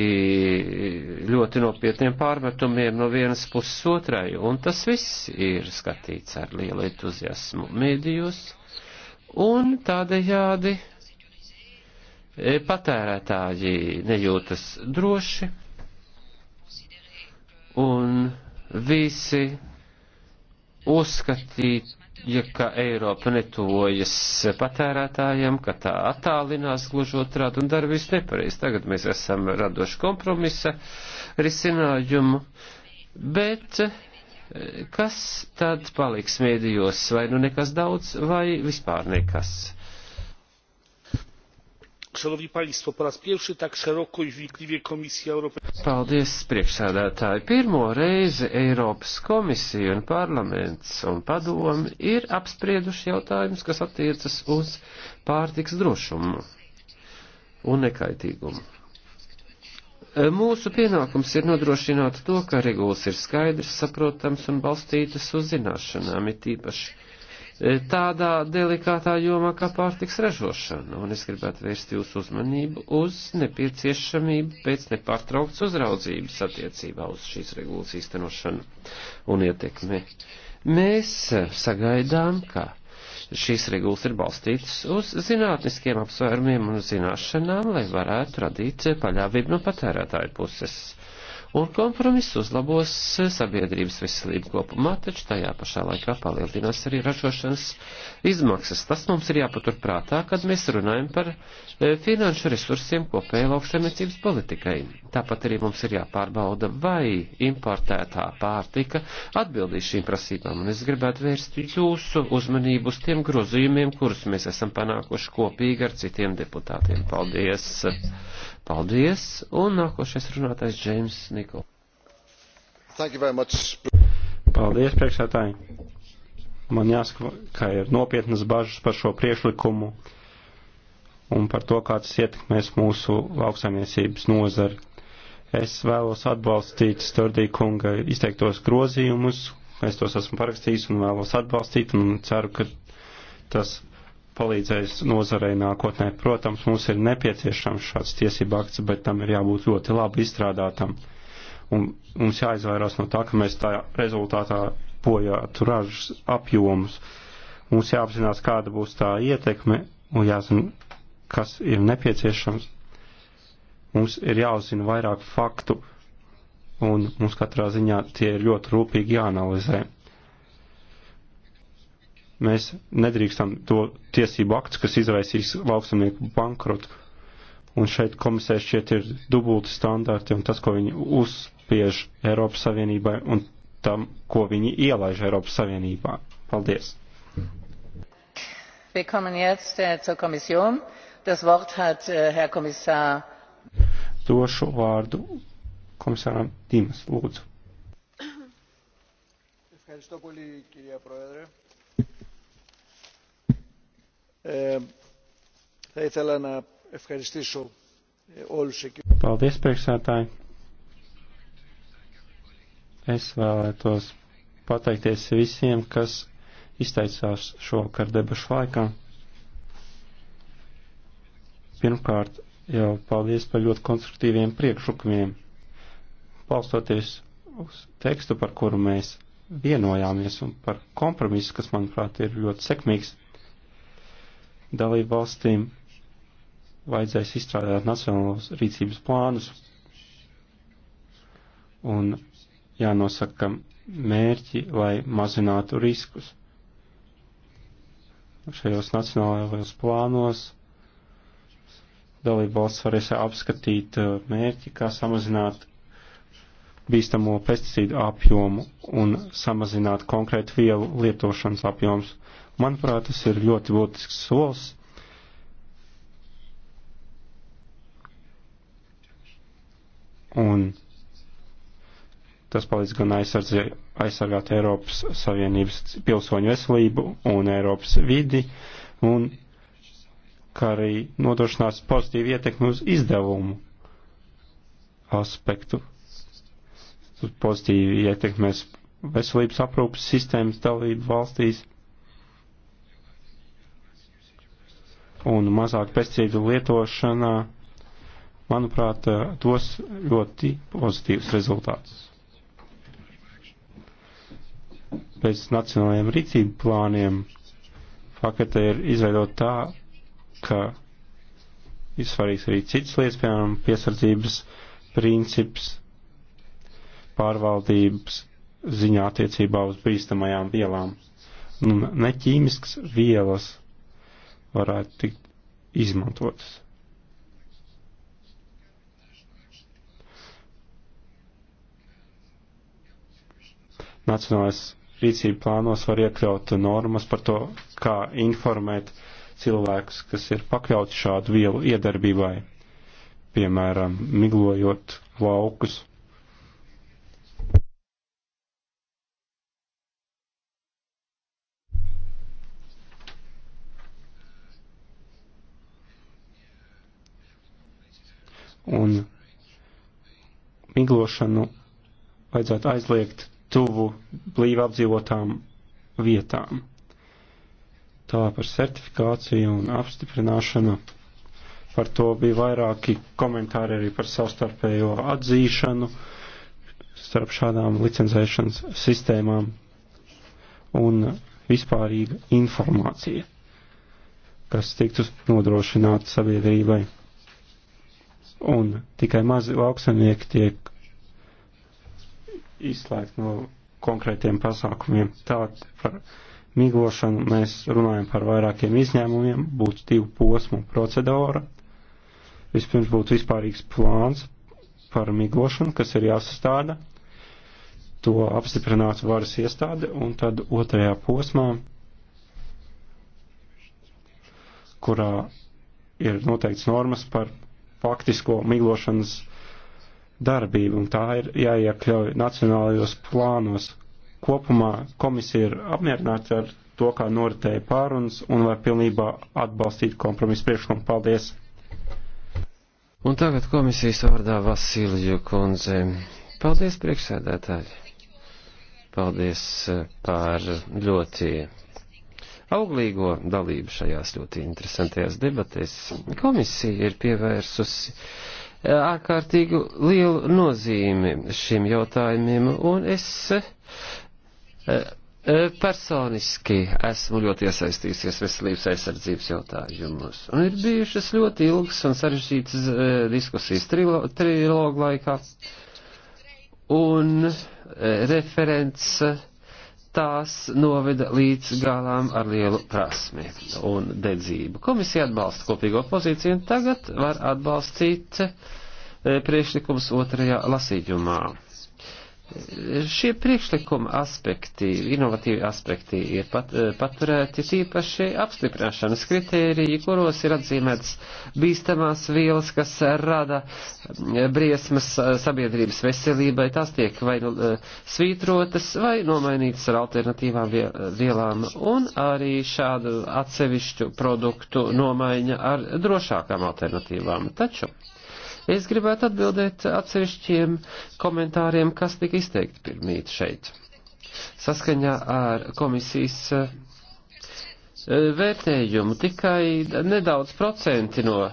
ļoti nopietniem pārmetumiem no vienas puses otrai, un tas viss ir skatīts ar lielu entuziasmu mēdījos, un tādējādi e, patērētāji nejūtas droši, un visi uzskatīt ja ka Eiropa netuvojas patērētājiem, ka tā attālinās gluži otrādi un dara visu nepareizi. Tagad mēs esam radoši kompromisa risinājumu, bet eh, kas tad paliks mēdījos, vai nu nekas daudz, vai vispār nekas? po raz pierwszy tak szeroko i wnikliwie komisja europejska. Paldies, priekšsēdētāji. Pirmo reizi Eiropas komisija un parlaments un padomi ir apsprieduši jautājumus, kas attiecas uz pārtiks drošumu un nekaitīgumu. Mūsu pienākums ir nodrošināt to, ka regulas ir skaidrs, saprotams un balstītas uz zināšanām, it īpaši tādā delikātā jomā kā pārtiks ražošana, un es gribētu vērst jūsu uzmanību uz nepieciešamību pēc nepārtraukts uzraudzības attiecībā uz šīs regulas īstenošanu un ietekmi. Mēs sagaidām, ka šīs regulas ir balstītas uz zinātniskiem apsvērumiem un zināšanām, lai varētu radīt paļāvību no patērētāju puses un kompromiss uzlabos eh, sabiedrības veselību kopumā, taču tajā pašā laikā palielinās arī ražošanas izmaksas. Tas mums ir jāpatur prātā, kad mēs runājam par eh, finanšu resursiem kopējai lauksaimniecības politikai. Tāpat arī mums ir jāpārbauda, vai importētā pārtika atbildīs šīm prasībām, un es gribētu vērst jūsu uzmanību uz tiem grozījumiem, kurus mēs esam panākuši kopīgi ar citiem deputātiem. Paldies! Paldies, un nākošais runātais Džeims Nikol. Paldies, priekšsētāji. Man jāsaka, ka ir nopietnas bažas par šo priešlikumu un par to, kā tas ietekmēs mūsu lauksaimniecības nozari. Es vēlos atbalstīt Stordī kunga izteiktos grozījumus, es tos esmu parakstījis un vēlos atbalstīt un ceru, ka tas palīdzēs nozarei nākotnē. Protams, mums ir nepieciešams šāds tiesība akts, bet tam ir jābūt ļoti labi izstrādātam. Un mums jāizvairās no tā, ka mēs tā rezultātā bojātu ražas apjomus. Mums jāapzinās, kāda būs tā ietekme un jāzina, kas ir nepieciešams. Mums ir jāuzzina vairāk faktu un mums katrā ziņā tie ir ļoti rūpīgi jāanalizē. Mēs nedrīkstam to tiesību aktu, kas izraisīs lauksamnieku bankrotu. Un šeit komisē šķiet ir dubulti standarti un tas, ko viņi uzspiež Eiropas Savienībai un tam, ko viņi ielaiž Eiropas Savienībā. Paldies! Wir kommen jetzt äh, zur Kommission. Das Wort hat äh, Herr Kommissar. Došu vārdu komisāram Dīmas, lūdzu. Ευχαριστώ πολύ, κυρία Πρόεδρε. Paldies, priekšsētāji! Es vēlētos pateikties visiem, kas izteicās šovakar debašu laikā. Pirmkārt, jau paldies par ļoti konstruktīviem priekšlikumiem, palstoties uz tekstu, par kuru mēs vienojāmies un par kompromisu, kas, manuprāt, ir ļoti sekmīgs dalību valstīm vajadzēs izstrādāt nacionālos rīcības plānus un jānosaka mērķi, lai mazinātu riskus. Šajos nacionālajos plānos dalību valsts varēs apskatīt uh, mērķi, kā samazināt bīstamo pesticīdu apjomu un samazināt konkrētu vielu lietošanas apjoms. Manuprāt, tas ir ļoti būtisks solis. Un tas palīdz gan aizsardzē, aizsargāt Eiropas Savienības pilsoņu veselību un Eiropas vidi, un kā arī nodrošinās pozitīvu ietekmi uz izdevumu aspektu. Tas pozitīvi ietekmēs veselības aprūpas sistēmas dalību valstīs un mazāk pesticīdu lietošanā, manuprāt, eh, dos ļoti pozitīvs rezultāts. Bez nacionālajiem rīcību plāniem pakete ir izveidota tā, ka ir svarīgs arī citas lietas, piemēram, piesardzības princips, pārvaldības ziņā attiecībā uz bīstamajām vielām. Un nu, neķīmiskas vielas varētu tikt izmantotas. Nacionālais rīcība plānos var iekļaut normas par to, kā informēt cilvēkus, kas ir pakļauts šādu vielu iedarbībai, piemēram, miglojot laukus. un miglošanu vajadzētu aizliegt tuvu blīvi apdzīvotām vietām. Tā par certifikāciju un apstiprināšanu. Par to bija vairāki komentāri arī par savstarpējo atzīšanu starp šādām licencēšanas sistēmām un vispārīga informācija, kas tiktu nodrošināta sabiedrībai un tikai mazi lauksanieki tiek izslēgti no konkrētiem pasākumiem. Tātad par migošanu mēs runājam par vairākiem izņēmumiem, būtu divu posmu procedūra. Vispirms būtu vispārīgs plāns par migošanu, kas ir jāsastāda, to apstiprinātu varas iestāde, un tad otrajā posmā, kurā ir noteikts normas par faktisko miglošanas darbību, un tā ir jāiekļauj nacionālajos plānos. Kopumā komisija ir apmierināta ar to, kā noritēja pārunas, un var pilnībā atbalstīt kompromisu priekšlikumu. Paldies! Un tagad komisijas vārdā Vasiliju kundze. Paldies, priekšsēdētāji! Paldies eh, par ļoti auglīgo dalību šajās ļoti interesantajās debatēs. Komisija ir pievērsusi eh, ārkārtīgu lielu nozīmi šiem jautājumiem, un es eh, eh, personiski esmu ļoti iesaistījusies veselības aizsardzības jautājumus. Un ir bijušas ļoti ilgas un sarežģītas diskusijas trilo, trilogu laikā. Un referents tās noveda līdz galām ar lielu prasmi un dedzību. Komisija atbalsta kopīgo pozīciju un tagad var atbalstīt eh, priekšlikums otrajā lasījumā. Šie priekšlikuma aspekti, inovatīvi aspekti ir pat, eh, paturēti tīpaši apstiprināšanas kritēriji, kuros ir atzīmēts bīstamās vielas, kas rada eh, briesmas sabiedrības veselībai. Tās tiek vai nu, eh, svītrotas, vai nomainītas ar alternatīvām vielām, un arī šādu atsevišķu produktu nomaiņa ar drošākām alternatīvām. Taču Es gribētu atbildēt atsevišķiem komentāriem, kas tika izteikti pirmīt šeit. Saskaņā ar komisijas eh, vērtējumu tikai nedaudz procenti no uh,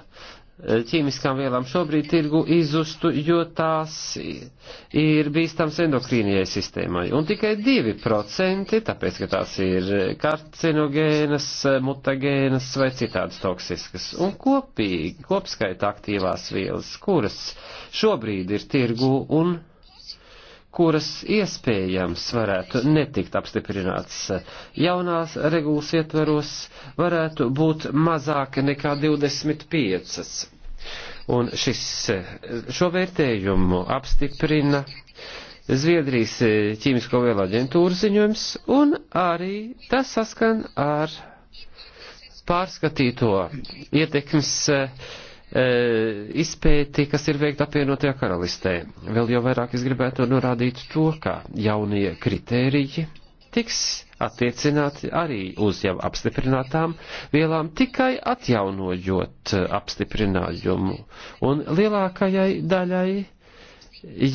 ķīmiskām vielām šobrīd tirgu izustu, jo tās ir bīstams endokrīnijai sistēmai. Un tikai 2%, tāpēc, ka tās ir karcinogēnas, mutagēnas vai citādas toksiskas. Un kopīgi, kopskaita aktīvās vielas, kuras šobrīd ir tirgu un kuras iespējams varētu netikt apstiprināts jaunās regulas ietveros, varētu būt mazāka nekā 25. Un šis, šo vērtējumu apstiprina Zviedrijas ķīmisko vielu aģentūras ziņojums, un arī tas saskan ar pārskatīto ietekmes uh, E, izpēti, kas ir veikta apvienotajā karalistē. Vēl jau vairāk es gribētu norādīt to, ka jaunie kritēriji tiks attiecināti arī uz jau apstiprinātām vielām, tikai atjaunojot apstiprinājumu. Un lielākajai daļai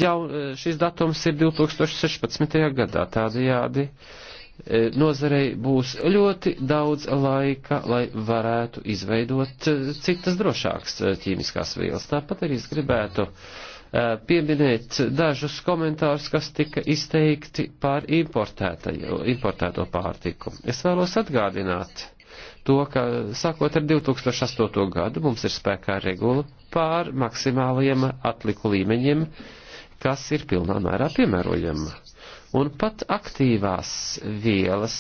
jau e, šis datums ir 2016. gadā tādajādi. Uh, E, nozarei būs ļoti daudz laika, lai varētu izveidot e, citas drošākas e, ķīmiskās vielas. Tāpat arī es gribētu pieminēt dažus komentārus, kas tika izteikti par importēto pārtiku. Es vēlos atgādināt to, ka sākot ar 2008. gadu mums ir spēkā regula pār maksimālajiem atliku līmeņiem, kas ir pilnā mērā piemērojama Un pat aktīvās vielas,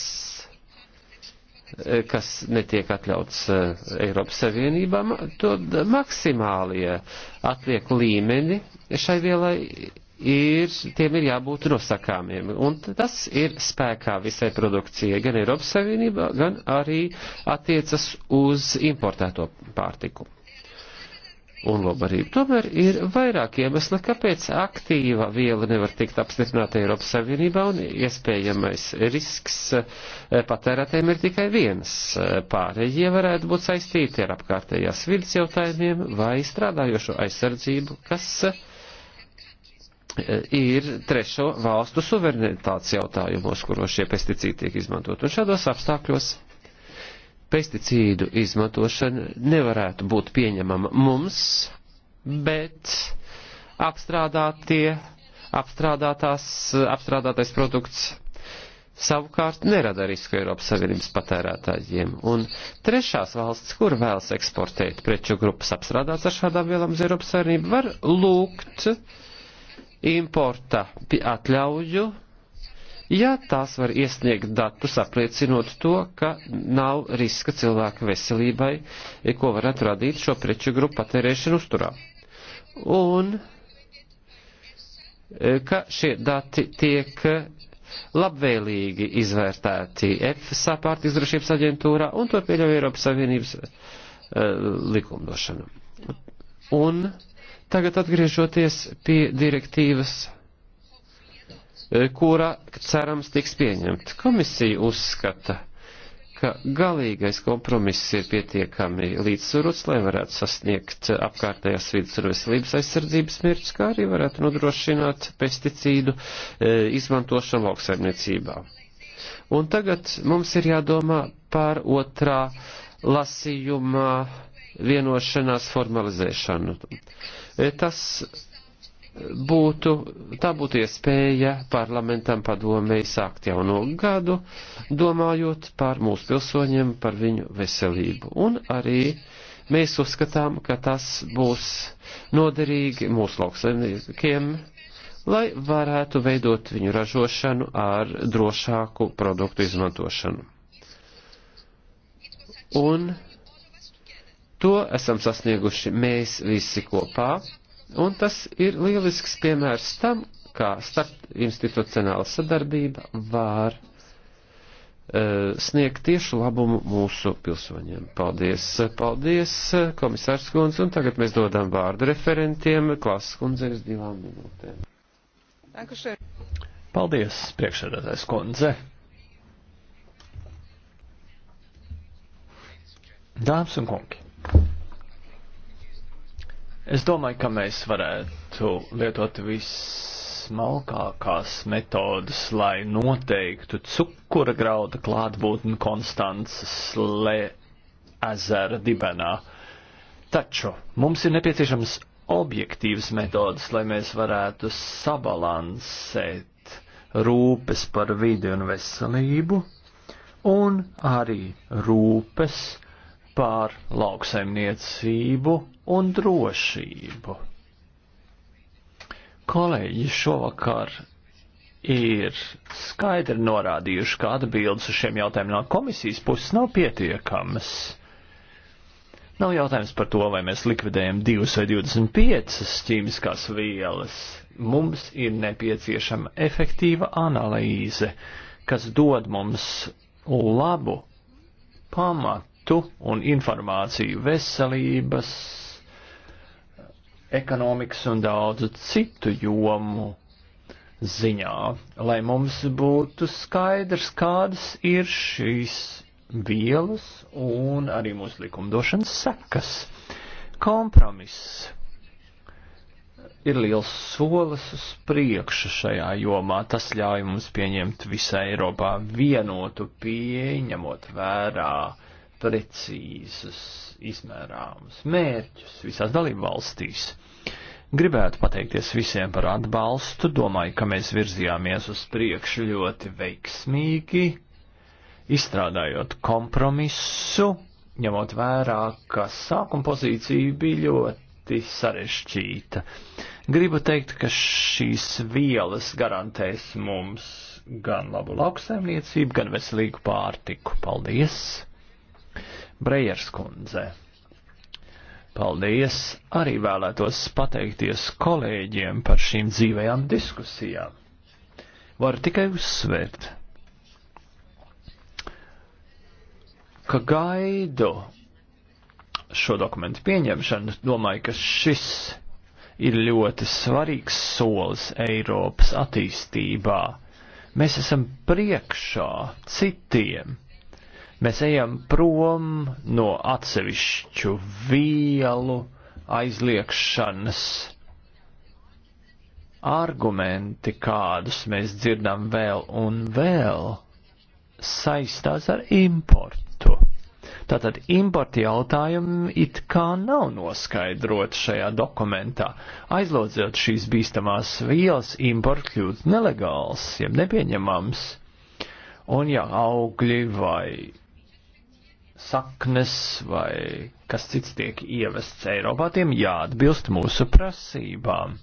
eh, kas netiek atļauts eh, Eiropas Savienībām, to maksimālie atlieku līmeni šai vielai ir, tiem ir jābūt nosakāmiem. Un tas ir spēkā visai produkcijai, gan Eiropas Savienībā, gan arī attiecas uz importēto pārtiku un lobarību. Tomēr ir vairāk iemesli, kāpēc aktīva viela nevar tikt apstiprināta Eiropas Savienībā, un iespējamais risks eh, patērētēm ir tikai viens. Eh, pārējie varētu būt saistīti ar apkārtējās vidas jautājumiem vai strādājošo aizsardzību, kas eh, ir trešo valstu suverenitātes jautājumos, kuros šie pesticīdi tiek izmantot. Un šādos apstākļos pesticīdu izmantošana nevarētu būt pieņemama mums, bet apstrādātie, apstrādātās, apstrādātais produkts savukārt nerada risku Eiropas Savienības patērētājiem. Un trešās valsts, kur vēlas eksportēt preču grupas apstrādāts ar šādām vielām uz Eiropas Savienību, var lūgt importa atļauju ja tās var iesniegt datus apliecinot to, ka nav riska cilvēka veselībai, ko varētu radīt šo preču grupu patērēšanu uzturā. Un e, ka šie dati tiek labvēlīgi izvērtēti EFSA pārtiksdrošības aģentūrā un to pieļauj Eiropas Savienības uh, likumdošana. Un tagad atgriežoties pie direktīvas E, kura, cerams, tiks pieņemta. Komisija uzskata, ka galīgais kompromiss ir pietiekami līdzsvarots, lai varētu sasniegt apkārtējās vidas un veselības aizsardzības mērķus, kā arī varētu nodrošināt pesticīdu e, izmantošanu lauksaimniecībā. Un tagad mums ir jādomā par otrā lasījumā vienošanās formalizēšanu. E, tas būtu, tā būtu iespēja parlamentam padomēji sākt jauno gadu, domājot par mūsu pilsoņiem, par viņu veselību. Un arī mēs uzskatām, ka tas būs noderīgi mūsu lauksaimniekiem, lai varētu veidot viņu ražošanu ar drošāku produktu izmantošanu. Un to esam sasnieguši mēs visi kopā Un tas ir lielisks piemērs tam, kā starpinstitucionāla sadarbība var uh, sniegt tiešu labumu mūsu pilsoņiem. Paldies, paldies, komisārs Kunz, un tagad mēs dodam vārdu referentiem klases kundzei uz divām minūtēm. Paldies, priekšsēdētājs kundze. Dāmas un kungi, Es domāju, ka mēs varētu lietot vismalkākās metodas, lai noteiktu cukura grauda klātbūtni Konstances le ezera dibenā. Taču mums ir nepieciešams objektīvas metodas, lai mēs varētu sabalansēt rūpes par vidi un veselību, un arī rūpes par lauksaimniecību un drošību. Kolēģi šovakar ir skaidri norādījuši, ka atbildes uz šiem jautājumiem no komisijas puses nav pietiekamas. Nav jautājums par to, vai mēs likvidējam 2 vai 25 ķīmiskās vielas. Mums ir nepieciešama efektīva analīze, kas dod mums labu pamatu citu un informāciju veselības, ekonomikas un daudzu citu jomu ziņā, lai mums būtu skaidrs, kādas ir šīs vielas un arī mūsu likumdošanas sekas. Kompromiss ir liels solis uz priekšu šajā jomā. Tas ļauj mums pieņemt visā Eiropā vienotu pieņemot vērā precīzus, izmērāmus mērķus visās dalībvalstīs. Gribētu pateikties visiem par atbalstu, domāju, ka mēs virzījāmies uz priekšu ļoti veiksmīgi, izstrādājot kompromisu, ņemot vērā, ka sākuma pozīcija bija ļoti sarežģīta. Gribu teikt, ka šīs vielas garantēs mums gan labu lauksaimniecību, gan veselīgu pārtiku. Paldies! Brejers kundze. Paldies! Arī vēlētos pateikties kolēģiem par šīm dzīvajām diskusijām. Var tikai uzsvērt, ka gaidu šo dokumentu pieņemšanu, domāju, ka šis ir ļoti svarīgs solis Eiropas attīstībā. Mēs esam priekšā citiem Mēs ejam prom no atsevišķu vielu aizliekšanas. Argumenti, kādus mēs dzirdam vēl un vēl, saistās ar importu. Tātad importa jautājumi it kā nav noskaidrot šajā dokumentā. Aizlodzot šīs bīstamās vielas, imports kļūst nelegāls, jeb nepieņemams. Un ja augļi vai saknes vai kas cits tiek ievests Eiropā, tiem jāatbilst mūsu prasībām.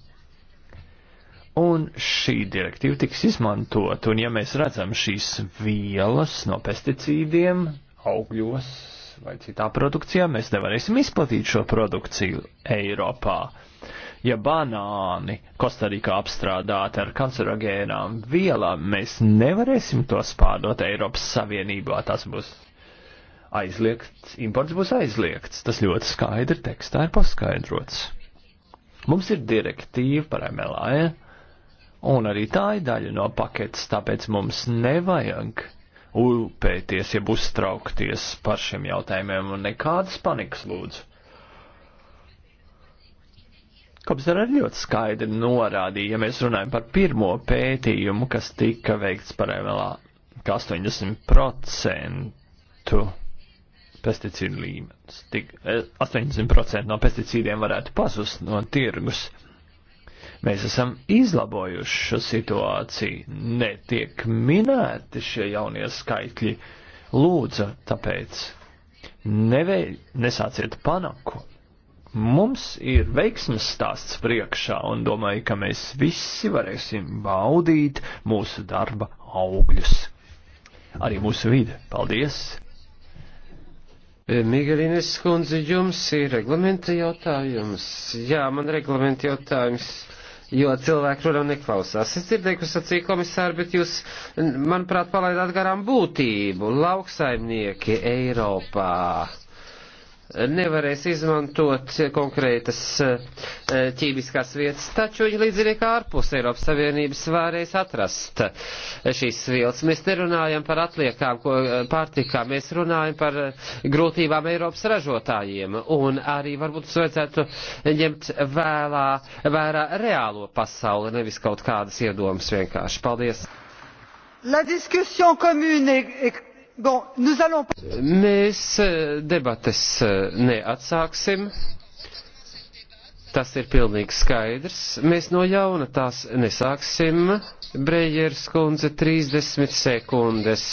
Un šī direktīva tiks izmantot, un ja mēs redzam šīs vielas no pesticīdiem, augļos vai citā produkcijā, mēs nevarēsim izplatīt šo produkciju Eiropā. Ja banāni Kostarikā apstrādāti ar kancerogēnām vielām, mēs nevarēsim tos pārdot Eiropas Savienībā. Tas būs aizliegts, imports būs aizliegts. Tas ļoti skaidri tekstā ir paskaidrots. Mums ir direktīva par MLA, un arī tā ir daļa no paketes, tāpēc mums nevajag upēties, jeb uztraukties par šiem jautājumiem, un nekādas panikas lūdzu. Kopsar arī ļoti skaidri norādīja, ja mēs runājam par pirmo pētījumu, kas tika veikts par MLA, ka 80% pesticīdu līmenis. Tik 80% eh, no pesticīdiem varētu pazust no tirgus. Mēs esam izlabojuši šo situāciju, netiek minēti šie jaunie skaitļi. Lūdzu, tāpēc nevei, nesāciet panaku. Mums ir veiksmes stāsts priekšā un domāju, ka mēs visi varēsim baudīt mūsu darba augļus. Arī mūsu vide. Paldies! E, Migelīnes skundze, jums ir reglamenta jautājums? Jā, man reglamenta jautājums, jo cilvēki, protams, neklausās. Es dzirdēju, ka sacīja komisāri, bet jūs, manuprāt, palaidāt garām būtību. Lauksaimnieki Eiropā nevarēs izmantot konkrētas eh, ķīmiskās vietas, taču viņi līdz arī kā ārpus Eiropas Savienības varēs atrast eh, šīs vielas. Mēs nerunājam par atliekām ko, eh, pārtikā, mēs runājam par grūtībām Eiropas ražotājiem, un arī varbūt vajadzētu ņemt vēlā, vērā reālo pasauli, nevis kaut kādas iedomas vienkārši. Paldies! La discussion commune est Mēs eh, debates eh, neatsāksim. Tas ir pilnīgi skaidrs. Mēs no jauna tās nesāksim. Brejers kundze 30 sekundes.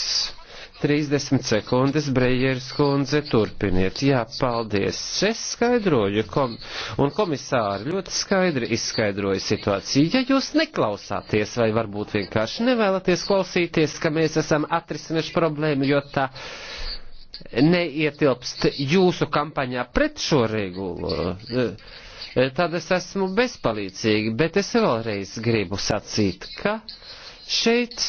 30 sekundes, Brejeris kundze, turpiniet. Jā, paldies. Es skaidroju, kom un komisāri ļoti skaidri izskaidroja situāciju. Ja jūs neklausāties vai varbūt vienkārši nevēlaties klausīties, ka mēs esam atrisinājuši problēmu, jo tā neietilpst jūsu kampaņā pret šo regulu, eh, tad es esmu bezpalīdzīgi, bet es vēlreiz gribu sacīt, ka šeit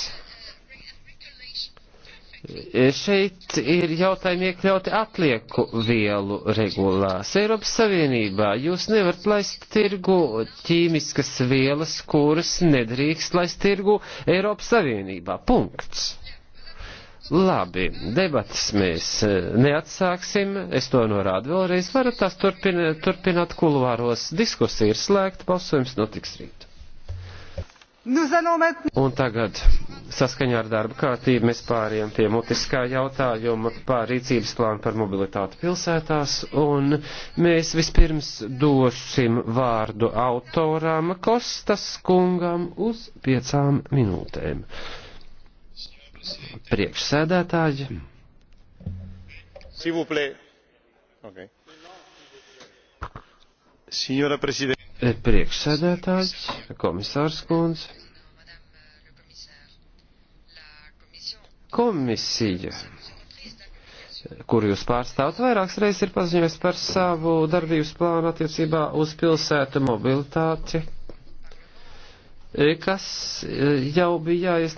E, šeit ir jautājumi iekļauti atlieku vielu regulās. Eiropas Savienībā jūs nevarat laist tirgu ķīmiskas vielas, kuras nedrīkst laist tirgu Eiropas Savienībā. Punkts. Labi, debatas mēs e, neatsāksim, es to norādu vēlreiz, varat tās turpināt, turpināt kuluāros, diskusija ir slēgta, balsojums notiks rīt. Un tagad, saskaņā ar darba kārtību, mēs pāriem pie mutiskā jautājuma par rīcības plānu par mobilitāti pilsētās, un mēs vispirms dosim vārdu autorām Kostas kungam uz piecām minūtēm. Priekšsēdētāji. Okay. Signora Presidente. Priekšsēdētājs, komisārs Kunz. Komisija, kur jūs pārstāvat, vairākas reizes ir paziņojusi par savu darbības plānu attiecībā uz pilsētu mobilitāti, kas jau bija jāiesniedz.